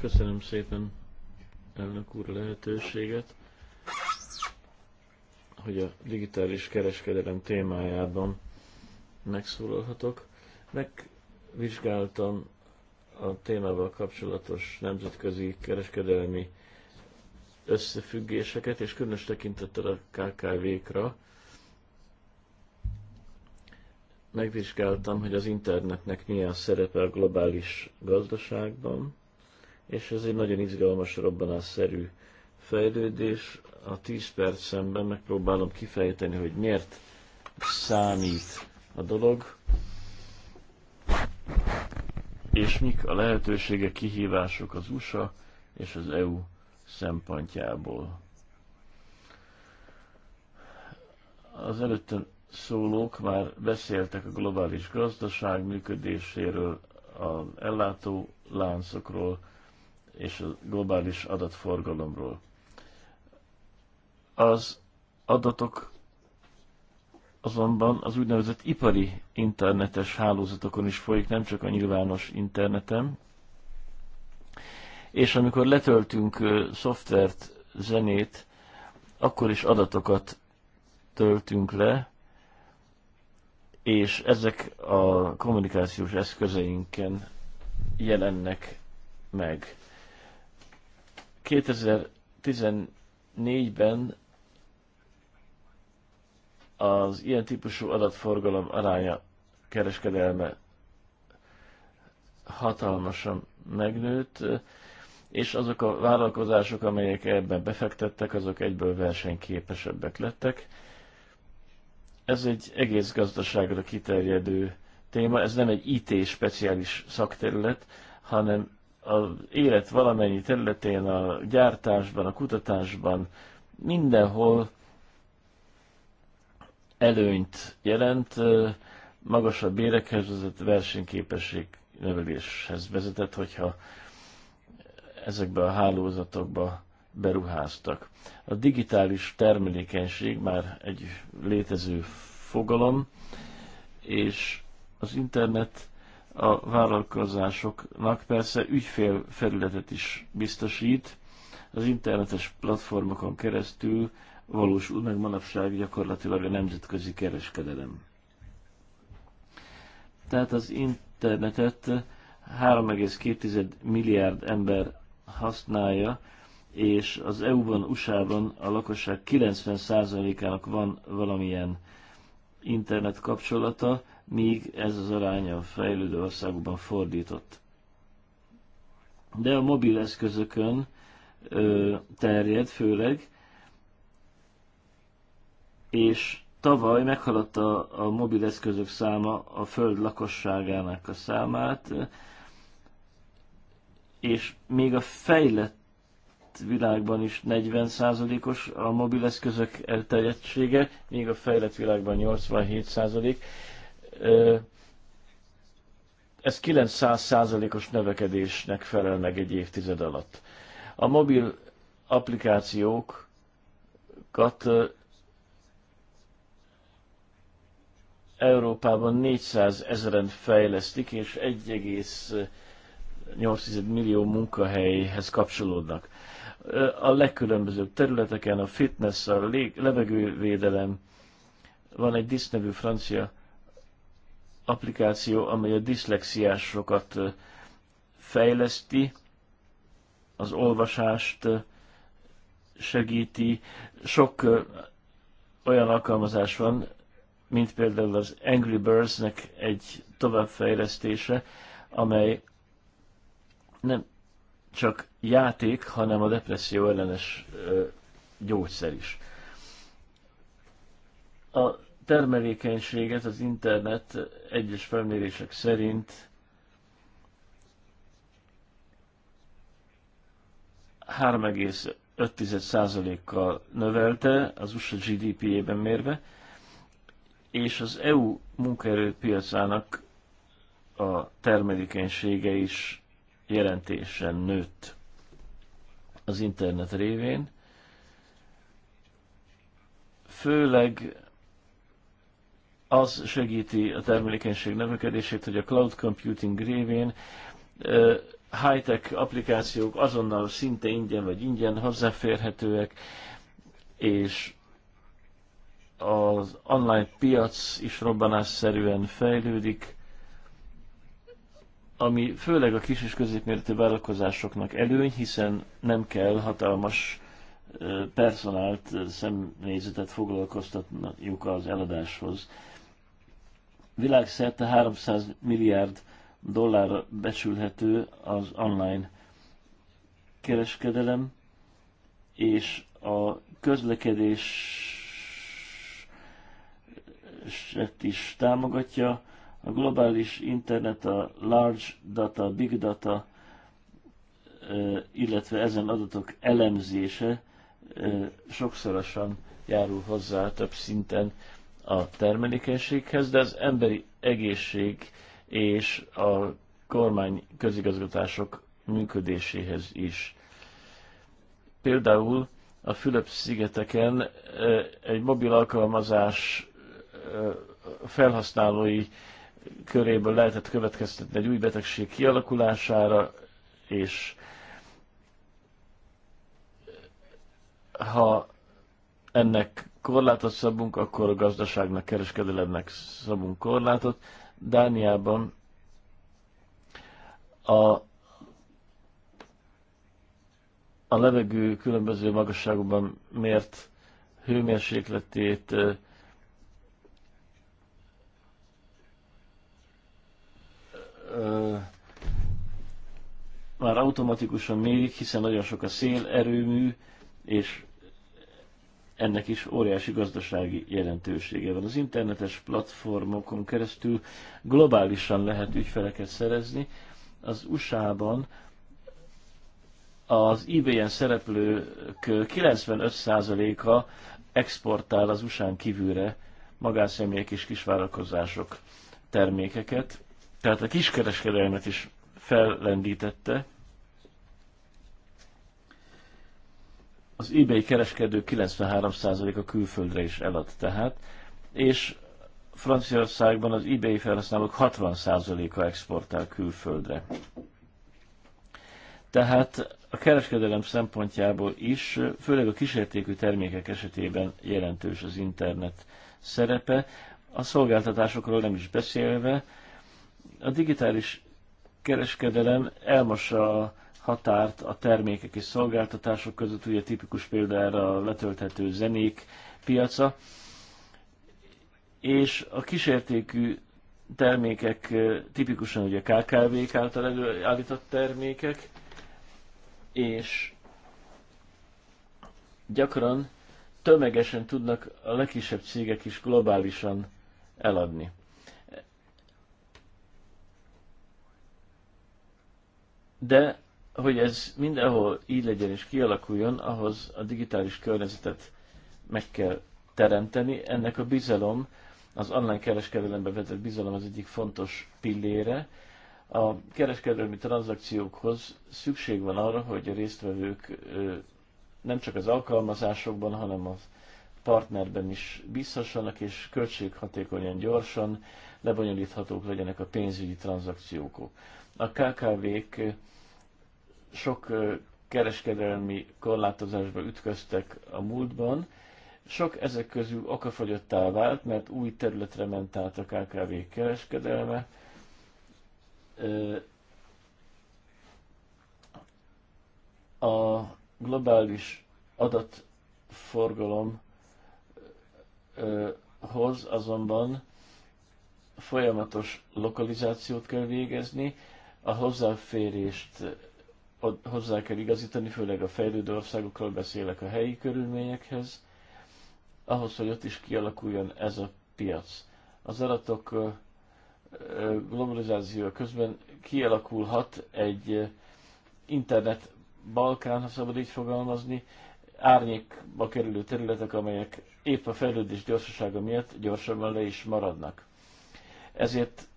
Köszönöm szépen elnök úr a lehetőséget, hogy a digitális kereskedelem témájában megszólalhatok. Megvizsgáltam a témával kapcsolatos nemzetközi kereskedelmi összefüggéseket, és különös tekintettel a KKV-kra, megvizsgáltam, hogy az internetnek milyen szerepe a globális gazdaságban, és ez egy nagyon izgalmas, robbanásszerű fejlődés. A 10 percemben megpróbálom kifejteni, hogy miért számít a dolog, és mik a lehetőségek, kihívások az USA és az EU szempontjából. Az előttem szólók már beszéltek a globális gazdaság működéséről, az ellátó láncokról és a globális adatforgalomról. Az adatok azonban az úgynevezett ipari internetes hálózatokon is folyik, nem csak a nyilvános interneten. És amikor letöltünk szoftvert, zenét, akkor is adatokat töltünk le, és ezek a kommunikációs eszközeinken jelennek meg. 2014-ben az ilyen típusú adatforgalom aránya kereskedelme hatalmasan megnőtt, és azok a vállalkozások, amelyek ebben befektettek, azok egyből versenyképesebbek lettek ez egy egész gazdaságra kiterjedő téma, ez nem egy IT speciális szakterület, hanem az élet valamennyi területén, a gyártásban, a kutatásban, mindenhol előnyt jelent, magasabb bérekhez vezet, versenyképesség növeléshez vezetett, hogyha ezekbe a hálózatokba beruháztak. A digitális termelékenység már egy létező fogalom, és az internet a vállalkozásoknak persze ügyfélfelületet is biztosít, az internetes platformokon keresztül valósul meg manapság gyakorlatilag a nemzetközi kereskedelem. Tehát az internetet 3,2 milliárd ember használja és az EU-ban, USA-ban a lakosság 90%-ának van valamilyen internet kapcsolata, míg ez az aránya a fejlődő országokban fordított. De a mobil eszközökön ö, terjed főleg, és tavaly meghaladta a mobil eszközök száma a föld lakosságának a számát, és még a fejlett világban is 40%-os a mobileszközök elterjedtsége, még a fejlett világban 87%. Ez 900%-os növekedésnek felel meg egy évtized alatt. A mobil applikációkat Európában 400 ezeren fejlesztik, és 1,8 millió munkahelyhez kapcsolódnak a legkülönbözőbb területeken, a fitness, a lég, levegővédelem, van egy DISZ nevű francia applikáció, amely a diszlexiásokat fejleszti, az olvasást segíti. Sok olyan alkalmazás van, mint például az Angry Birds-nek egy továbbfejlesztése, amely nem csak játék, hanem a depresszió ellenes gyógyszer is. A termelékenységet az internet egyes felmérések szerint 5 kal növelte az USA GDP-ében mérve, és az EU munkaerőpiacának a termelékenysége is jelentésen nőtt az internet révén, főleg az segíti a termelékenység növekedését, hogy a cloud computing révén high-tech applikációk azonnal szinte ingyen vagy ingyen hozzáférhetőek, és az online piac is robbanásszerűen fejlődik, ami főleg a kis és középméretű vállalkozásoknak előny, hiszen nem kell hatalmas personált személyzetet foglalkoztatniuk az eladáshoz. Világszerte 300 milliárd dollárra becsülhető az online kereskedelem, és a közlekedés is támogatja a globális internet, a large data, big data, illetve ezen adatok elemzése sokszorosan járul hozzá több szinten a termelékenységhez, de az emberi egészség és a kormány közigazgatások működéséhez is. Például a Fülöp-szigeteken egy mobil alkalmazás felhasználói köréből lehetett következtetni egy új betegség kialakulására, és ha ennek korlátot szabunk, akkor a gazdaságnak, kereskedelemnek szabunk korlátot. Dániában a, a levegő különböző magasságokban mért hőmérsékletét már automatikusan mérik, hiszen nagyon sok a erőmű, és ennek is óriási gazdasági jelentősége van. Az internetes platformokon keresztül globálisan lehet ügyfeleket szerezni. Az USA-ban az eBay-en szereplők 95%-a exportál az USA-n kívülre magánszemélyek és kisvállalkozások termékeket tehát a kiskereskedelmet is fellendítette. Az eBay kereskedő 93%-a külföldre is elad tehát, és Franciaországban az eBay felhasználók 60%-a exportál külföldre. Tehát a kereskedelem szempontjából is, főleg a kísértékű termékek esetében jelentős az internet szerepe, a szolgáltatásokról nem is beszélve, a digitális kereskedelem elmossa a határt a termékek és szolgáltatások között, ugye tipikus példa erre a letölthető zenék piaca, és a kísértékű termékek eh, tipikusan ugye KKV-k által előállított termékek, és gyakran tömegesen tudnak a legkisebb cégek is globálisan eladni. De hogy ez mindenhol így legyen és kialakuljon, ahhoz a digitális környezetet meg kell teremteni. Ennek a bizalom, az online kereskedelembe vetett bizalom az egyik fontos pillére. A kereskedelmi tranzakciókhoz szükség van arra, hogy a résztvevők nem csak az alkalmazásokban, hanem az partnerben is bízhassanak, és költséghatékonyan, gyorsan lebonyolíthatók legyenek a pénzügyi tranzakciók. A KKV-k sok kereskedelmi korlátozásba ütköztek a múltban. Sok ezek közül okafogyottá vált, mert új területre ment át a KKV kereskedelme. A globális adatforgalomhoz azonban folyamatos lokalizációt kell végezni, a hozzáférést hozzá kell igazítani, főleg a fejlődő országokról beszélek a helyi körülményekhez, ahhoz, hogy ott is kialakuljon ez a piac. Az adatok globalizáció közben kialakulhat egy internet Balkán, ha szabad így fogalmazni, árnyékba kerülő területek, amelyek épp a fejlődés gyorsasága miatt gyorsabban le is maradnak. Ezért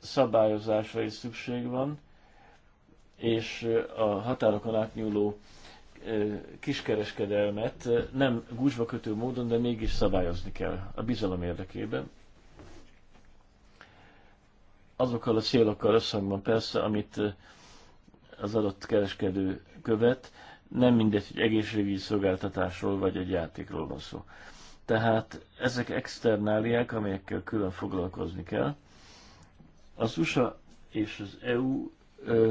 szabályozásra is szükség van, és a határokon átnyúló kiskereskedelmet nem gúzsba kötő módon, de mégis szabályozni kell a bizalom érdekében. Azokkal a célokkal összhangban persze, amit az adott kereskedő követ, nem mindegy, hogy egészségügyi szolgáltatásról vagy egy játékról van szó. Tehát ezek externáliák, amelyekkel külön foglalkozni kell. Az USA és az EU ö,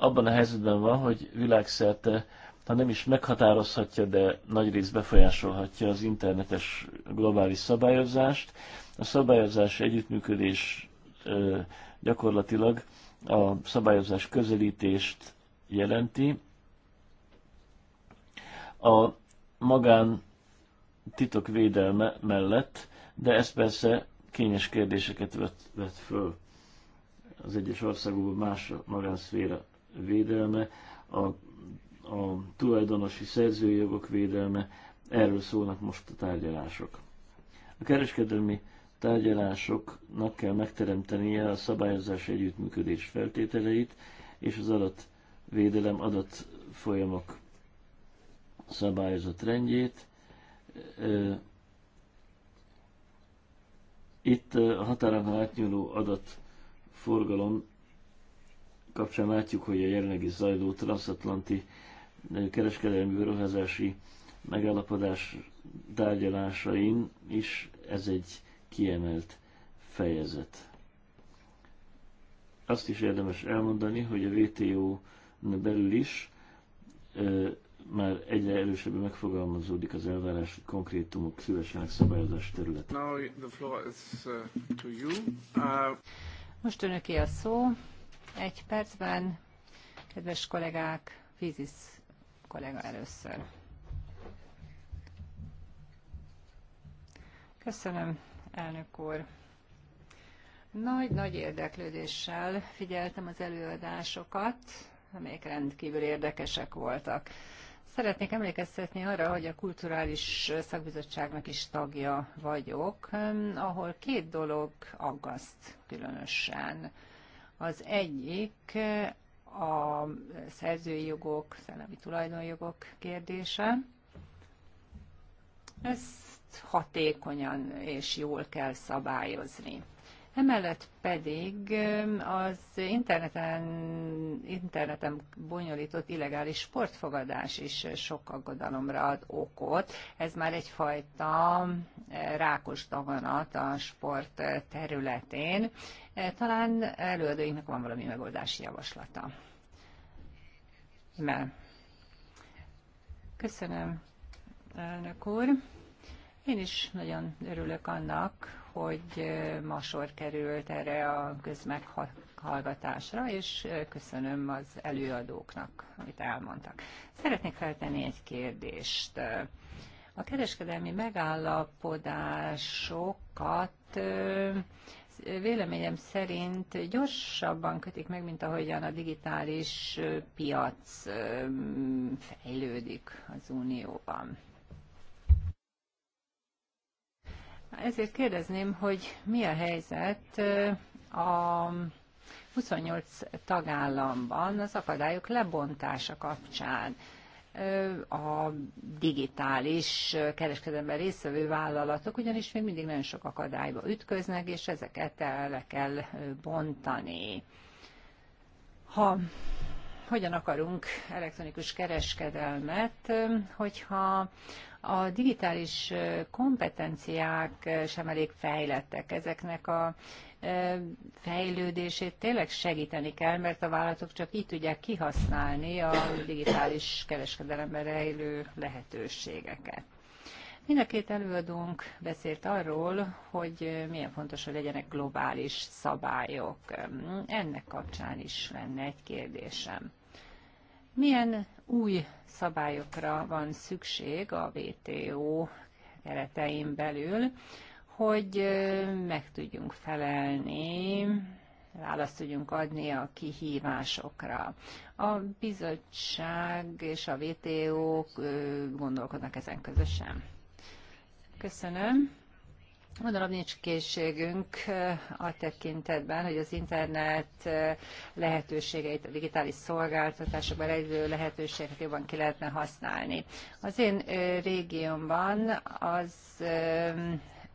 abban a helyzetben van, hogy világszerte, ha nem is meghatározhatja, de nagy rész befolyásolhatja az internetes globális szabályozást. A szabályozás együttműködés gyakorlatilag a szabályozás közelítést jelenti. A magán titok védelme mellett, de ez persze kényes kérdéseket vet, vet föl az egyes országokban más a magánszféra védelme, a, a tulajdonosi szerzőjogok védelme, erről szólnak most a tárgyalások. A kereskedelmi tárgyalásoknak kell megteremtenie a szabályozás együttműködés feltételeit és az adatvédelem adatfolyamok szabályozott rendjét. Itt a határon átnyúló adatforgalom kapcsán látjuk, hogy a jelenlegi zajló transatlanti eh, kereskedelmi beruházási megállapodás tárgyalásain is ez egy kiemelt fejezet. Azt is érdemes elmondani, hogy a WTO-n belül is ö, eh, már egyre erősebben megfogalmazódik az elvárás, hogy konkrétumok szülessenek szabályozás területen. Eh, uh,
Most önöké a szó. Egy percben, kedves kollégák, Fizis kollega először. Köszönöm, elnök úr. Nagy-nagy érdeklődéssel figyeltem az előadásokat, amelyek rendkívül érdekesek voltak. Szeretnék emlékeztetni arra, hogy a Kulturális Szakbizottságnak is tagja vagyok, ahol két dolog aggaszt különösen. Az egyik a szerzői jogok, szellemi tulajdonjogok kérdése. Ezt hatékonyan és jól kell szabályozni. Emellett pedig az interneten, interneten bonyolított illegális sportfogadás is sok aggodalomra ad okot. Ez már egyfajta rákos daganat a sport területén, E, talán előadóinknak van valami megoldási javaslata. Mert Köszönöm, elnök úr. Én is nagyon örülök annak, hogy e, ma sor került erre a közmeghallgatásra, és e, köszönöm az előadóknak, amit elmondtak. Szeretnék feltenni egy kérdést. A kereskedelmi megállapodásokat véleményem szerint gyorsabban kötik meg, mint ahogyan a digitális piac fejlődik az Unióban. Ezért kérdezném, hogy mi a helyzet a 28 tagállamban az akadályok lebontása kapcsán a digitális kereskedelemben résztvevő vállalatok, ugyanis még mindig nagyon sok akadályba ütköznek, és ezeket el kell bontani. Ha hogyan akarunk elektronikus kereskedelmet, hogyha a digitális kompetenciák sem elég fejlettek. Ezeknek a fejlődését tényleg segíteni kell, mert a vállalatok csak így tudják kihasználni a digitális kereskedelemben rejlő lehetőségeket. Mind a két előadónk beszélt arról, hogy milyen fontos, hogy legyenek globális szabályok. Ennek kapcsán is lenne egy kérdésem. Milyen új szabályokra van szükség a WTO keretein belül, hogy meg tudjunk felelni, választ tudjunk adni a kihívásokra. A bizottság és a WTO gondolkodnak ezen közösen. Köszönöm. Gondolom nincs készségünk a tekintetben, hogy az internet lehetőségeit, a digitális szolgáltatásokban rejlő lehetőségeket jobban ki lehetne használni. Az én régiómban az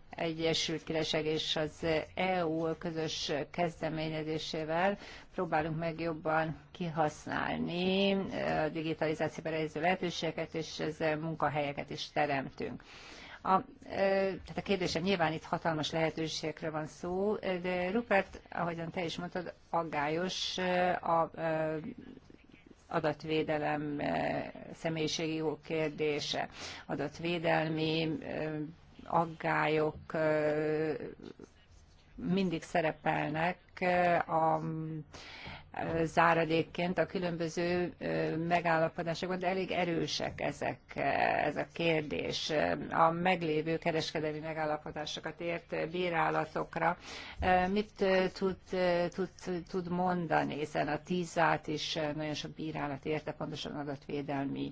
Egyesült Királyság és az EU közös kezdeményezésével próbálunk meg jobban kihasználni a digitalizációban rejlő lehetőségeket, és ezzel munkahelyeket is teremtünk. A, tehát a kérdésem nyilván itt hatalmas lehetőségekről van szó, de Rupert, ahogyan te is mondtad, aggályos a adatvédelem személyiségi jó kérdése, adatvédelmi aggályok mindig szerepelnek a záradékként a különböző megállapodásokban, de elég erősek ezek, ez a kérdés. A meglévő kereskedelmi megállapodásokat ért bírálatokra mit tud, tud, tud mondani, hiszen a tízát is nagyon sok bírálat érte, pontosan adatvédelmi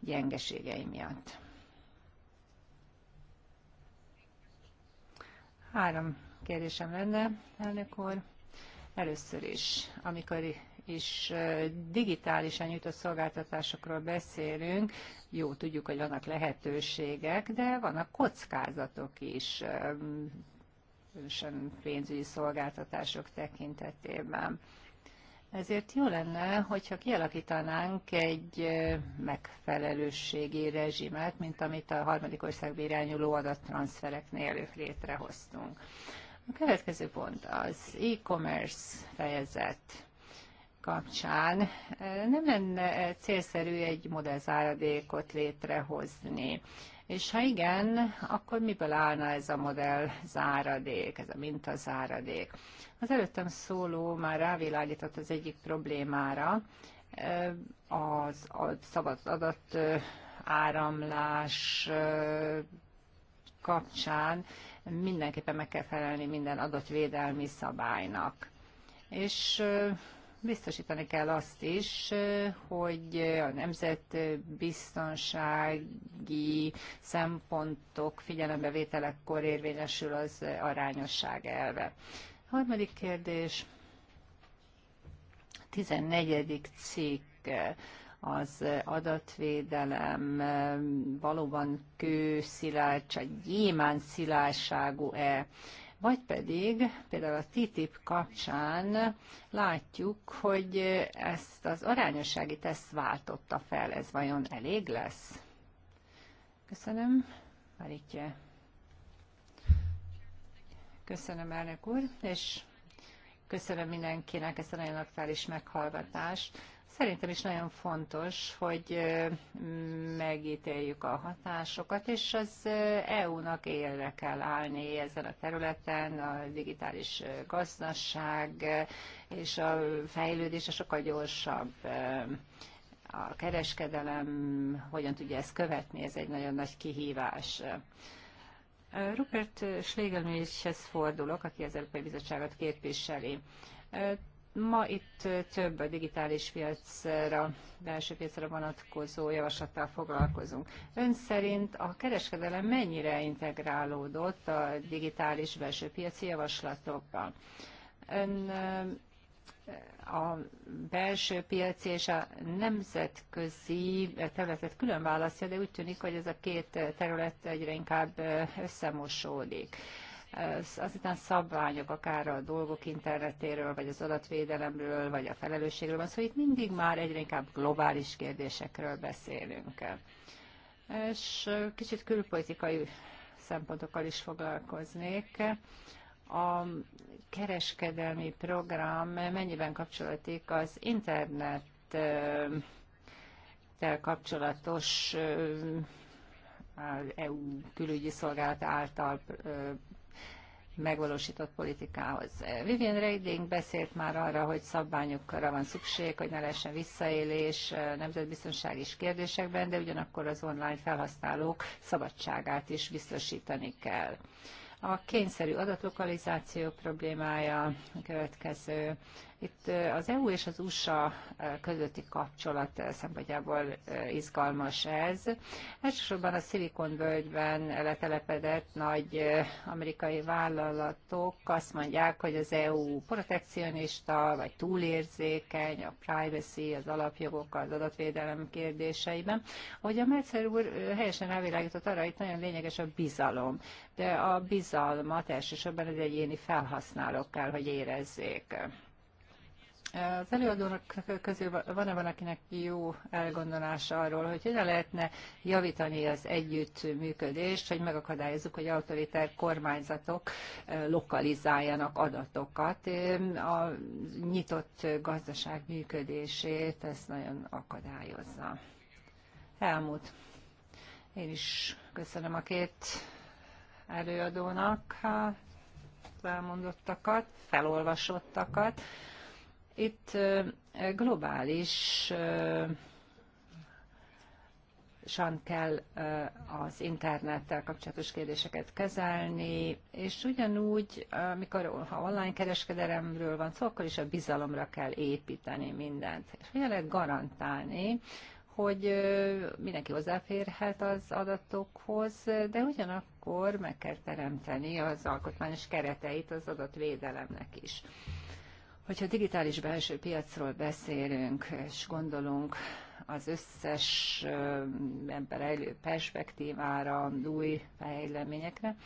gyengeségei miatt. Három kérdésem lenne, elnök úr. Először is, amikor és digitálisan nyújtott szolgáltatásokról beszélünk, jó, tudjuk, hogy vannak lehetőségek, de vannak kockázatok is, különösen pénzügyi szolgáltatások tekintetében. Ezért jó lenne, hogyha kialakítanánk egy megfelelősségi rezsimet, mint amit a harmadik országba adattranszfereknél létrehoztunk. A következő pont az e-commerce fejezet kapcsán nem lenne célszerű egy modellzáradékot létrehozni. És ha igen, akkor miből állna ez a modell záradék, ez a mintazáradék? Az előttem szóló már rávilágított az egyik problémára, az a szabad adat áramlás kapcsán mindenképpen meg kell felelni minden adott védelmi szabálynak. És biztosítani kell azt is, hogy a nemzetbiztonsági szempontok figyelembevételekkor érvényesül az arányosság elve. A harmadik kérdés, 14. cikk az adatvédelem valóban kőszilárdság, vagy gyémán szilárságú e vagy pedig például a TTIP kapcsán látjuk, hogy ezt az arányossági teszt váltotta fel, ez vajon elég lesz? Köszönöm. Maritje. Köszönöm, elnök úr, és köszönöm mindenkinek ezt a nagyon aktuális meghallgatást. Szerintem is nagyon fontos, hogy megítéljük a hatásokat, és az EU-nak élre kell állni ezen a területen, a digitális gazdaság és a fejlődés sokkal gyorsabb a kereskedelem, hogyan tudja ezt követni, ez egy nagyon nagy kihívás. Rupert Schlegelmilchhez fordulok, aki az Európai Bizottságot képviseli. Ma itt több a digitális piacra, belső piacra vonatkozó javaslattal foglalkozunk. Ön szerint a kereskedelem mennyire integrálódott a digitális belső piaci javaslatokba? Ön a belső piaci és a nemzetközi területet külön választja, de úgy tűnik, hogy ez a két terület egyre inkább összemosódik hiszem szabványok, akár a dolgok internetéről, vagy az adatvédelemről, vagy a felelősségről van szó, szóval itt mindig már egyre inkább globális kérdésekről beszélünk. És kicsit külpolitikai szempontokkal is foglalkoznék. A kereskedelmi program mennyiben kapcsolatik az internettel kapcsolatos kapcsolatos EU külügyi szolgálat által megvalósított politikához. Vivian Reding beszélt már arra, hogy szabványokra van szükség, hogy ne lehessen visszaélés eh, nemzetbiztonsági kérdésekben, de ugyanakkor az online felhasználók szabadságát is biztosítani kell. A kényszerű adatlokalizáció problémája a következő. Itt az EU és az USA közötti kapcsolat szempontjából izgalmas ez. Elsősorban a völgyben letelepedett nagy amerikai vállalatok azt mondják, hogy az EU protekcionista, vagy túlérzékeny, a privacy, az alapjogok, az adatvédelem kérdéseiben. Ahogy a Mercer úr helyesen rávilágított arra, itt nagyon lényeges a bizalom, de a bizalmat elsősorban az egyéni felhasználók kell, hogy érezzék. Az előadónak közül van-e valakinek jó elgondolása arról, hogy hogyan lehetne javítani az együttműködést, hogy megakadályozzuk, hogy autoriter kormányzatok eh, lokalizáljanak adatokat. A nyitott gazdaság működését ez nagyon akadályozza. Helmut, én is köszönöm a két előadónak elmondottakat, felolvasottakat. Itt globális san kell az internettel kapcsolatos kérdéseket kezelni, és ugyanúgy, amikor ha online kereskedelemről van szó, akkor is a bizalomra kell építeni mindent. És hogyan lehet garantálni, hogy mindenki hozzáférhet az adatokhoz, de ugyanakkor meg kell teremteni az alkotmányos kereteit az adatvédelemnek is. Hogyha digitális belső piacról beszélünk, és gondolunk az összes ember elő perspektívára, új fejleményekre,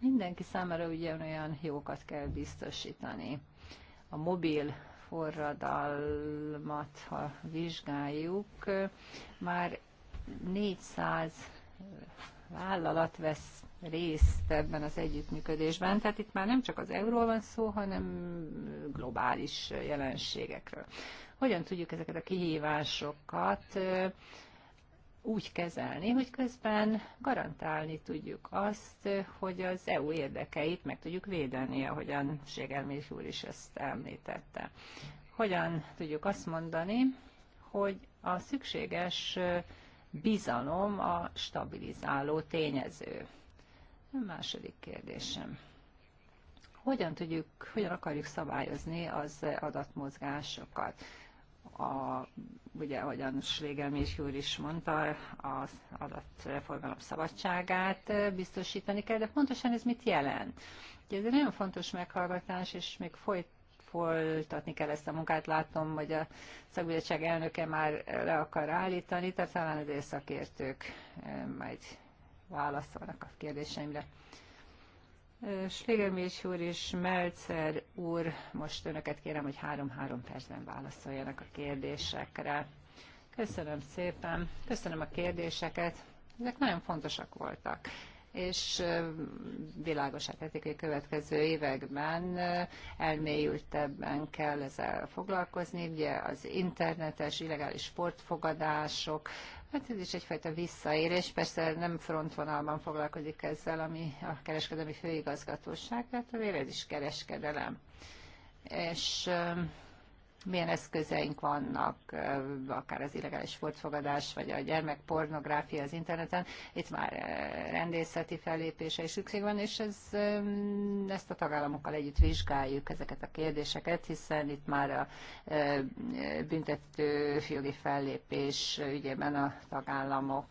mindenki számára ugyanolyan jókat kell biztosítani. A mobil forradalmat, ha vizsgáljuk, már 400 vállalat vesz részt ebben az együttműködésben. Tehát itt már nem csak az euróról van szó, hanem globális jelenségekről. Hogyan tudjuk ezeket a kihívásokat úgy kezelni, hogy közben garantálni tudjuk azt, hogy az EU érdekeit meg tudjuk védeni, ahogyan Ségelmés úr is ezt említette. Hogyan tudjuk azt mondani, hogy a szükséges bizalom a stabilizáló tényező. A második kérdésem. Hogyan tudjuk, hogyan akarjuk szabályozni az adatmozgásokat? a, ugye, ahogyan Slégelmi és Júr is mondta, az adatforgalom szabadságát biztosítani kell, de pontosan ez mit jelent? Ugye ez egy nagyon fontos meghallgatás, és még folyt, folytatni kell ezt a munkát. Látom, hogy a szakbizottság elnöke már le akar állítani, tehát talán az szakértők majd válaszolnak a kérdéseimre. Slégemés úr és Melcer úr, most önöket kérem, hogy három-három percben válaszoljanak a kérdésekre. Köszönöm szépen, köszönöm a kérdéseket, ezek nagyon fontosak voltak és világosá tették, hogy a következő években elmélyültebben kell ezzel foglalkozni. Ugye az internetes, illegális sportfogadások, Hát ez is egyfajta visszaérés, persze nem frontvonalban foglalkozik ezzel, ami a kereskedelmi főigazgatóság, tehát a ez is kereskedelem. És milyen eszközeink vannak, akár az illegális sportfogadás, vagy a gyermekpornográfia az interneten, itt már rendészeti fellépése is szükség van, és ez, ezt a tagállamokkal együtt vizsgáljuk ezeket a kérdéseket, hiszen itt már a büntető jogi fellépés ügyében a tagállamok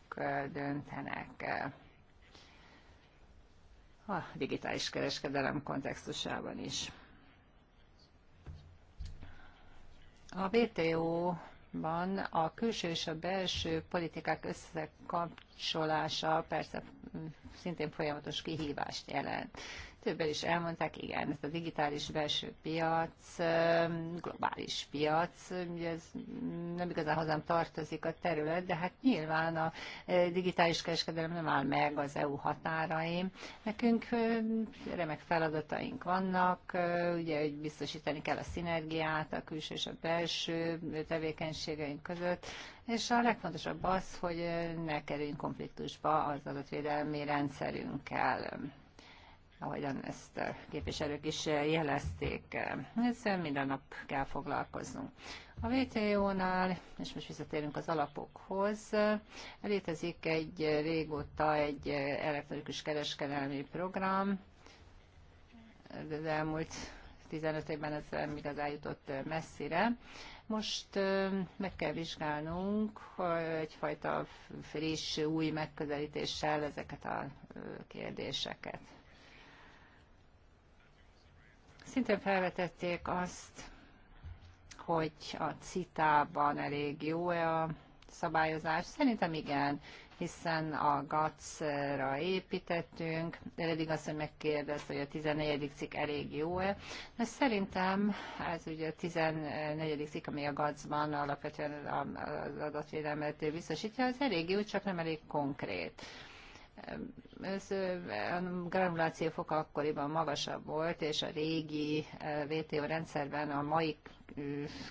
döntenek a digitális kereskedelem kontextusában is. A WTO ban a külső és a belső politikák összekapcsolása persze mm, szintén folyamatos kihívást jelent többen is elmondták, igen, ez a digitális belső piac, globális piac, ez nem igazán hozzám tartozik a terület, de hát nyilván a digitális kereskedelem nem áll meg az EU határaim. Nekünk remek feladataink vannak, ugye, hogy biztosítani kell a szinergiát a külső és a belső tevékenységeink között, és a legfontosabb az, hogy ne kerüljünk konfliktusba az adatvédelmi rendszerünkkel ahogyan ezt képviselők is jelezték. Ezzel minden nap kell foglalkoznunk. A WTO-nál, és most visszatérünk az alapokhoz, létezik egy régóta egy elektronikus kereskedelmi program, de az elmúlt 15 évben ez nem igazán jutott messzire. Most meg kell vizsgálnunk egyfajta friss, új megközelítéssel ezeket a kérdéseket. Szintén felvetették azt, hogy a CITA-ban elég jó-e a szabályozás. Szerintem igen, hiszen a gac ra építettünk. Eredig azt, hogy megkérdezte, hogy a 14. cikk elég jó-e. De szerintem ez ugye a 14. cikk, ami a gac ban alapvetően az adatvédelmet biztosítja, az elég jó, csak nem elég konkrét a granulációfoka akkoriban magasabb volt, és a régi WTO rendszerben a mai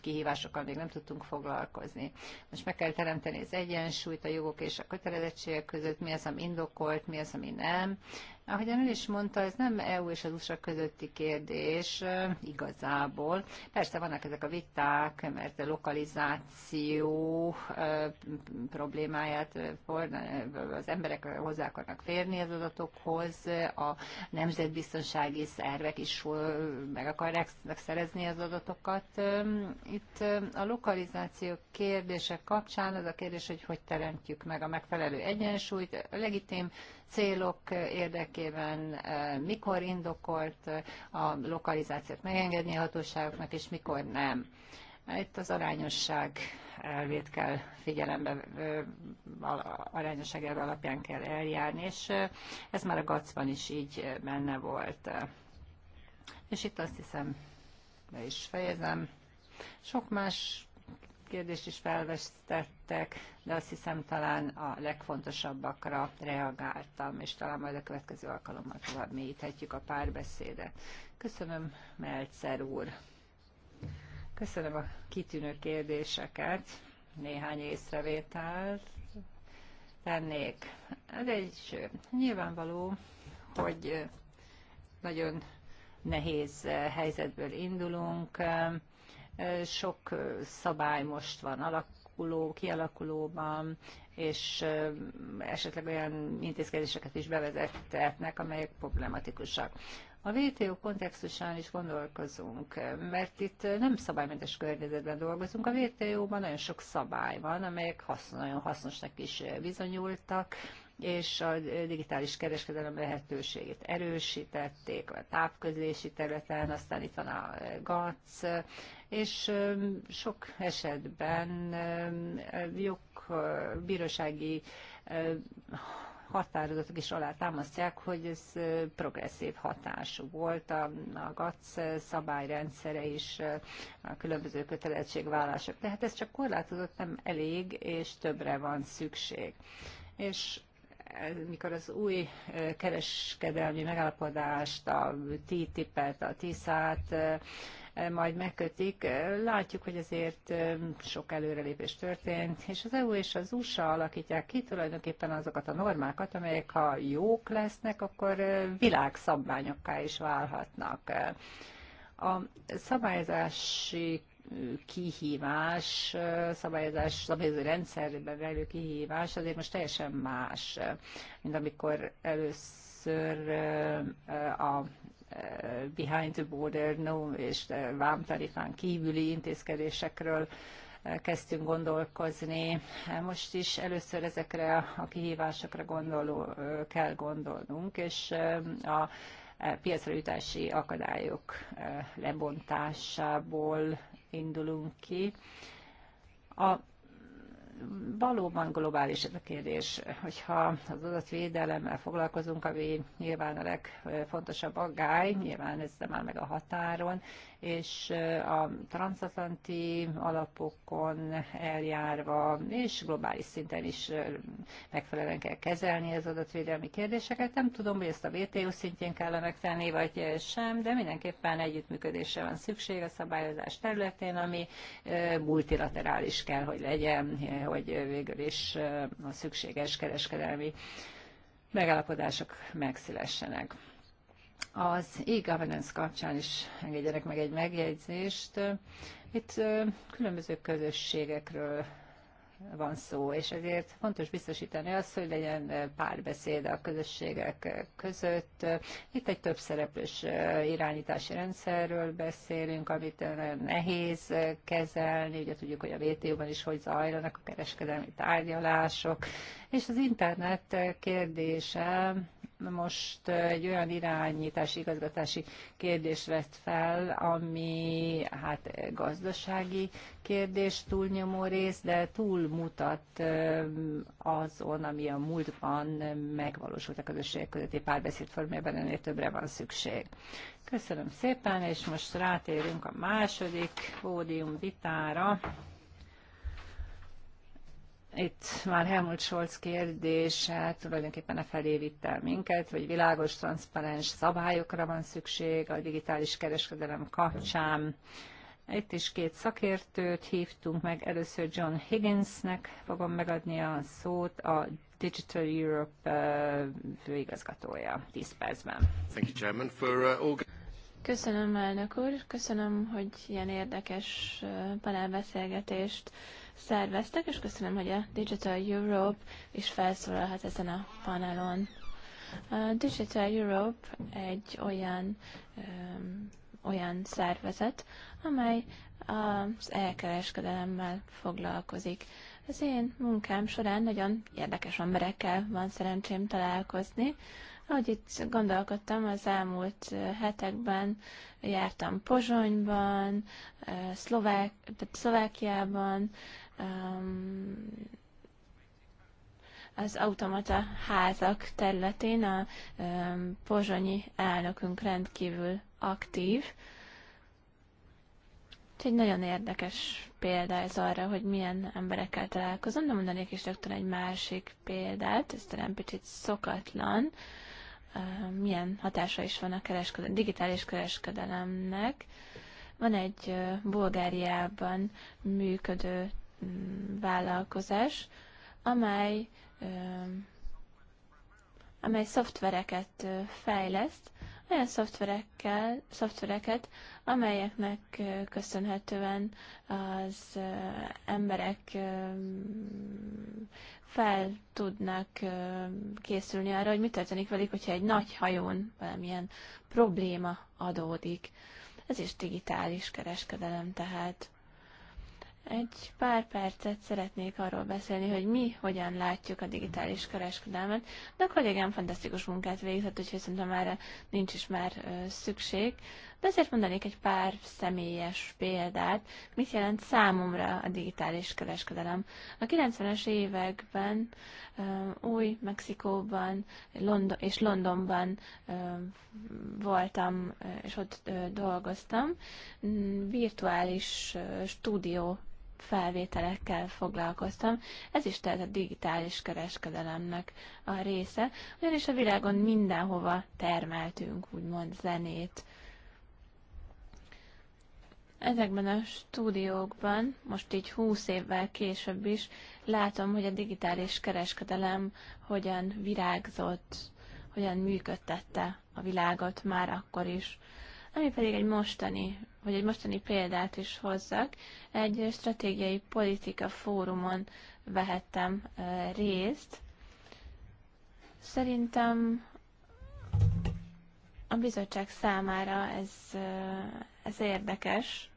kihívásokkal még nem tudtunk foglalkozni. Most meg kell teremteni az egyensúlyt a jogok és a kötelezettségek között, mi az, ami indokolt, mi az, ami nem. Ahogyan ön is mondta, ez nem EU és az USA közötti kérdés igazából. Persze vannak ezek a viták, mert a lokalizáció problémáját az emberek hozzá akarnak férni az adatokhoz, a nemzetbiztonsági szervek is meg akarják szerezni az adatokat, itt a lokalizáció kérdése kapcsán az a kérdés, hogy hogy teremtjük meg a megfelelő egyensúlyt, a legitim célok érdekében, mikor indokolt a lokalizációt megengedni a hatóságoknak, és mikor nem. Itt az arányosság elvét kell figyelembe, arányosság elve alapján kell eljárni, és ez már a GAC-ban is így benne volt. És itt azt hiszem, be is fejezem. Sok más kérdést is felvesztettek, de azt hiszem talán a legfontosabbakra reagáltam, és talán majd a következő alkalommal tovább mélyíthetjük a párbeszédet. Köszönöm, Melcer úr! Köszönöm a kitűnő kérdéseket, néhány észrevételt tennék. Ez egy nyilvánvaló, hogy nagyon nehéz helyzetből indulunk, sok szabály most van alakuló, kialakulóban, és esetleg olyan intézkedéseket is bevezettetnek, amelyek problematikusak. A WTO kontextusán is gondolkozunk, mert itt nem szabálymentes környezetben dolgozunk. A WTO-ban nagyon sok szabály van, amelyek haszn- nagyon hasznosnak is bizonyultak, és a digitális kereskedelem lehetőségét erősítették a távközlési területen, aztán itt van a GATS és sok esetben jogbírósági határozatok is alátámasztják, hogy ez progresszív hatású volt, a, a GATS szabályrendszere is, a különböző kötelezettségvállások. Tehát ez csak korlátozott, nem elég, és többre van szükség. És mikor az új kereskedelmi megállapodást, a TTIP-et, a TISZ-át majd megkötik. Látjuk, hogy azért sok előrelépés történt, és az EU és az USA alakítják ki tulajdonképpen azokat a normákat, amelyek ha jók lesznek, akkor világszabványokká is válhatnak. A szabályozási kihívás, szabályozás, szabályozó rendszerben rejlő kihívás azért most teljesen más, mint amikor először a behind the border, no és eh, vámtarifán kívüli intézkedésekről eh, kezdtünk gondolkozni. Eh, most is először ezekre a kihívásokra gondoló, kell gondolnunk, és a piacra jutási akadályok lebontásából indulunk ki. A valóban globális ez a kérdés, hogyha az adatvédelemmel foglalkozunk, ami nyilván a legfontosabb aggály, nyilván ez már meg a határon, és a transatlanti alapokon eljárva, és globális szinten is megfelelően kell kezelni az adatvédelmi kérdéseket. Nem tudom, hogy ezt a WTO szintjén kell megtenni, vagy sem, de mindenképpen együttműködésre van szükség a szabályozás területén, ami multilaterális kell, hogy legyen, hogy végül is a szükséges kereskedelmi megállapodások megszülessenek. Az e-governance kapcsán is engedjenek meg egy megjegyzést. Itt különböző közösségekről van szó, és ezért fontos biztosítani azt, hogy legyen párbeszéd a közösségek között. Itt egy több szereplős irányítási rendszerről beszélünk, amit nehéz kezelni, ugye tudjuk, hogy a WTO-ban is hogy zajlanak a kereskedelmi tárgyalások, és az internet kérdése most egy olyan irányítási, igazgatási kérdés vett fel, ami hát gazdasági kérdés túlnyomó rész, de túlmutat azon, ami a múltban megvalósult a közösségek közötti párbeszéd formájában, ennél többre van szükség. Köszönöm szépen, és most rátérünk a második pódium vitára itt már Helmut Scholz kérdése tulajdonképpen a e felé vitt el minket, hogy világos, transzparens szabályokra van szükség a digitális kereskedelem kapcsán. Itt is két szakértőt hívtunk meg, először John Higginsnek fogom megadni a szót, a Digital Europe főigazgatója
10 percben. Uh, köszönöm, elnök úr, köszönöm, hogy ilyen érdekes panelbeszélgetést szerveztek, és köszönöm, hogy a Digital Europe is felszólalhat ezen a panelon. A Digital Europe egy olyan, öm, olyan szervezet, amely az elkereskedelemmel foglalkozik. Az én munkám során nagyon érdekes emberekkel van szerencsém találkozni. Ahogy itt gondolkodtam, az elmúlt hetekben jártam Pozsonyban, Szlovák, tehát Szlovákiában, Ehm, az automata házak területén a ehm, pozsonyi elnökünk rendkívül aktív. Úgyhogy nagyon érdekes példa ez arra, hogy milyen emberekkel találkozom, de mondanék is rögtön egy másik példát, ez talán picit szokatlan, ehm, milyen hatása is van a kereskedelem, digitális kereskedelemnek. Van egy Bulgáriában működő Mm, vállalkozás, amely, amely szoftvereket fejleszt, olyan szoftverekkel, szoftvereket, amelyeknek köszönhetően az emberek fel tudnak készülni arra, hogy mi történik velük, hogyha egy nagy hajón valamilyen probléma adódik. Ez is digitális kereskedelem tehát. Egy pár percet szeretnék arról beszélni, hogy mi hogyan látjuk a digitális kereskedelmet, de a kollégám fantasztikus munkát végzett, úgyhogy szerintem már nincs is már szükség de azért mondanék egy pár személyes példát, mit jelent számomra a digitális kereskedelem. A 90-es években új Mexikóban és Londonban voltam, és ott dolgoztam, mm, virtuális stúdió felvételekkel foglalkoztam. Ez is tehát a digitális kereskedelemnek a része, ugyanis a világon mindenhova termeltünk, úgymond zenét, Ezekben a stúdiókban, most így húsz évvel később is, látom, hogy a digitális kereskedelem hogyan virágzott, hogyan működtette a világot már akkor is. Ami pedig egy mostani, vagy egy mostani példát is hozzak, egy stratégiai politika fórumon vehettem részt. Szerintem a bizottság számára ez, ez érdekes,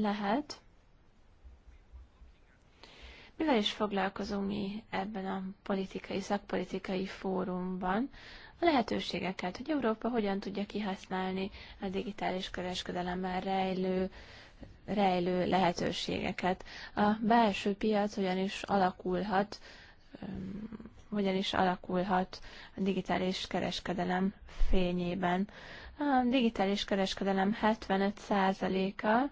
lehet. Mivel is foglalkozunk mi ebben a politikai, szakpolitikai fórumban? A lehetőségeket, hogy Európa hogyan tudja kihasználni a digitális kereskedelemmel rejlő rejlő lehetőségeket. A belső piac hogyan is alakulhat, hogyan is alakulhat a digitális kereskedelem fényében. A digitális kereskedelem 75%-a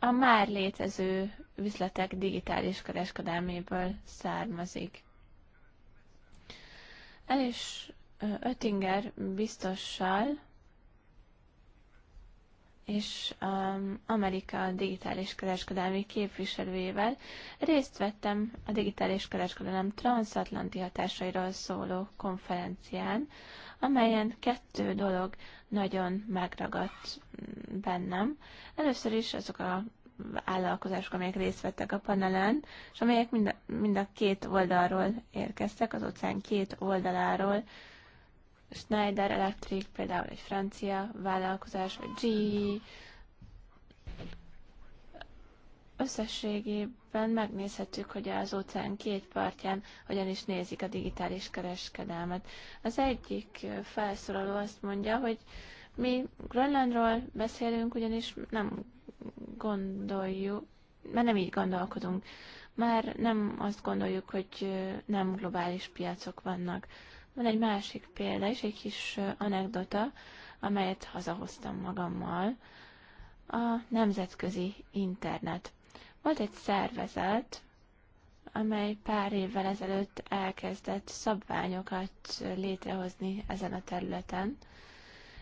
a már létező üzletek digitális kereskedelméből származik. El is Öttinger biztossal és um, Amerika digitális kereskedelmi képviselőjével részt vettem a digitális kereskedelem transatlanti hatásairól szóló konferencián, amelyen kettő dolog nagyon megragadt bennem. Először is azok a vállalkozások, amelyek részt vettek a panelen, és amelyek mind a, mind a két oldalról érkeztek, az óceán két oldaláról. Schneider Electric például egy francia vállalkozás, vagy GE, összességében megnézhetjük, hogy az óceán két partján hogyan is nézik a digitális kereskedelmet. Az egyik felszólaló azt mondja, hogy mi Grönlandról beszélünk, ugyanis nem gondoljuk, mert nem így gondolkodunk. Már nem azt gondoljuk, hogy nem globális piacok vannak. Van egy másik példa és egy kis anekdota, amelyet hazahoztam magammal. A nemzetközi internet volt egy szervezet, amely pár évvel ezelőtt elkezdett szabványokat létrehozni ezen a területen,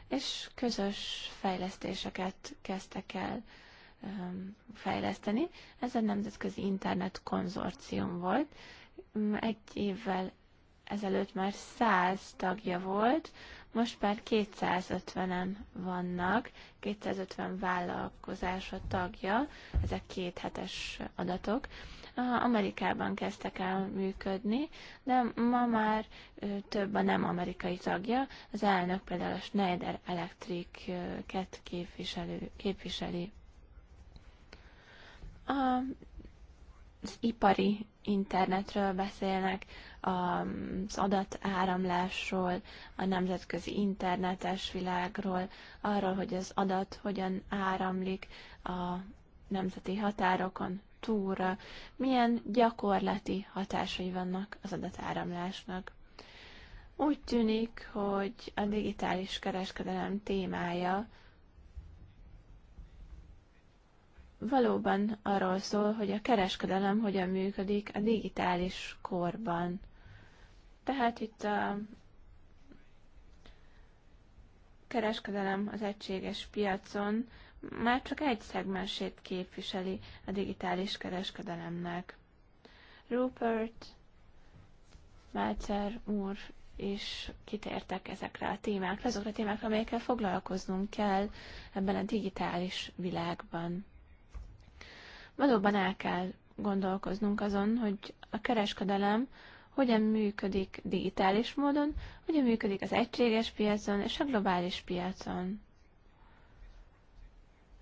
és közös fejlesztéseket kezdtek el fejleszteni. Ez a Nemzetközi Internet Konzorcium volt. Egy évvel ezelőtt már száz tagja volt, most már 250-en vannak, 250 a tagja, ezek két hetes adatok. Amerikában kezdtek el működni, de ma már több a nem amerikai tagja. Az elnök például a Schneider Electric-et képviselő, képviseli. A, az ipari internetről beszélnek, az adatáramlásról, a nemzetközi internetes világról, arról, hogy az adat hogyan áramlik a nemzeti határokon túlra, milyen gyakorlati hatásai vannak az adatáramlásnak. Úgy tűnik, hogy a digitális kereskedelem témája valóban arról szól, hogy a kereskedelem hogyan működik a digitális korban. Tehát itt a kereskedelem az egységes piacon már csak egy szegmensét képviseli a digitális kereskedelemnek. Rupert, Mácer úr és kitértek ezekre a témákra, azokra a témákra, amelyekkel foglalkoznunk kell ebben a digitális világban. Valóban el kell gondolkoznunk azon, hogy a kereskedelem hogyan működik digitális módon, hogyan működik az egységes piacon és a globális piacon.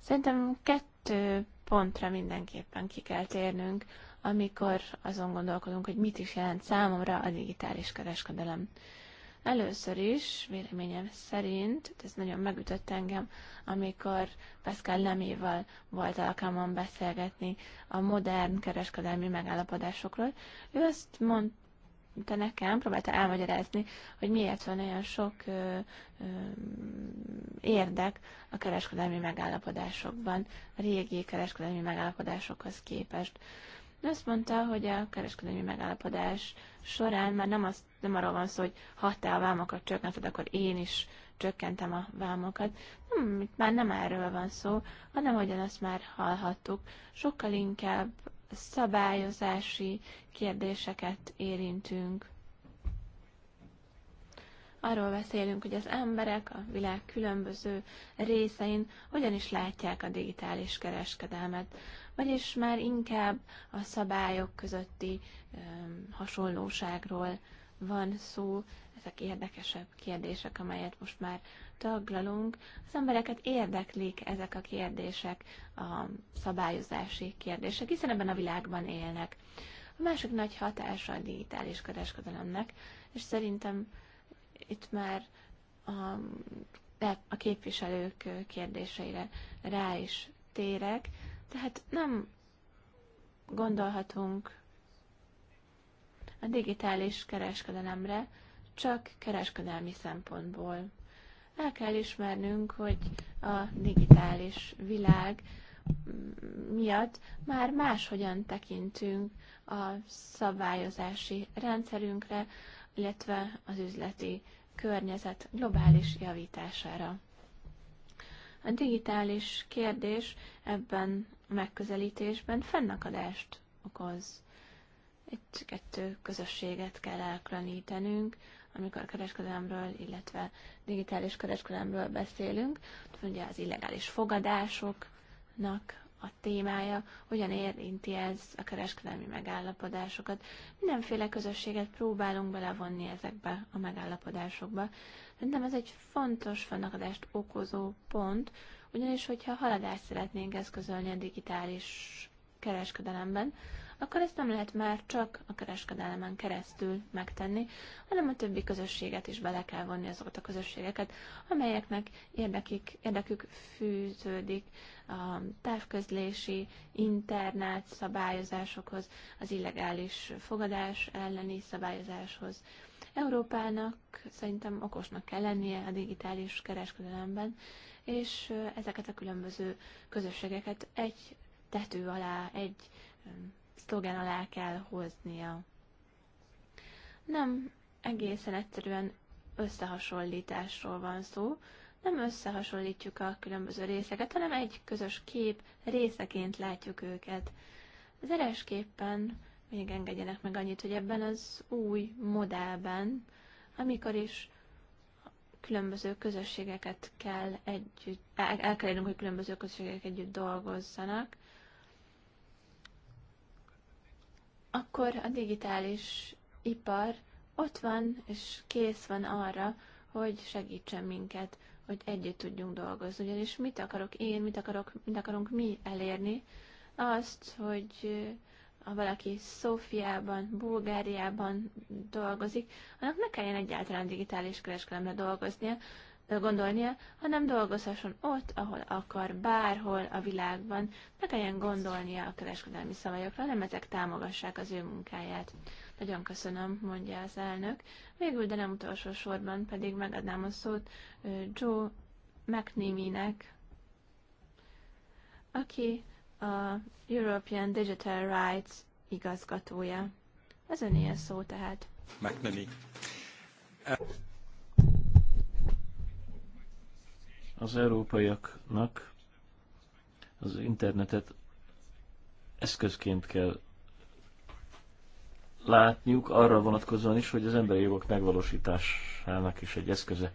Szerintem kettő pontra mindenképpen ki kell térnünk, amikor azon gondolkodunk, hogy mit is jelent számomra a digitális kereskedelem. Először is, véleményem szerint, hát ez nagyon megütött engem, amikor Pascal Leméval volt alkalmam beszélgetni a modern kereskedelmi megállapodásokról. Ő azt mondta, de nekem próbálta elmagyarázni, hogy miért van olyan sok ö, ö, érdek a kereskedelmi megállapodásokban, a régi kereskedelmi megállapodásokhoz képest. Azt mondta, hogy a kereskedelmi megállapodás során már nem, az, nem arról van szó, hogy ha te a vámokat csökkented, akkor én is csökkentem a vámokat. Nem, itt már nem erről van szó, hanem hogyan azt már hallhattuk, sokkal inkább szabályozási kérdéseket érintünk. Arról beszélünk, hogy az emberek a világ különböző részein hogyan is látják a digitális kereskedelmet, vagyis már inkább a szabályok közötti hasonlóságról van szó, ezek érdekesebb kérdések, amelyet most már taglalunk, az embereket érdeklik ezek a kérdések, a szabályozási kérdések, hiszen ebben a világban élnek. A másik nagy hatása a digitális kereskedelemnek, és szerintem itt már a, a képviselők kérdéseire rá is térek, tehát nem gondolhatunk a digitális kereskedelemre, csak kereskedelmi szempontból. El kell ismernünk, hogy a digitális világ miatt már máshogyan tekintünk a szabályozási rendszerünkre, illetve az üzleti környezet globális javítására. A digitális kérdés ebben a megközelítésben fennakadást okoz. Egy kettő közösséget kell elkülönítenünk, amikor kereskedelemről, illetve digitális kereskedelemről beszélünk. ugye az illegális fogadásoknak a témája, hogyan érinti ez a kereskedelmi megállapodásokat. Mindenféle közösséget próbálunk belevonni ezekbe a megállapodásokba. Szerintem ez egy fontos fennakadást okozó pont, ugyanis hogyha haladást szeretnénk eszközölni a digitális kereskedelemben, akkor ezt nem lehet már csak a kereskedelmen keresztül megtenni, hanem a többi közösséget is bele kell vonni azokat a közösségeket, amelyeknek érdekük, érdekük fűződik a távközlési, internet szabályozásokhoz, az illegális fogadás elleni szabályozáshoz. Európának szerintem okosnak kell lennie a digitális kereskedelemben, és ezeket a különböző közösségeket egy tető alá, egy szlogen alá kell hoznia. Nem egészen egyszerűen összehasonlításról van szó, nem összehasonlítjuk a különböző részeket, hanem egy közös kép részeként látjuk őket. Az eresképpen még engedjenek meg annyit, hogy ebben az új modellben, amikor is különböző közösségeket kell együtt, el kell érnünk, hogy különböző közösségek együtt dolgozzanak, akkor a digitális ipar ott van és kész van arra, hogy segítsen minket, hogy együtt tudjunk dolgozni. Ugyanis mit akarok én, mit, akarok, mit akarunk mi elérni? Azt, hogy eh, ha valaki Szófiában, Bulgáriában dolgozik, annak ne kelljen egyáltalán digitális kereskedelemre dolgoznia, gondolnia, hanem dolgozhasson ott, ahol akar, bárhol a világban, ne kelljen gondolnia a kereskedelmi szabályokra, hanem ezek támogassák az ő munkáját. Nagyon köszönöm, mondja az elnök. Végül, de nem utolsó sorban pedig megadnám a szót Joe McNamee-nek, aki a European Digital Rights igazgatója. Ez öné a szó tehát.
McNamee. az európaiaknak az internetet eszközként kell látniuk arra vonatkozóan is, hogy az emberi jogok megvalósításának is egy eszköze.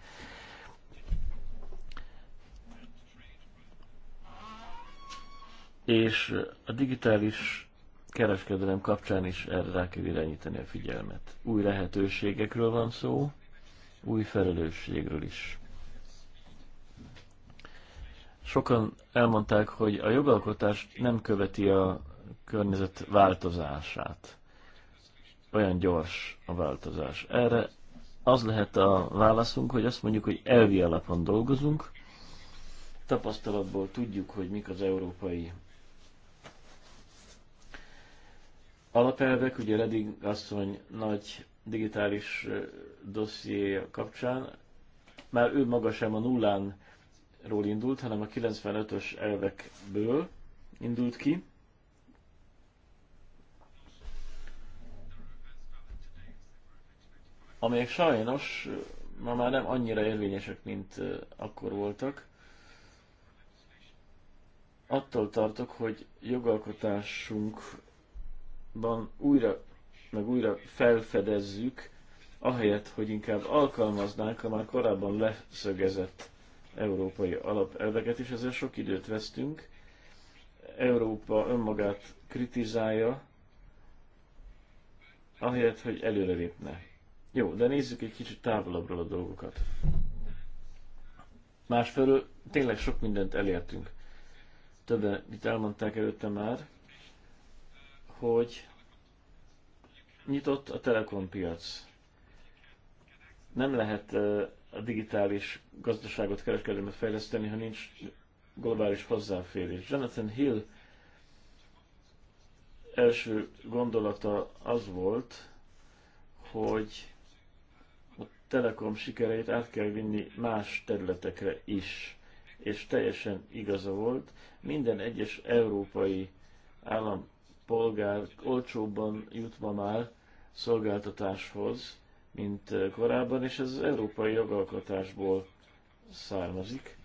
És a digitális kereskedelem kapcsán is erre rá kell irányítani a figyelmet. Új lehetőségekről van szó, új felelősségről is. Sokan elmondták, hogy a jogalkotás nem követi a környezet változását. Olyan gyors a változás. Erre az lehet a válaszunk, hogy azt mondjuk, hogy elvi alapon dolgozunk, tapasztalatból tudjuk, hogy mik az európai alapelvek, ugye Redding asszony nagy digitális dosszié kapcsán, már ő maga sem a nullán ról indult, hanem a 95-ös elvekből indult ki. amelyek sajnos ma már nem annyira érvényesek, mint akkor voltak. Attól tartok, hogy jogalkotásunkban újra, meg újra felfedezzük, ahelyett, hogy inkább alkalmaznánk a már korábban leszögezett európai alapelveket, és ezzel sok időt vesztünk. Európa önmagát kritizálja, ahelyett, hogy előrelépne. Jó, de nézzük egy kicsit távolabbról a dolgokat. Másfelől tényleg sok mindent elértünk. Többen itt elmondták előtte már, hogy nyitott a telekompiac. Nem lehet a digitális gazdaságot, kereskedelmet fejleszteni, ha nincs globális hozzáférés. Jonathan Hill első gondolata az volt, hogy a Telekom sikereit át kell vinni más területekre is. És teljesen igaza volt, minden egyes európai állampolgár olcsóbban jutva már szolgáltatáshoz, mint korábban, és ez az európai jogalkotásból származik.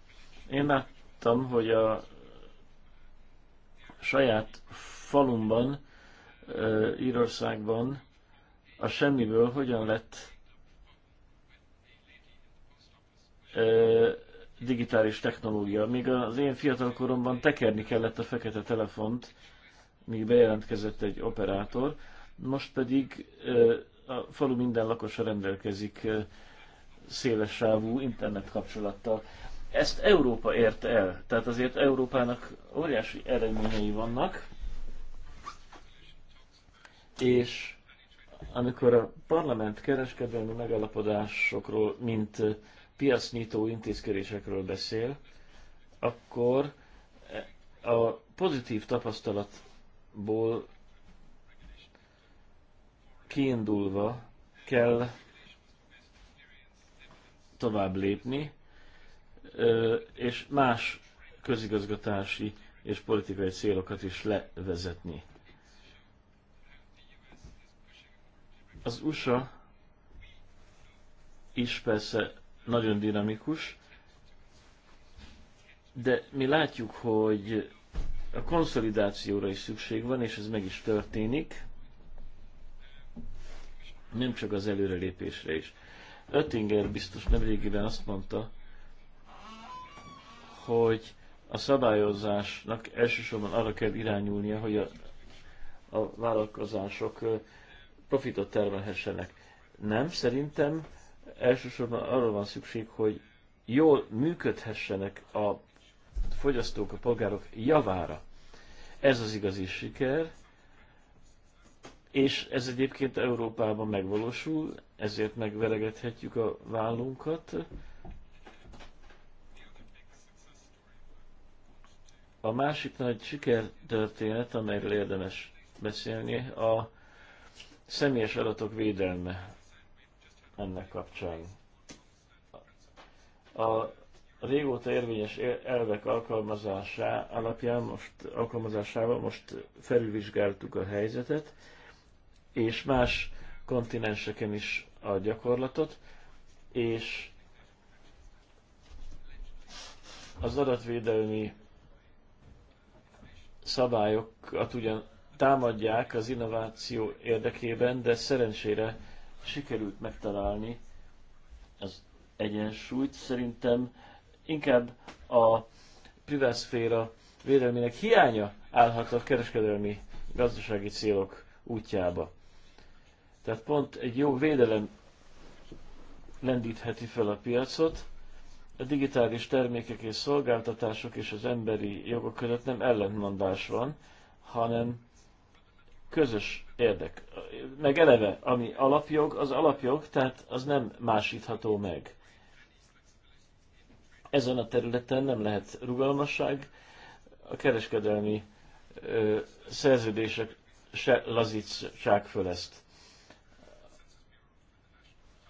Én láttam, hogy a saját falumban, Írországban a semmiből hogyan lett digitális technológia. Még az én fiatal koromban tekerni kellett a fekete telefont, míg bejelentkezett egy operátor, most pedig a falu minden lakosa rendelkezik széles sávú internet kapcsolattal. Ezt Európa ért el, tehát azért Európának óriási eredményei vannak, és amikor a parlament kereskedelmi megalapodásokról, mint piacnyitó intézkedésekről beszél, akkor a pozitív tapasztalatból kiindulva kell tovább lépni, és más közigazgatási és politikai célokat is levezetni. Az USA is persze nagyon dinamikus, de mi látjuk, hogy a konszolidációra is szükség van, és ez meg is történik nem csak az előrelépésre is. Öttinger biztos nemrégiben azt mondta, hogy a szabályozásnak elsősorban arra kell irányulnia, hogy a, a vállalkozások profitot termelhessenek. Nem, szerintem elsősorban arra van szükség, hogy jól működhessenek a fogyasztók, a polgárok javára. Ez az igazi siker, és ez egyébként Európában megvalósul, ezért megveregethetjük a vállunkat. A másik nagy sikertörténet, amelyről érdemes beszélni, a személyes adatok védelme ennek kapcsán. A régóta érvényes elvek alkalmazásá alapján most, alkalmazásával most felülvizsgáltuk a helyzetet, és más kontinenseken is a gyakorlatot, és az adatvédelmi szabályokat ugyan támadják az innováció érdekében, de szerencsére sikerült megtalálni az egyensúlyt. Szerintem inkább a privátszféra védelmének hiánya állhat a kereskedelmi gazdasági célok útjába. Tehát pont egy jó védelem lendítheti fel a piacot, a digitális termékek és szolgáltatások és az emberi jogok között nem ellentmondás van, hanem közös érdek. Meg eleve, ami alapjog, az alapjog, tehát az nem másítható meg. Ezen a területen nem lehet rugalmasság, a kereskedelmi ö, szerződések se lazítsák föl ezt.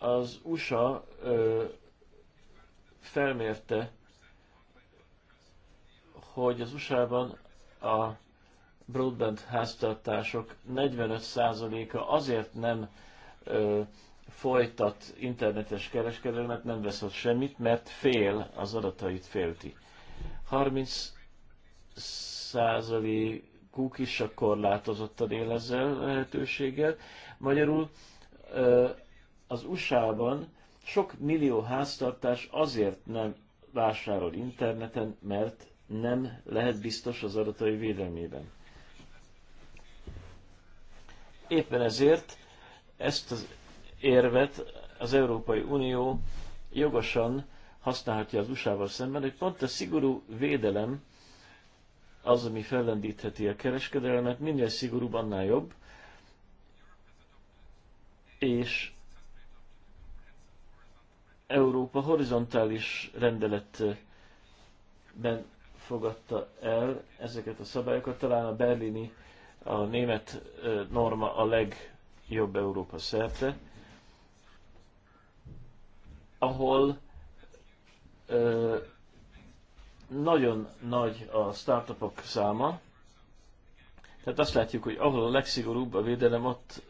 Az USA ö, felmérte, hogy az USA-ban a broadband háztartások 45%-a azért nem ö, folytat internetes kereskedelmet, nem vesz ott semmit, mert fél, az adatait félti. 30 uk is a korlátozottan él ezzel lehetőséggel. Magyarul az USA-ban sok millió háztartás azért nem vásárol interneten, mert nem lehet biztos az adatai védelmében. Éppen ezért ezt az érvet az Európai Unió jogosan használhatja az USA-val szemben, hogy pont a szigorú védelem az, ami fellendítheti a kereskedelmet, minél szigorúbb, annál jobb, és Európa horizontális rendeletben fogadta el ezeket a szabályokat. Talán a berlini, a német norma a legjobb Európa szerte, ahol nagyon nagy a startupok száma, tehát azt látjuk, hogy ahol a legszigorúbb a védelem, ott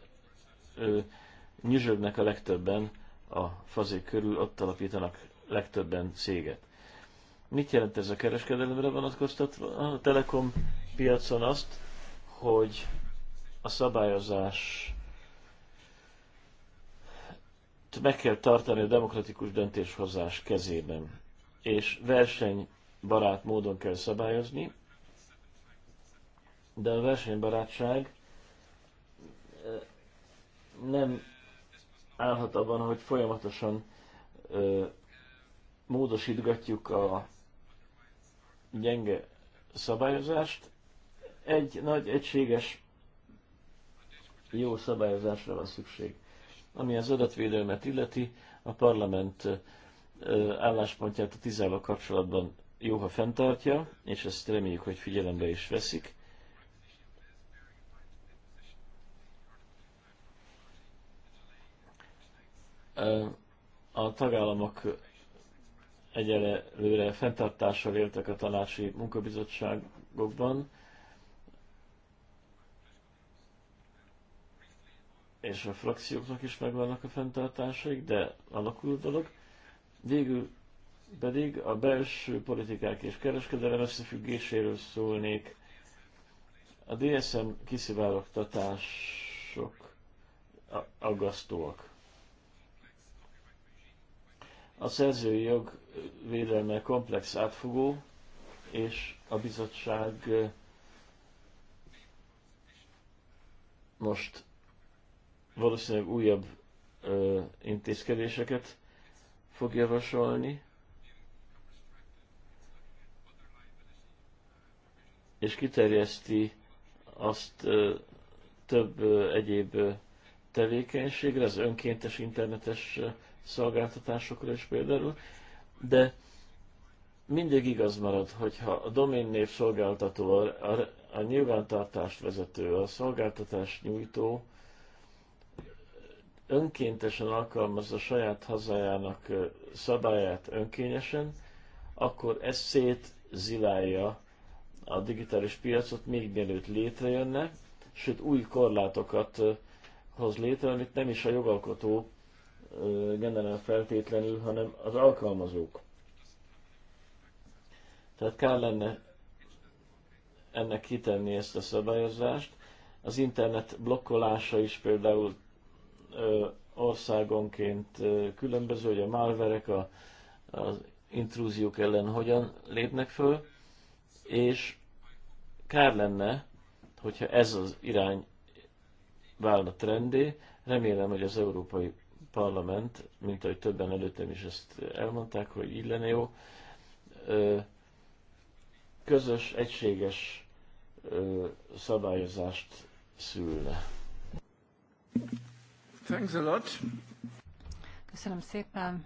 nyüzsögnek a legtöbben a fazék körül, ott alapítanak legtöbben céget. Mit jelent ez a kereskedelemre vonatkoztatva? A telekom piacon azt, hogy a szabályozás meg kell tartani a demokratikus döntéshozás kezében, és versenybarát módon kell szabályozni, de a versenybarátság eh, nem állhat abban, hogy folyamatosan ö, módosítgatjuk a gyenge szabályozást. Egy nagy, egységes, jó szabályozásra van szükség. Ami az adatvédelmet illeti, a parlament ö, álláspontját a tizával kapcsolatban jó, ha fenntartja, és ezt reméljük, hogy figyelembe is veszik. A tagállamok egyelőre fenntartással éltek a tanácsi munkabizottságokban, és a frakcióknak is megvannak a fenntartásaik, de alakul a dolog. Végül pedig a belső politikák és kereskedelem összefüggéséről szólnék. A DSM kiszivárogtatások aggasztóak. A szerzői jog védelme komplex átfogó, és a bizottság most valószínűleg újabb ö, intézkedéseket fog javasolni, és kiterjeszti azt ö, több ö, egyéb ö, tevékenységre, az önkéntes internetes szolgáltatásokra is például, de mindig igaz marad, hogyha a név szolgáltató, a, a, a nyilvántartást vezető, a szolgáltatás nyújtó önkéntesen alkalmazza saját hazájának szabályát önkényesen, akkor ez szétzilálja a digitális piacot még mielőtt létrejönne, sőt új korlátokat hoz létre, amit nem is a jogalkotó generál feltétlenül, hanem az alkalmazók. Tehát kell lenne ennek kitenni ezt a szabályozást. Az internet blokkolása is például ö, országonként ö, különböző, hogy a malverek a, az intrúziók ellen hogyan lépnek föl, és kár lenne, hogyha ez az irány válna trendé. Remélem, hogy az Európai parlament, mint ahogy többen előttem is ezt elmondták, hogy így lenne jó, közös, egységes szabályozást szülne. Thanks a lot.
Köszönöm szépen.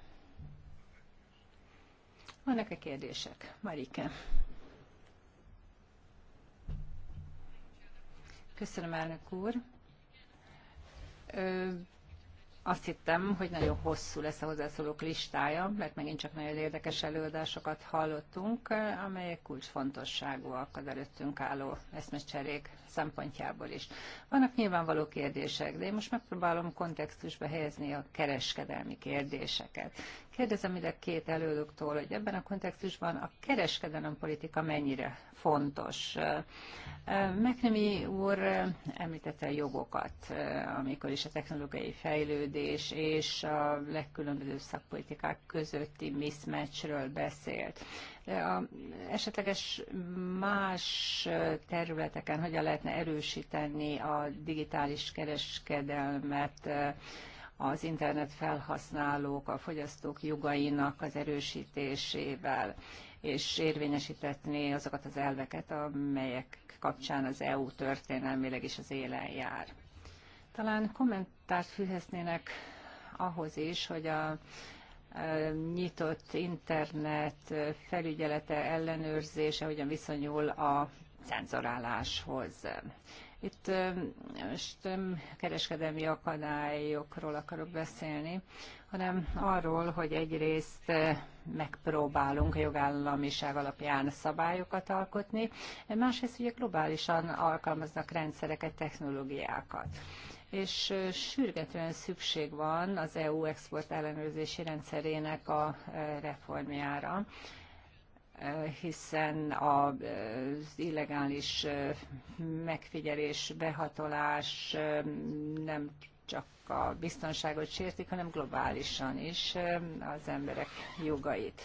Vannak-e kérdések? Marike. Köszönöm, elnök úr azt hittem, hogy nagyon hosszú lesz a hozzászólók listája, mert megint csak nagyon érdekes előadásokat hallottunk, amelyek kulcsfontosságúak az előttünk álló eszmecserék szempontjából is. Vannak nyilvánvaló kérdések, de én most megpróbálom kontextusba helyezni a kereskedelmi kérdéseket. Kérdezem ide két előadóktól, hogy ebben a kontextusban a kereskedelem politika mennyire fontos. McNamee úr említette a jogokat, amikor is a technológiai fejlődés és a legkülönböző szakpolitikák közötti mismatchről beszélt. De a esetleges más területeken hogyan lehetne erősíteni a digitális kereskedelmet, az internet felhasználók, a fogyasztók jogainak az erősítésével, és érvényesítetni azokat az elveket, amelyek kapcsán az EU történelmileg is az élen jár. Talán kommentárt fűhesznének ahhoz is, hogy a nyitott internet felügyelete ellenőrzése hogyan viszonyul a cenzoráláshoz. Itt most nem kereskedelmi akadályokról akarok beszélni, hanem arról, hogy egyrészt megpróbálunk a jogállamiság alapján szabályokat alkotni, másrészt ugye globálisan alkalmaznak rendszereket, technológiákat és sürgetően szükség van az EU export ellenőrzési rendszerének a reformjára hiszen az illegális megfigyelés, behatolás nem csak a biztonságot sértik, hanem globálisan is az emberek jogait.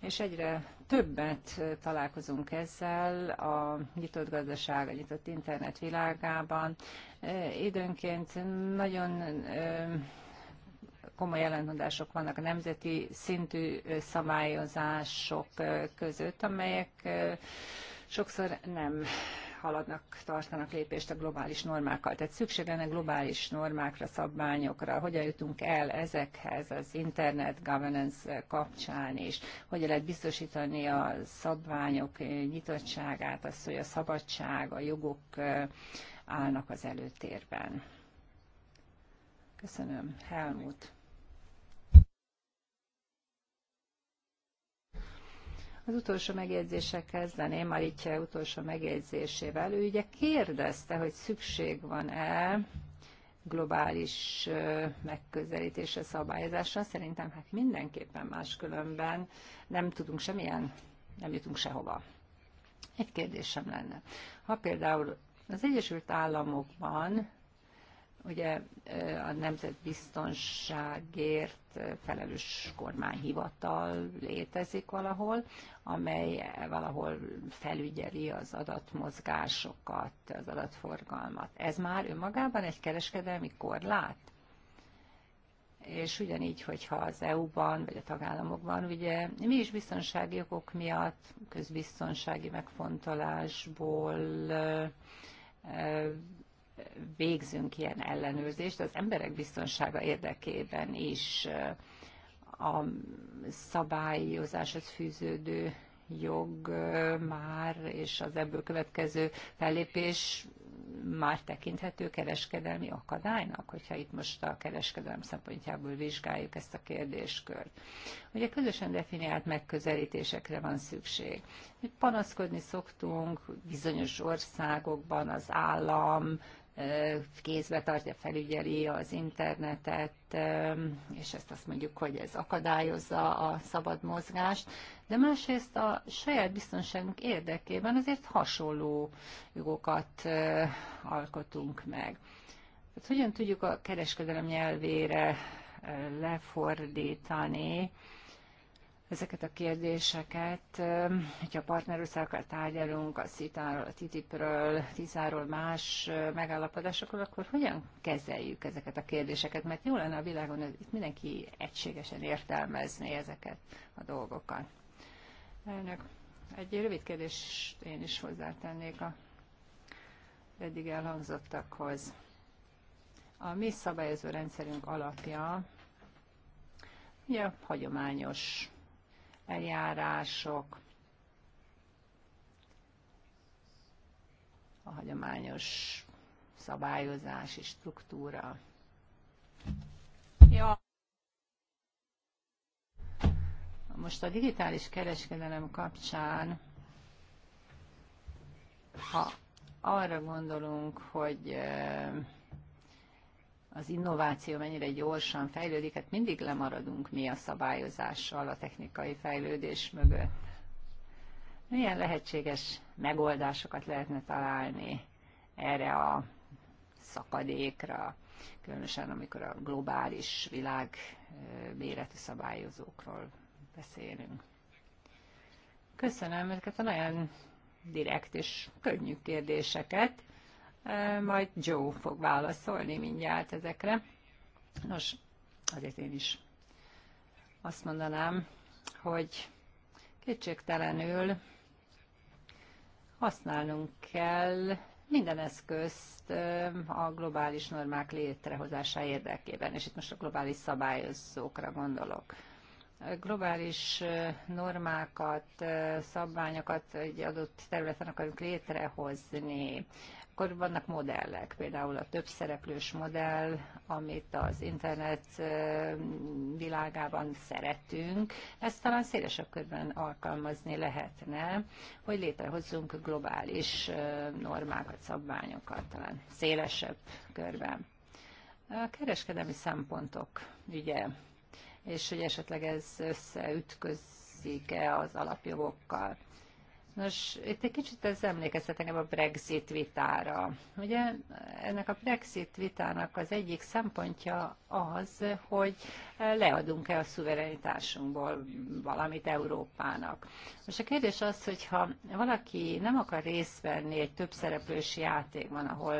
És egyre többet találkozunk ezzel a nyitott gazdaság, a nyitott internet világában. Időnként nagyon komoly ellentmondások vannak a nemzeti szintű szabályozások között, amelyek sokszor nem haladnak, tartanak lépést a globális normákkal. Tehát szükség lenne globális normákra, szabványokra, hogyan jutunk el ezekhez az internet governance kapcsán és hogyan lehet biztosítani a szabványok nyitottságát, azt, hogy a szabadság, a jogok állnak az előtérben. Köszönöm. Helmut. Az utolsó megjegyzések kezdeném, Maritja utolsó megjegyzésével. Ő ugye kérdezte, hogy szükség van-e globális megközelítésre, szabályozásra. Szerintem hát mindenképpen máskülönben nem tudunk semmilyen, nem jutunk sehova. Egy kérdésem lenne. Ha például az Egyesült Államokban ugye a nemzetbiztonságért felelős kormányhivatal létezik valahol, amely e, valahol felügyeli az adatmozgásokat, az adatforgalmat. Ez már önmagában egy kereskedelmi korlát? és ugyanígy, hogyha az EU-ban vagy a tagállamokban, ugye mi is biztonsági okok miatt, közbiztonsági megfontolásból végzünk ilyen ellenőrzést az emberek biztonsága érdekében is a szabályozáshoz fűződő jog már, és az ebből következő fellépés már tekinthető kereskedelmi akadálynak, hogyha itt most a kereskedelem szempontjából vizsgáljuk ezt a kérdéskört. Ugye közösen definiált megközelítésekre van szükség. Mi panaszkodni szoktunk bizonyos országokban az állam kézbe tartja, felügyeli az internetet, és ezt azt mondjuk, hogy ez akadályozza a szabad mozgást, de másrészt a saját biztonságunk érdekében azért hasonló jogokat alkotunk meg. Hát hogyan tudjuk a kereskedelem nyelvére lefordítani ezeket a kérdéseket, hogyha a partnerországokkal tárgyalunk, a cita a TTIP-ről, TISA-ról más megállapodásokról, akkor hogyan kezeljük ezeket a kérdéseket? Mert jó lenne a világon, hogy itt mindenki egységesen értelmezné ezeket a dolgokat. Elnök, egy rövid kérdést én is hozzátennék a eddig elhangzottakhoz. A mi szabályozó rendszerünk alapja ugye, hagyományos eljárások, a hagyományos szabályozási struktúra. Ja. Most a digitális kereskedelem kapcsán, ha arra gondolunk, hogy eh, az innováció mennyire gyorsan fejlődik, hát mindig lemaradunk mi a szabályozással a technikai fejlődés mögött. Milyen lehetséges megoldásokat lehetne találni erre a szakadékra, különösen amikor a globális világ méretű szabályozókról beszélünk. Köszönöm ezeket a nagyon direkt és könnyű kérdéseket majd Joe fog válaszolni mindjárt ezekre. Nos, azért én is azt mondanám, hogy kétségtelenül használnunk kell minden eszközt a globális normák létrehozása érdekében, és itt most a globális szabályozókra gondolok. A globális normákat, szabványokat egy adott területen akarunk létrehozni, akkor vannak modellek, például a többszereplős modell, amit az internet világában szeretünk. Ezt talán szélesebb körben alkalmazni lehetne, hogy létrehozzunk globális normákat, szabványokat, talán szélesebb körben. A kereskedelmi szempontok ügye, és hogy esetleg ez összeütközik-e az alapjogokkal. Nos, itt egy kicsit ez emlékeztet engem a Brexit vitára. Ugye ennek a Brexit vitának az egyik szempontja az, hogy leadunk-e a szuverenitásunkból valamit Európának. Most a kérdés az, hogy ha valaki nem akar részt venni egy több szereplős játékban, ahol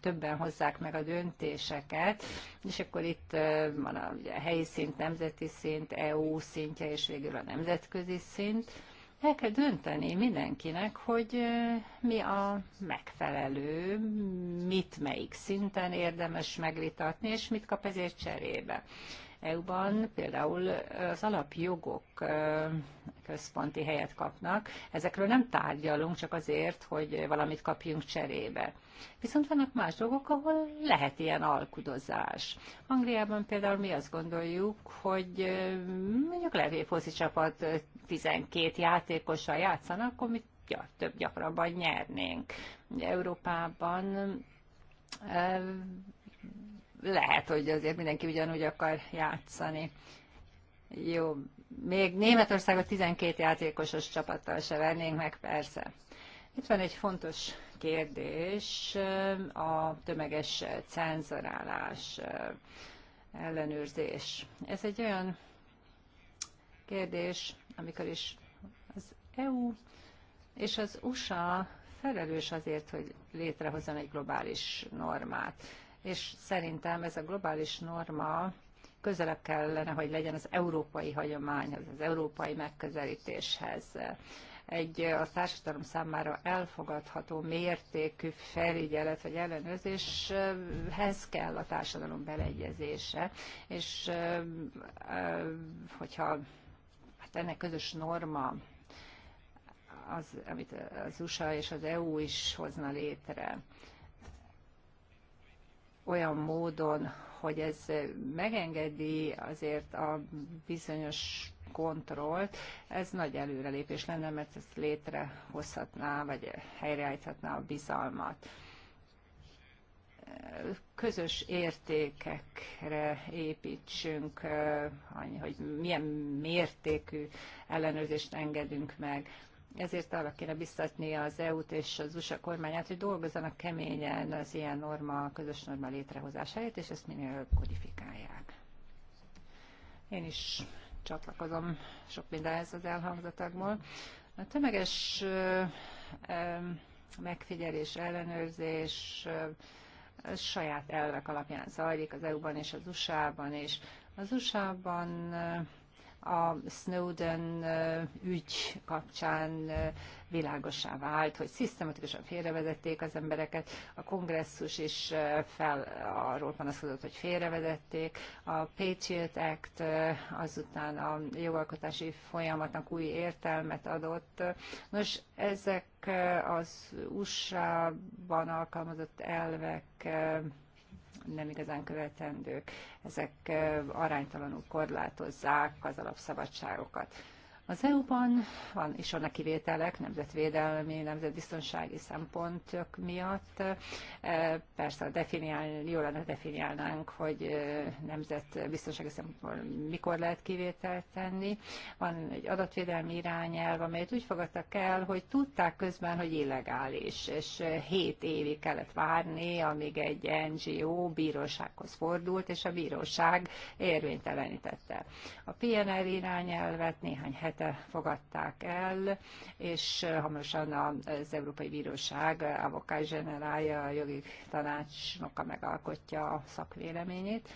többen hozzák meg a döntéseket, és akkor itt van a, ugye, a helyi szint, nemzeti szint, EU szintje, és végül a nemzetközi szint, el kell dönteni mindenkinek, hogy mi a megfelelő, mit melyik szinten érdemes megvitatni, és mit kap ezért cserébe. EU-ban például az alapjogok központi helyet kapnak. Ezekről nem tárgyalunk csak azért, hogy valamit kapjunk cserébe. Viszont vannak más dolgok, ahol lehet ilyen alkudozás. Angliában például mi azt gondoljuk, hogy mondjuk lehet, csapat 12 játékossal játszanak, akkor mi ja, több gyakrabban nyernénk. Európában lehet, hogy azért mindenki ugyanúgy akar játszani. Jó, még Németországot 12 játékosos csapattal se vennénk meg, persze. Itt van egy fontos kérdés, a tömeges cenzorálás, ellenőrzés. Ez egy olyan kérdés, amikor is az EU és az USA felelős azért, hogy létrehozzon egy globális normát és szerintem ez a globális norma közelebb kellene, hogy legyen az európai hagyományhoz, az európai megközelítéshez egy a társadalom számára elfogadható mértékű felügyelet vagy ellenőrzéshez kell a társadalom beleegyezése, és hogyha hát ennek közös norma az, amit az USA és az EU is hozna létre olyan módon, hogy ez megengedi azért a bizonyos kontrollt, ez nagy előrelépés lenne, mert ezt létrehozhatná, vagy helyreállíthatná a bizalmat. Közös értékekre építsünk, hogy milyen mértékű ellenőrzést engedünk meg. Ezért arra kéne biztatni az EU-t és az USA kormányát, hogy dolgozzanak keményen az ilyen norma, közös norma létrehozásáért, és ezt minél előbb kodifikálják. Én is csatlakozom sok mindenhez az elhangzatokból. A tömeges megfigyelés, ellenőrzés saját elvek alapján zajlik az EU-ban és az USA-ban, és az USA-ban a Snowden ügy kapcsán világosá vált, hogy szisztematikusan félrevezették az embereket, a kongresszus is fel, arról panaszkodott, hogy félrevezették, a Patriot Act azután a jogalkotási folyamatnak új értelmet adott. Nos, ezek az USA-ban alkalmazott elvek nem igazán követendők. Ezek aránytalanul korlátozzák az alapszabadságokat. Az EU-ban van is vannak kivételek, nemzetvédelmi, nemzetbiztonsági szempontok miatt. E, persze definiál, jól lenne definiálnánk, hogy e, nemzetbiztonsági szempontból mikor lehet kivételt tenni. Van egy adatvédelmi irányelv, amelyet úgy fogadtak el, hogy tudták közben, hogy illegális, és hét évig kellett várni, amíg egy NGO bírósághoz fordult, és a bíróság érvénytelenítette. A PNR irányelvet néhány het ítéletet fogadták el, és hamarosan az Európai Bíróság avokály Generálja, a jogi tanácsnoka megalkotja a szakvéleményét.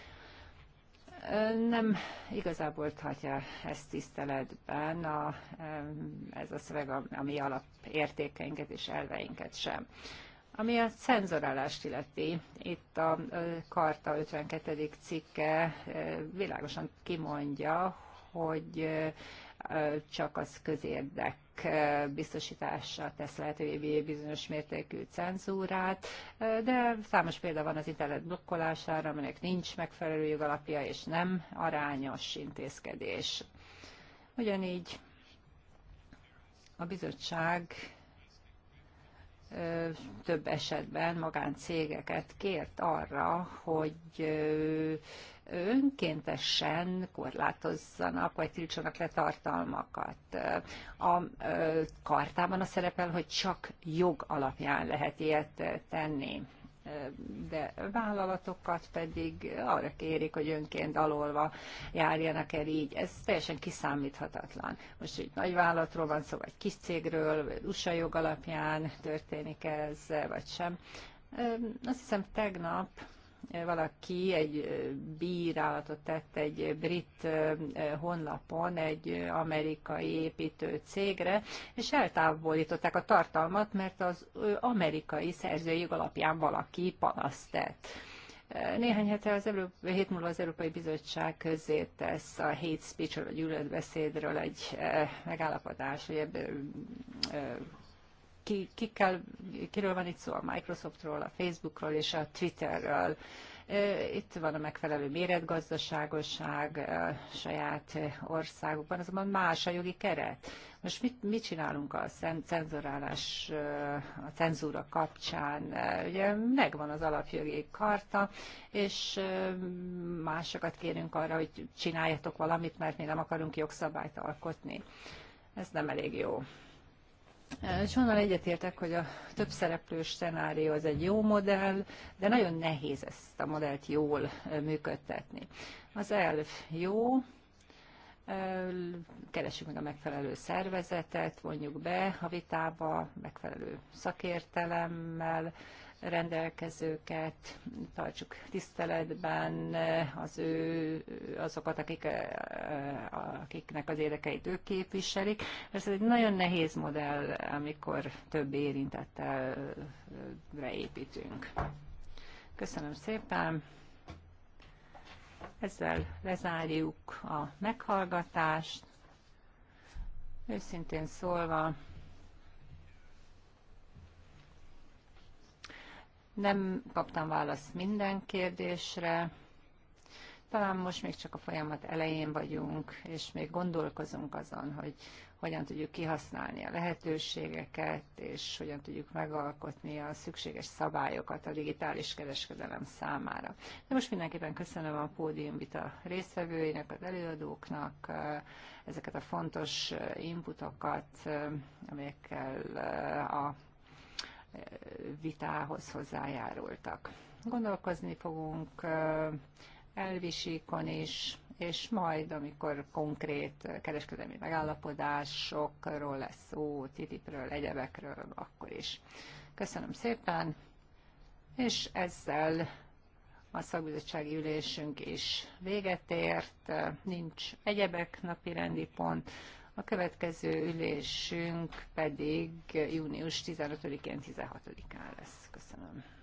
Nem igazából tartja ezt tiszteletben a, ez a szöveg, ami alap értékeinket és elveinket sem. Ami a cenzorálást illeti, itt a Karta 52. cikke világosan kimondja, hogy csak az közérdek biztosítása tesz lehetővé bizonyos mértékű cenzúrát, de számos példa van az internet blokkolására, aminek nincs megfelelő jogalapja és nem arányos intézkedés. Ugyanígy a bizottság több esetben magáncégeket kért arra, hogy önkéntesen korlátozzanak, vagy tiltsanak le tartalmakat. A kartában a szerepel, hogy csak jog alapján lehet ilyet tenni de vállalatokat pedig arra kérik, hogy önként alolva járjanak el így. Ez teljesen kiszámíthatatlan. Most egy nagy vállalatról van szó, vagy kis cégről, USA jog alapján történik ez, vagy sem. Azt hiszem tegnap valaki egy bírálatot tett egy brit honlapon egy amerikai építő cégre, és eltávolították a tartalmat, mert az amerikai szerzői alapján valaki panaszt tett. Néhány hete az Európai, hét múlva az Európai Bizottság közé tesz a hate speech-ről, a gyűlöletbeszédről egy megállapodás, hogy ebből ki, ki kell, kiről van itt szó, a Microsoftról, a Facebookról és a Twitterről. Itt van a megfelelő méretgazdaságosság a saját országokban, azonban más a jogi keret. Most mit, mit csinálunk a cenzorálás, a cenzúra kapcsán? Ugye megvan az alapjogi karta, és másokat kérünk arra, hogy csináljatok valamit, mert mi nem akarunk jogszabályt alkotni. Ez nem elég jó. Johnnal egyetértek, hogy a több szereplős szenárió az egy jó modell, de nagyon nehéz ezt a modellt jól működtetni. Az elf jó, keressük meg a megfelelő szervezetet, vonjuk be a vitába, megfelelő szakértelemmel, rendelkezőket, tartsuk tiszteletben az ő, azokat, akik, akiknek az érdekeit ők képviselik. Ez egy nagyon nehéz modell, amikor több érintettel beépítünk. Köszönöm szépen! Ezzel lezárjuk a meghallgatást. Őszintén szólva, Nem kaptam választ minden kérdésre. Talán most még csak a folyamat elején vagyunk, és még gondolkozunk azon, hogy hogyan tudjuk kihasználni a lehetőségeket, és hogyan tudjuk megalkotni a szükséges szabályokat a digitális kereskedelem számára. De most mindenképpen köszönöm a pódiumvita résztvevőinek, az előadóknak ezeket a fontos inputokat, amelyekkel a vitához hozzájárultak. Gondolkozni fogunk elvisíkon is, és majd, amikor konkrét kereskedelmi megállapodásokról lesz szó, TTIP-ről, egyebekről, akkor is. Köszönöm szépen, és ezzel a szakbizottsági ülésünk is véget ért, nincs egyebek napi rendi pont, a következő ülésünk pedig június 15-én,
16-án lesz. Köszönöm.